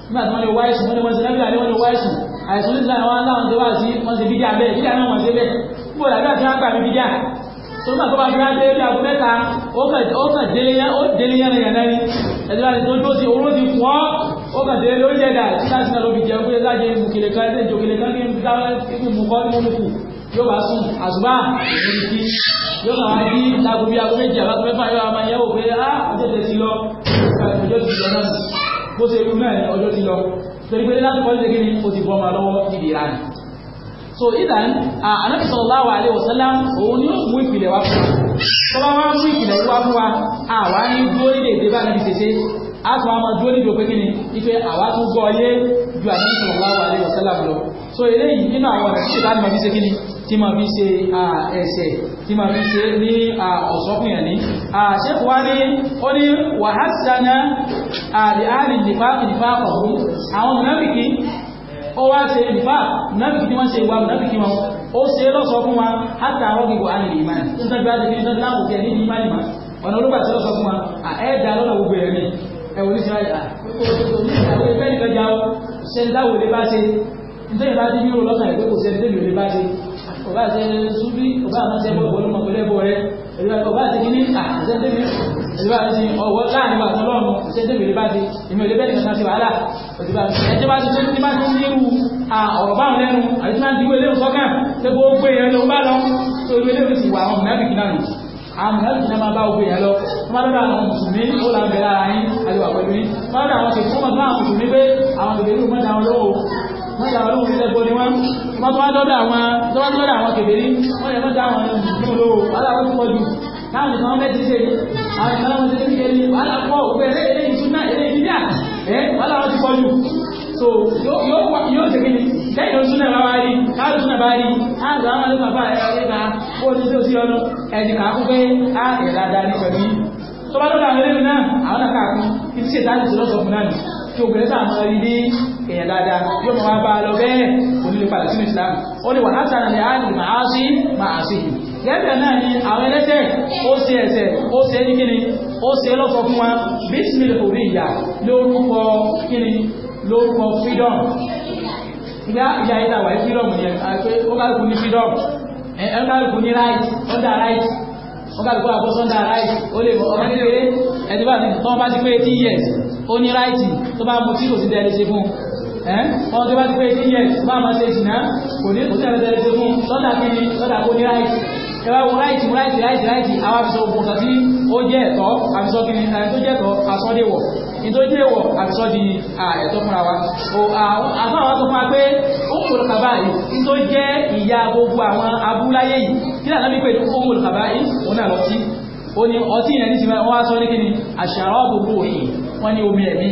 nígbà tó wọ́n lè wáìsì wọ́n lè wọ́n ti lábílà ní wọ́n lè wáìsì àìsàn ní ìsìlámù wọn láwọn tó bá sí wọn ṣe bídíà bẹ́ẹ̀ bídíà náà wọn ṣe bẹ́ẹ̀ gbogbo làbí àti wọn gbà mí bídíà tó nígbà tó bá fi ráńdé bí aago mẹ́ta ó kàn délé yẹn ó délé yẹn lẹ́yìn náà ni ẹ̀sìn láti tó tó sí oró ti fún ọ́ ó kàn délé ló jẹ́ dà tí láti náà ló fi jẹun pé láti mú kele kan ẹ̀sìn jòkèlè kan kí n dáwọ́ kí n mú kọ́ nínú kù yóò bá sùn àzùbá ìrìn yóò máa wá bí láago bí aago méjì àbáko mẹ́fà yóò máa yẹ̀wò pé á ah, ọjọ́ ti lọ ọjọ́ ti lọ náà bó ṣe irú náà ọjọ́ ti lọ torí pé láti kọ́ lóde kíni o ti bọ́ ọmọ lọ́wọ́ níbi ìran so ìdán anabi sallallahu alaihi wasallam òun ni ó mú ìpìlẹ̀ wá fún wa tó bá wá mú ìpìlẹ̀ wá fún wa àwa ní dúró nílé ìdébà níbi tètè a tún a máa dúró níbi òpin kíni ife àwa tún gbọ́ yé ju àti sallallahu alaihi wasallam lọ so eléyìí nínú àwọn ọ̀rẹ́ tí láti máa fi ṣe kíni tí máa fi ṣe ẹsẹ̀ tí máa fi ṣe ní ọ̀sọ́kùnyàn ní ṣéfù wá ní ó ní wàhásánà àdìhárì nìfàkìnìfà ọ̀hún àwọn mùnáfìkì ó wá ṣe nìfà mùnáfìkì tí wọ́n ṣe ìwà mùnáfìkì wọn ó ṣe lọ́sọ̀ wa hátà àwọn gbogbo àmì ìmáà ní ìtọ́jú àti ìtọ́jú láwùjọ ní ìmáà ní ìmáà ọ̀nà olúgbà tí lọ́sọ̀ fún wa ẹ̀ẹ́dà lọ́nà gbogbo ẹ̀mí ẹ̀wọ̀n ní sinmi àyà àwọn ẹgbẹ́ nìkan jà ó sẹ́ńdáwò lè bá ṣe nítorí bá dé bírò lọ́kàn ẹ̀gbẹ́ kò sẹ́ńdẹ́lò lè bá ṣe ọba àti ṣubí ọba àmọ́ sẹ́ńdẹ́ ọ̀pọ̀ ló mọ̀ pẹ̀lú ẹ̀bọ̀ rẹ ọba àti kíní àṣẹ́ńdẹ́lò ìjọba àti ọwọ́ láàrin wa tọ́lọ́run sẹ́ńdẹ́lò lè bá ṣe èmi ò lè bẹ́ẹ̀ nìkan ṣe wàhálà ẹjọ́ bá ti tó ní bá ti ní irú ọ̀rọ̀ báwọn lẹ́nu àti máa ń diwọ́ eléwòsọ́kàn tó gbogbo èèyàn ló ń bá lọ tó eléwòsì wà àwọn mẹ́rin náà àwọn mùnàbí náà máa bá ogun yẹn lọ wọ́n lọ́dọ̀ àwọn mùsùlùmí ó là ń bẹ̀rẹ̀ ara yín àdìwà pẹ̀lú yín wọ́n lọ́dọ̀ àwọn kìkì wọ́n máa mùsùlùmí pé àwọn kèbèrè ìlú mọ́ta wọn lówó mọ́ta wọn lówó nílẹ̀ gbóni wọn wọ́n tó wá lọ́dọ̀ àwọn tó wá lọ́dọ̀ àwọn kèbèrè wọ́n lè mọ́ta àwọn mùsùlùmí lówó wàhálà wọn tó pọ̀ jù táwọn ìkan wọn mẹ́tí ṣe àwọn ìkan wọn ti ṣe wàhálà pọ̀ òwe eléyìí tún náà eléyìí níyà ẹ wàhálà wọn ti pọ̀ jù so yóò ṣe kí ni lẹ́yìn oṣù náà wá rí káàdù náà bá rí káàdù àwọn ọmọdé bàbá rẹ̀ rẹ̀ bá ó ti tó sí ọdún ẹ̀jẹ̀ kà á kú pé á rẹ̀ dáadáa ní pẹ̀lú yìí tó bá lọ́dọ̀ àwọn eléyìí náà àwọn náà káàkú kí ti ṣe ìdájì sí lọ́sọ̀ fún náà nì kí obìnrin sáà máa rí ní èèyàn dáadáa yóò máa bá a lọ bẹ́ẹ̀ onílé padà sínú Islam ó ní wàhálà sáà ní àádùn máa sí máa sí gẹ́gẹ́ náà ni àwọn ẹlẹ́sẹ̀ ó ṣe ẹ̀ṣẹ̀ ó ṣe ní kíni ó ṣe lọ́sọ̀ fún wa bísí mi lè kò rí ìyá lórúkọ kíni lórúkọ freedom ìgbà ìyá ayé ta wà ní freedom yẹn àti ó bá kú ní freedom ẹ ní right under right ó bá kú under right ó lè mọ ọmọ kékeré ẹni bá ti tọ́ bá ti pé eighteen years ó ní right tó bá mu tí kò sí dẹ́rẹ́ ṣe fún ọmọ tó bá ti pé eighteen years tó bá máa ṣe jìnnà kò ní kò sí dẹ́rẹ́ ṣe fún lọ́dà kíni lọ́dà kó ní right ẹwà wo láìtì láìtì láìtì láìtì àwọn àfisọ ogun tí ó jẹ́ ẹ̀tọ́ àfisọ kìnnìkan tó jẹ́ ẹ̀tọ́ àsọdéwọ̀ ìdójú èwọ̀ àtọ́ di ẹ̀tọ́ fúnra wa àbá àwọn tó fún wa pé ó kúrò kaba yìí tó jẹ́ ìyá gbogbo àwọn abúláyé yìí kí lànà bí pé ó kúrò kaba yìí òun náà lọ sí ó ní ọtí yẹn ní ti wọ́n wá sọ ní kíni àṣàrọ̀ gbogbo òyìn wọ́n ní omi ẹ̀mí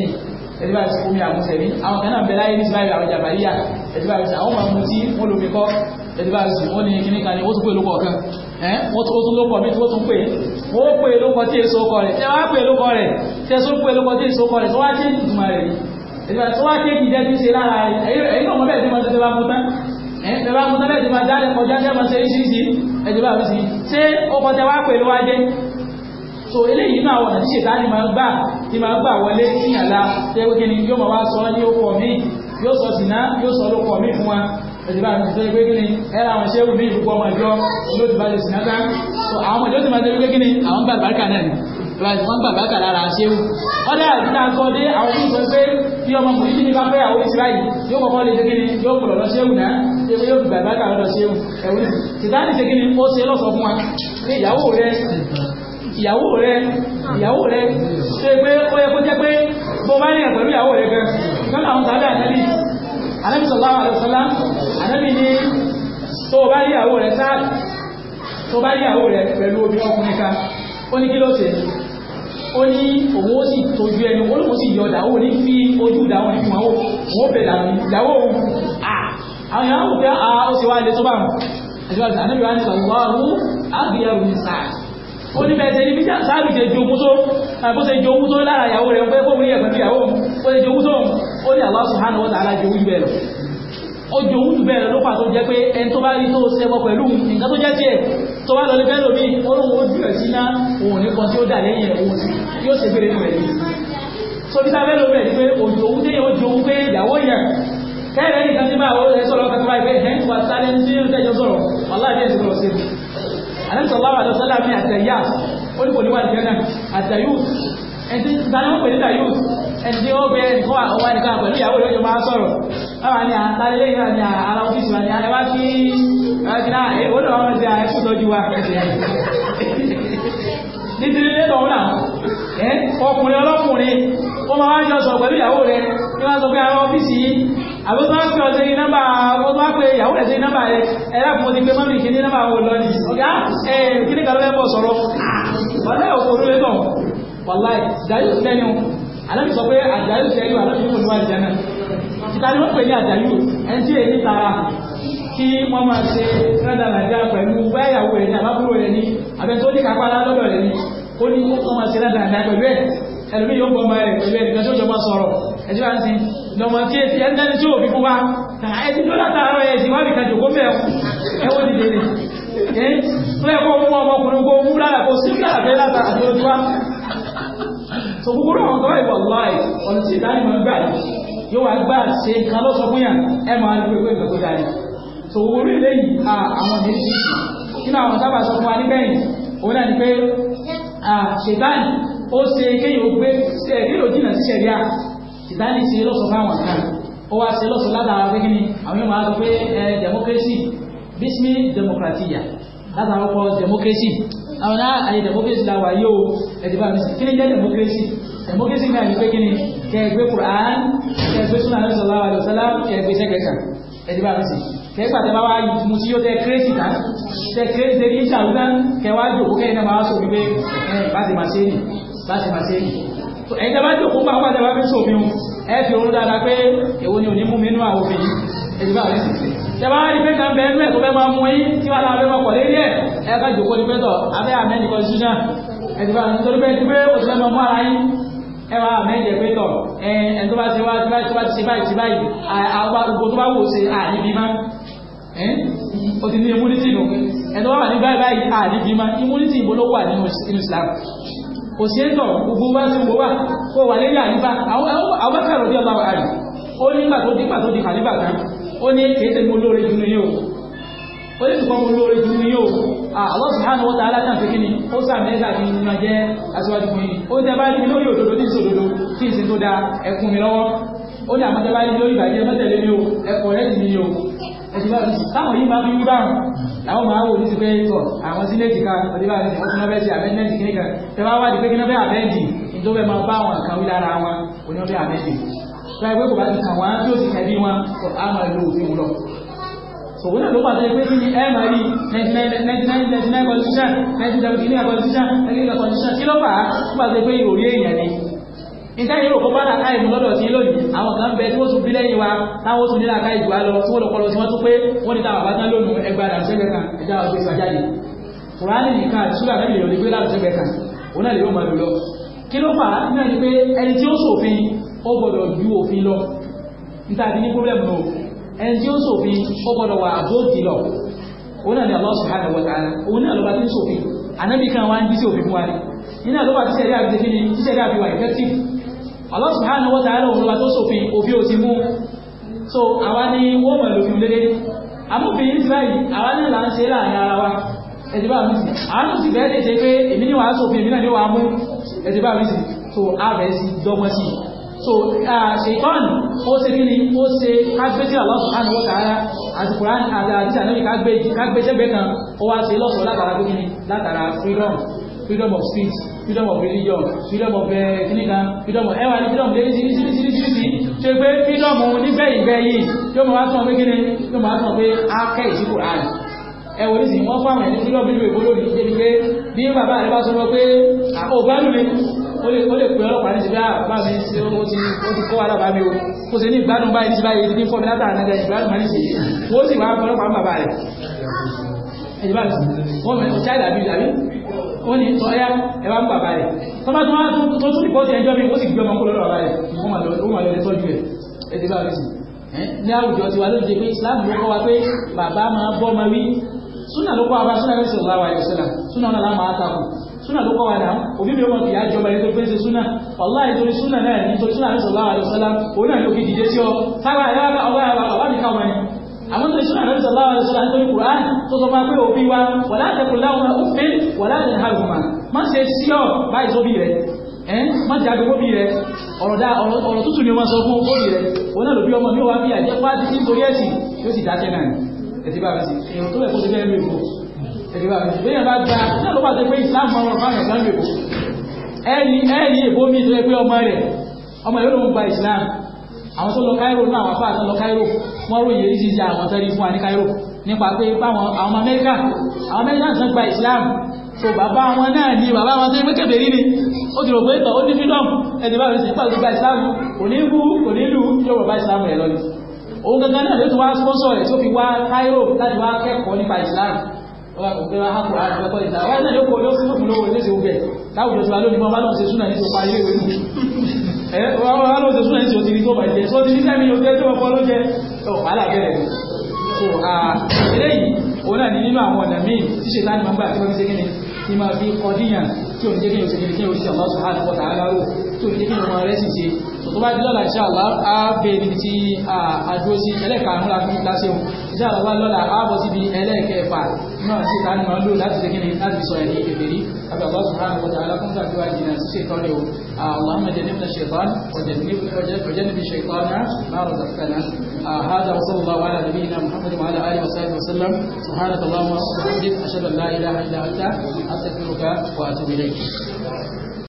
ẹ̀dí báyìí omi àmúṣẹ̀mí àwọn kan náà ń bẹ láyé ní ti báyìí àwọn jàbáyà ẹ̀dí báyìí àwọn máa mutí wọ́n lómi kọ́ ẹ̀dí báyìí wọ́n ní kíní kan ní ó tún pè lóko ọ̀kan wọ́n tó tún lókọ̀ mi tó tún pè ó pè lókọ̀ tí èso kọ rẹ̀ tẹ́ wá pè lókọ̀ rẹ̀ tẹ́ tó pè lókọ̀ tí èso kọ rẹ̀ tó wá ṣe ìtumọ̀ rẹ̀ ìgbà tó wá ṣe ìjẹ́ tí ṣe lára ẹ̀yìn náà mọ́ bẹ́ẹ̀ tí wọ́n ti tẹ́ bá mú tán ẹ̀ bá mú tán bẹ́ẹ̀ tí wọ́n jáde kọjá tẹ́ wọ́n ṣe oríṣiríṣi ẹ̀jẹ̀ bá fi sí ṣé ó kọ tẹ́ wá pè ló wá jẹ́ so eléyìí náà wọ̀nà tí ṣètánì máa gbà tí máa gbà wọlé síyàn la tẹ́ pé kí ni yóò máa wá sọ ní ó pọ̀ mí yóò sọ sìnà yóò sọ ló pọ̀ mí fún wa ẹ̀dìbà mi sọ pé kí ni ẹ̀rọ àwọn ṣé wù mí ìfúkú ọmọ ìjọ ló ti bá lè sìn náà so àwọn ọmọ ìjọ ti máa ṣe pé kí ni àwọn bá àbáríkà náà ni wọ́n gbà bàkà lára ṣé wù ọ̀dà ìdílé akọ dé àwọn ọmọ ìjọ pé bí ọmọ kò ní bá fẹ́ àwọn ìṣirá yìí yóò kọ́kọ́ lè ṣe kí ni yóò pọ̀ lọ ṣé wù náà ṣé wù yóò gbà bàkà lọ ṣé wù ẹ̀wù tìtánì ṣe kí ni ó ṣe lọ́sọ̀ fún wa ìyàwó rẹ ìyàwó rẹ ìyàwó ṣe pé ó yẹ kó jẹ́ pé bó bá rìn pẹ̀lú ìyàwó rẹ gan anábì sallallahu alaihi wasallam anábì ní tó bá rí àwọ̀ rẹ̀ sáà tó bá rí àwọ̀ rẹ̀ pẹ̀lú obìnrin ọkùnrin kan ó ní kí ló ṣe ó ní òun ó sì tójú ẹni olóòwò sì yọ ìdáwó ní fi ojú ìdáwó ní fún àwọn òun bẹ̀ ìdáwó òun àwọn èèyàn wò pé a ó ṣe wá ilé tó bá wọn àjọyọ̀ anábì wa ní sallallahu aghyaru nisaa ó ní bẹ́ẹ̀ ṣe ní bí sáàbì ṣe ju ogún tó bó ṣe ju ogún tó lára ìyàwó rẹ̀ pé kó ó lè jowú tóun ó ní Allah subhanahu wa ta'ala jowú jù bẹ́ẹ̀ lọ ó jowú jù bẹ́ẹ̀ lọ ló fà tó jẹ́ pé ẹni tó bá rí tó ṣẹbọ pẹ̀lú nǹkan tó jẹ́ tiẹ̀ tó bá lọ lé bẹ́ẹ̀ lómi olóhùn ó jùlọ sí ẹ̀sìn ìgbàlẹ̀ wọn pẹ̀lú ìdàyò ẹ̀sìn ọgbẹ́ ẹ̀kọ́ ọwọ́ ẹ̀kọ́ pẹ̀lú ìyàwó ìlú ìjọba sọ̀rọ̀ báwa ni àtàlẹ́lẹ́ yìí ni ara ọ́fíìsì wa ni ẹ wá kí ẹ̀kínà èwo náà wọn ti àìkú tọ́jú wa nítorí lẹ́tọ̀ ọ̀hún náà ẹ ọkùnrin ọlọ́kùnrin ó máa ń jọ sọ̀rọ̀ pẹ̀lú ìyàwó rẹ ní wọ́n sọ pé ara ọ́fíìsì yìí àbúrò máa ń pè ọ̀sẹ̀ yìí nọ́mbà ó máa ń pè ìyàwó rẹ̀ sí nọ́mbà rẹ̀ ẹ̀rá fún ti pé mọ́mí kìíní nọ́mbà wò lọ ní ọ̀gá ẹ̀ kí ní kàlọ́ lẹ́bọ̀ sọ̀rọ̀ ọ̀lẹ́ òkú olúwe náà wàláì dàrí òsì lẹ́nu alábi sọ pé àdàrí òsì lẹ́nu alábi kò ní wà jẹ́ náà ìta ni wọ́n pè ní àdàrí ẹni tí èyí tara kí wọ́n máa ṣe rádàràdà pẹ̀lú báyàwó rẹ̀ ní àbábúrò rẹ̀ ní abẹ́ tó ní kápá lọ́dọ̀ rẹ̀ ní ó ní kó máa ṣe rádàràdà pẹ̀lú ẹ̀ ẹlòmíì yóò gbọ́n máa rẹ̀ pẹ̀lú ẹ̀ nìkan tó jọ máa sọ̀rọ̀ ẹjọ́ àti lọ́mọ tí èsì ẹni tí ò fi kú wá ẹni tó látàárọ̀ ẹ̀ sì wá nìkan jòkó mẹ́ ẹwọ́ dìde ni ẹ́ fún ẹ̀kọ́ ọmọ ọmọkùnrin gbogbo wúlára kò sí fúlára fẹ́ látàárọ̀ tó wá so gbogbo àwọn tó wà ìwà láì ọ̀nà tí ìdáni máa ń gbà yìí yóò wá gbà ṣe nǹkan lọ́sọ̀ fún yàn ẹ máa rí pé nǹkan tó dáa yìí so owó orí ilé yìí a àwọn méjì nínú àwọn sábà sọ fún wa nígbẹ̀yìn òun náà ni pé ṣètáni ó ṣe kéèyàn gbé kéèyàn jìnnà sí ṣẹ̀ríà ṣètáni ṣe lọ́sọ̀ fáwọn kan ó wá ṣe lọ́sọ̀ látara pé kíni àwọn yóò máa sọ pé democracy bísmí democratia látara ọkọ̀ democracy àwọn náà àyè democracy la wà yóò ẹ̀dìbà mi kí ni jẹ́ democracy democracy náà ní pé kí ni kẹgbẹ́ Quran kẹgbẹ́ sunan ní sọlá wa lọ́sọ́lá kẹgbẹ́ sẹ́gbẹ̀ẹ́ta ẹ̀dìbà mi sì kẹgbà tẹ bá wá mu tí yóò tẹ kírésì tán tẹ kírésì tẹ ní ìṣàlùdá kẹwàá jòkó kẹyìn náà máa sọ wípé ẹ bá ti máa ṣe é nì bá ti máa ṣe é nì ẹ̀yin tẹ bá jòkó máa wà tẹ bá fi sọ mi o ẹ fi òun dáadáa pé èwo ni òní mú mi nú àwọn tẹ̀wá rí pé kan bẹ́ẹ̀ mẹ́ẹ̀ tó fẹ́ máa mú yín tí wàá láwọn fẹ́ kọ̀ lérí ẹ̀ ẹ ká jòkó ní pẹ́tọ̀ abẹ́ àmẹ́ni constitution ẹ̀dí bá nítorí pé ti pé o ti fẹ́ máa mú ara yín ẹ wá àmẹ́ni ẹ̀ pẹ́tọ̀ ẹ ẹ̀ tó bá ti wá ti bá ti àwọn gbogbo tó bá wò ṣe àní bí má o ti ní immunity nù ẹ̀ tó bá wà ní báyìí báyìí àní bí má immunity ìbò ló wà nínú Islam kò sí ẹ̀tọ́ gbogbo wá sí gbogbo wà kó wà lérí àyíká àwọn bá kàrọ̀ bí ọlọ́wọ́ àrí ó nígbà tó di pàtó ó ní kéèsè mo lóore jù ní yóò ó ní ṣùgbọ́n mo lóore jù yóò Allah subhanahu wa ta'ala kan fi kíni ó sàmì ẹ́sà kí n máa jẹ́ aṣíwájú fún yìí ó ní abá ní lórí òdodo tí ń tí ń tó da ẹkùn mi lọ́wọ́ ó ní àmọ́tẹ́ bá ní lórí ìbàjẹ́ mẹ́tẹ̀lé mi o ẹkùn rẹ̀ sì mi o ẹ̀sìn bá mi táwọn yìí máa fi wí báwọn làwọn máa wò ní ti pé tọ̀ àwọn sínéètì kan ọdíbà ní ọdún náà fẹ́ ṣe àbẹ́ndẹ́ǹtì kìnìkan tẹ bá wá di pé kí náà fẹ́ àbẹ́ǹdì nítorí máa bá àwọn kan lára wọn oníwọ́n fẹ́ àbẹ́ǹdì láì pé kò bá ti kàn wá tí ó sì kẹ́bí wọn kò á máa lo òfin lọ. òun náà ló pàṣẹ pé kí ni ẹ máa rí ninety nine ninety nine constitution ninety seventy nine constitution ninety nine constitution kí ló fà á ó pàṣẹ pé ìròrí èèyàn ni. ìta yìí rò kó bára ká ìmú lọ́dọ̀ sí lónìí àwọn kan bẹ tí wọ́n tún bí lẹ́yìn wa táwọn tún nílà ká ìjù wa lọ tí wọ́n lọ kọlọ sí wọ́n tún pé wọ́n ní ta bàbá tán lónìí ẹgbàá dàbísẹ́gbẹ̀ kan ẹja ọgbẹ́ ìfàjáde. kùránì nìkan àti súlà mẹ́rin ìròyìn gbé dàbísẹ́gbẹ̀ kan òun náà lè yóò máa lò lọ. kí ló fà á náà ni pé ẹni tí ó ṣòfin ó gbọ́dọ̀ ju òfin lọ níta ti ní pọ́blẹ́mù lọ ẹni tí ó sòfin ó gbọ́dọ̀ wà àbóòtì lọ òun náà ni Allah subhanahu wa ta'ala òun náà ló bá ti ń sòfin ànábì kan wá ń dísẹ́ òfin fún wa ni iná ló bá ti ṣẹ̀dá àti ṣẹ́fí ni Allah subhanahu wa ta'ala òun ló bá tó sòfin òfin ò so àwa ni wọ́n mọ̀ lófin lédè amófin israẹli àwa náà là ń ṣe láàrin ara wa ẹ̀dì bá mi sì àánú sì bẹ́ẹ̀ lè ṣe pé èmi ni wàá sòfin èmi náà ni wàá mú ẹ̀dì bá so a bẹ̀ sí dọ́gbọ́n sí so ṣèkọ́nù uh, ó ṣe kíni ó ṣe kágbésí Allah subhanahu wa ta'ala àti Qur'an àti àdìsí ànábì kágbésẹ́gbẹ́ kan ó wá ṣe lọ́sọ̀ọ́ látara kíni látara freedom freedom of speech freedom of religion freedom of eh, kíníkà freedom of ẹwà ní freedom lé ṣíṣíṣíṣíṣí ṣe pé freedom nígbẹ̀yìngbẹ̀yìn yóò máa sọ pé kíni yóò máa sọ pé á kẹ́ ìsí Qur'an ẹwọ ní sìn wọ́n fáwọn ẹni freedom nínú ìgbólórí débi pé bí bàbá rẹ bá sọ pé àkóbálù ni ó lè pè ọlọ́pàá ní ti bí àbá ah, mi ṣe ó ti kó wà lọ́pàá mi o kò sí ní ìgbádùn báyìí ní ti báyìí ti ní fọ́mi látàrí náà ìgbádùn máa ní ṣe wọ́n sì wá ọlọ́pàá bàbá rẹ̀ ẹ̀jẹ̀ báyìí wọ́n mẹ́rin ọ̀chá ìdàbí ìdàbí ó ní sọ ẹ́yà ẹ bá ń bàbá rẹ̀ tọ́ba tó wá tó tún ìpọ́sí ẹjọ́ mi ó sì gbé ọmọ kó lọ́dọ̀ bàbá rẹ̀ ó mà lọ lè tọ́jú rẹ̀ ẹ̀jẹ̀ báyìí ní àwùjọ tiwa ló ti pé Islam ló kọ́ wa pé bàbá máa bọ́ máa wí súnà ló kọ́ wa bá súnà ló sì lọ́wọ́ àyẹ̀sẹ̀ náà súnà náà lá máa takò súnà ló kọ́ wa náà òbí mi ọmọ kìí àjọba ẹni tó fẹ́ ṣe súnà ọ̀la ìtorí súnà náà ní tó súnà àrísọ̀lá àrísọ̀lá òun náà ló fi dìde sí ọ táwa ẹ̀rọ ọba ẹ̀rọ ọba mi káwọn ẹni àwọn tó súnà àrísọ̀lá àrísọ̀lá nítorí kùrán tó sọ fún wa pé òbí wa wàlá àtẹkùn láwọn òfin wàlá àtẹkùn hàrùmà má ṣe sí ọ báyìí tó bí rẹ má ti àdúgbò bí rẹ ọ̀rọ̀ tútù ni wọ́n sọ fún òbí rẹ òun náà ló bí ẹ̀rọ ìgbéyàn bá gba náà ló bá ti pé ìsìláàmù ọmọ fáwọn ẹ̀sán lè kó ẹ̀rí ẹ̀rí èbó mi tó yẹ pé ọmọ rẹ̀ ọmọ yóò lòun gba ìsìláàmù àwọn tó lọ káírò náà àwọn afáàtà lọ káírò wọ́n rò yẹ ìdíje àwọn tẹ́rí fún wa ní káírò nípa pé báwọn àwọn ọmọ amẹ́ríkà àwọn amẹ́ríkà ti gba Islam. so bàbá wọn náà ni bàbá wọn tó yẹ pé kèfèrí ni ó ti rò pé tọ̀ ó ní freedom ẹni bá rẹ̀ sì pàtó gba ìsìláàmù kò ní kú kò ní lù yóò wọ̀ bá ìsìláàmù rẹ̀ lọ ni òun gangan náà ló ti wá sponsor rẹ̀ tó fi wá káírò láti wá kẹ́kọ̀ọ́ nípa ìsìláàmù òpin wa hapò àti ẹ̀kọ́ ìta wáyé náà yóò kó yóò sí fún lówó léṣe oúnjẹ táwùjọ tí wa lónìí mọ́ bá lọ́n ṣe súnà ní tó parí ìwé mú ẹ wọ́n bá lọ́n ṣe súnà ní tó ti rí tó bàjẹ́ tó ti rí sẹ́mi yóò jẹ́ tó ọkọ ló jẹ́ wàhálà bẹ̀rẹ̀ so eléyìí òun náà ní nínú tó bá dílọ́la inshallah á bẹ níbi tí àdúró sí ẹlẹ́ẹ̀karùn-ún la fi ń dáṣẹ́ o inshallah bá lọ́la á bọ́ síbi ẹlẹ́ẹ̀kẹfà náà sí ìta nínú ọlọ́ láti ṣe kíni láti sọ ẹ̀ní kékeré àbí Allah subhanahu wa ta'ala fún tàbí wa jìnnà sí ṣètọ́ rẹ̀ o Allahumma jannibna shaytan wa jannib shaytana ma razaqtana hada wa sallallahu ala nabiyyina Muhammad wa ala alihi wa sahbihi wa sallam subhanaka Allahumma wa bihamdika ashhadu an la ilaha illa anta astaghfiruka wa atubu ilayk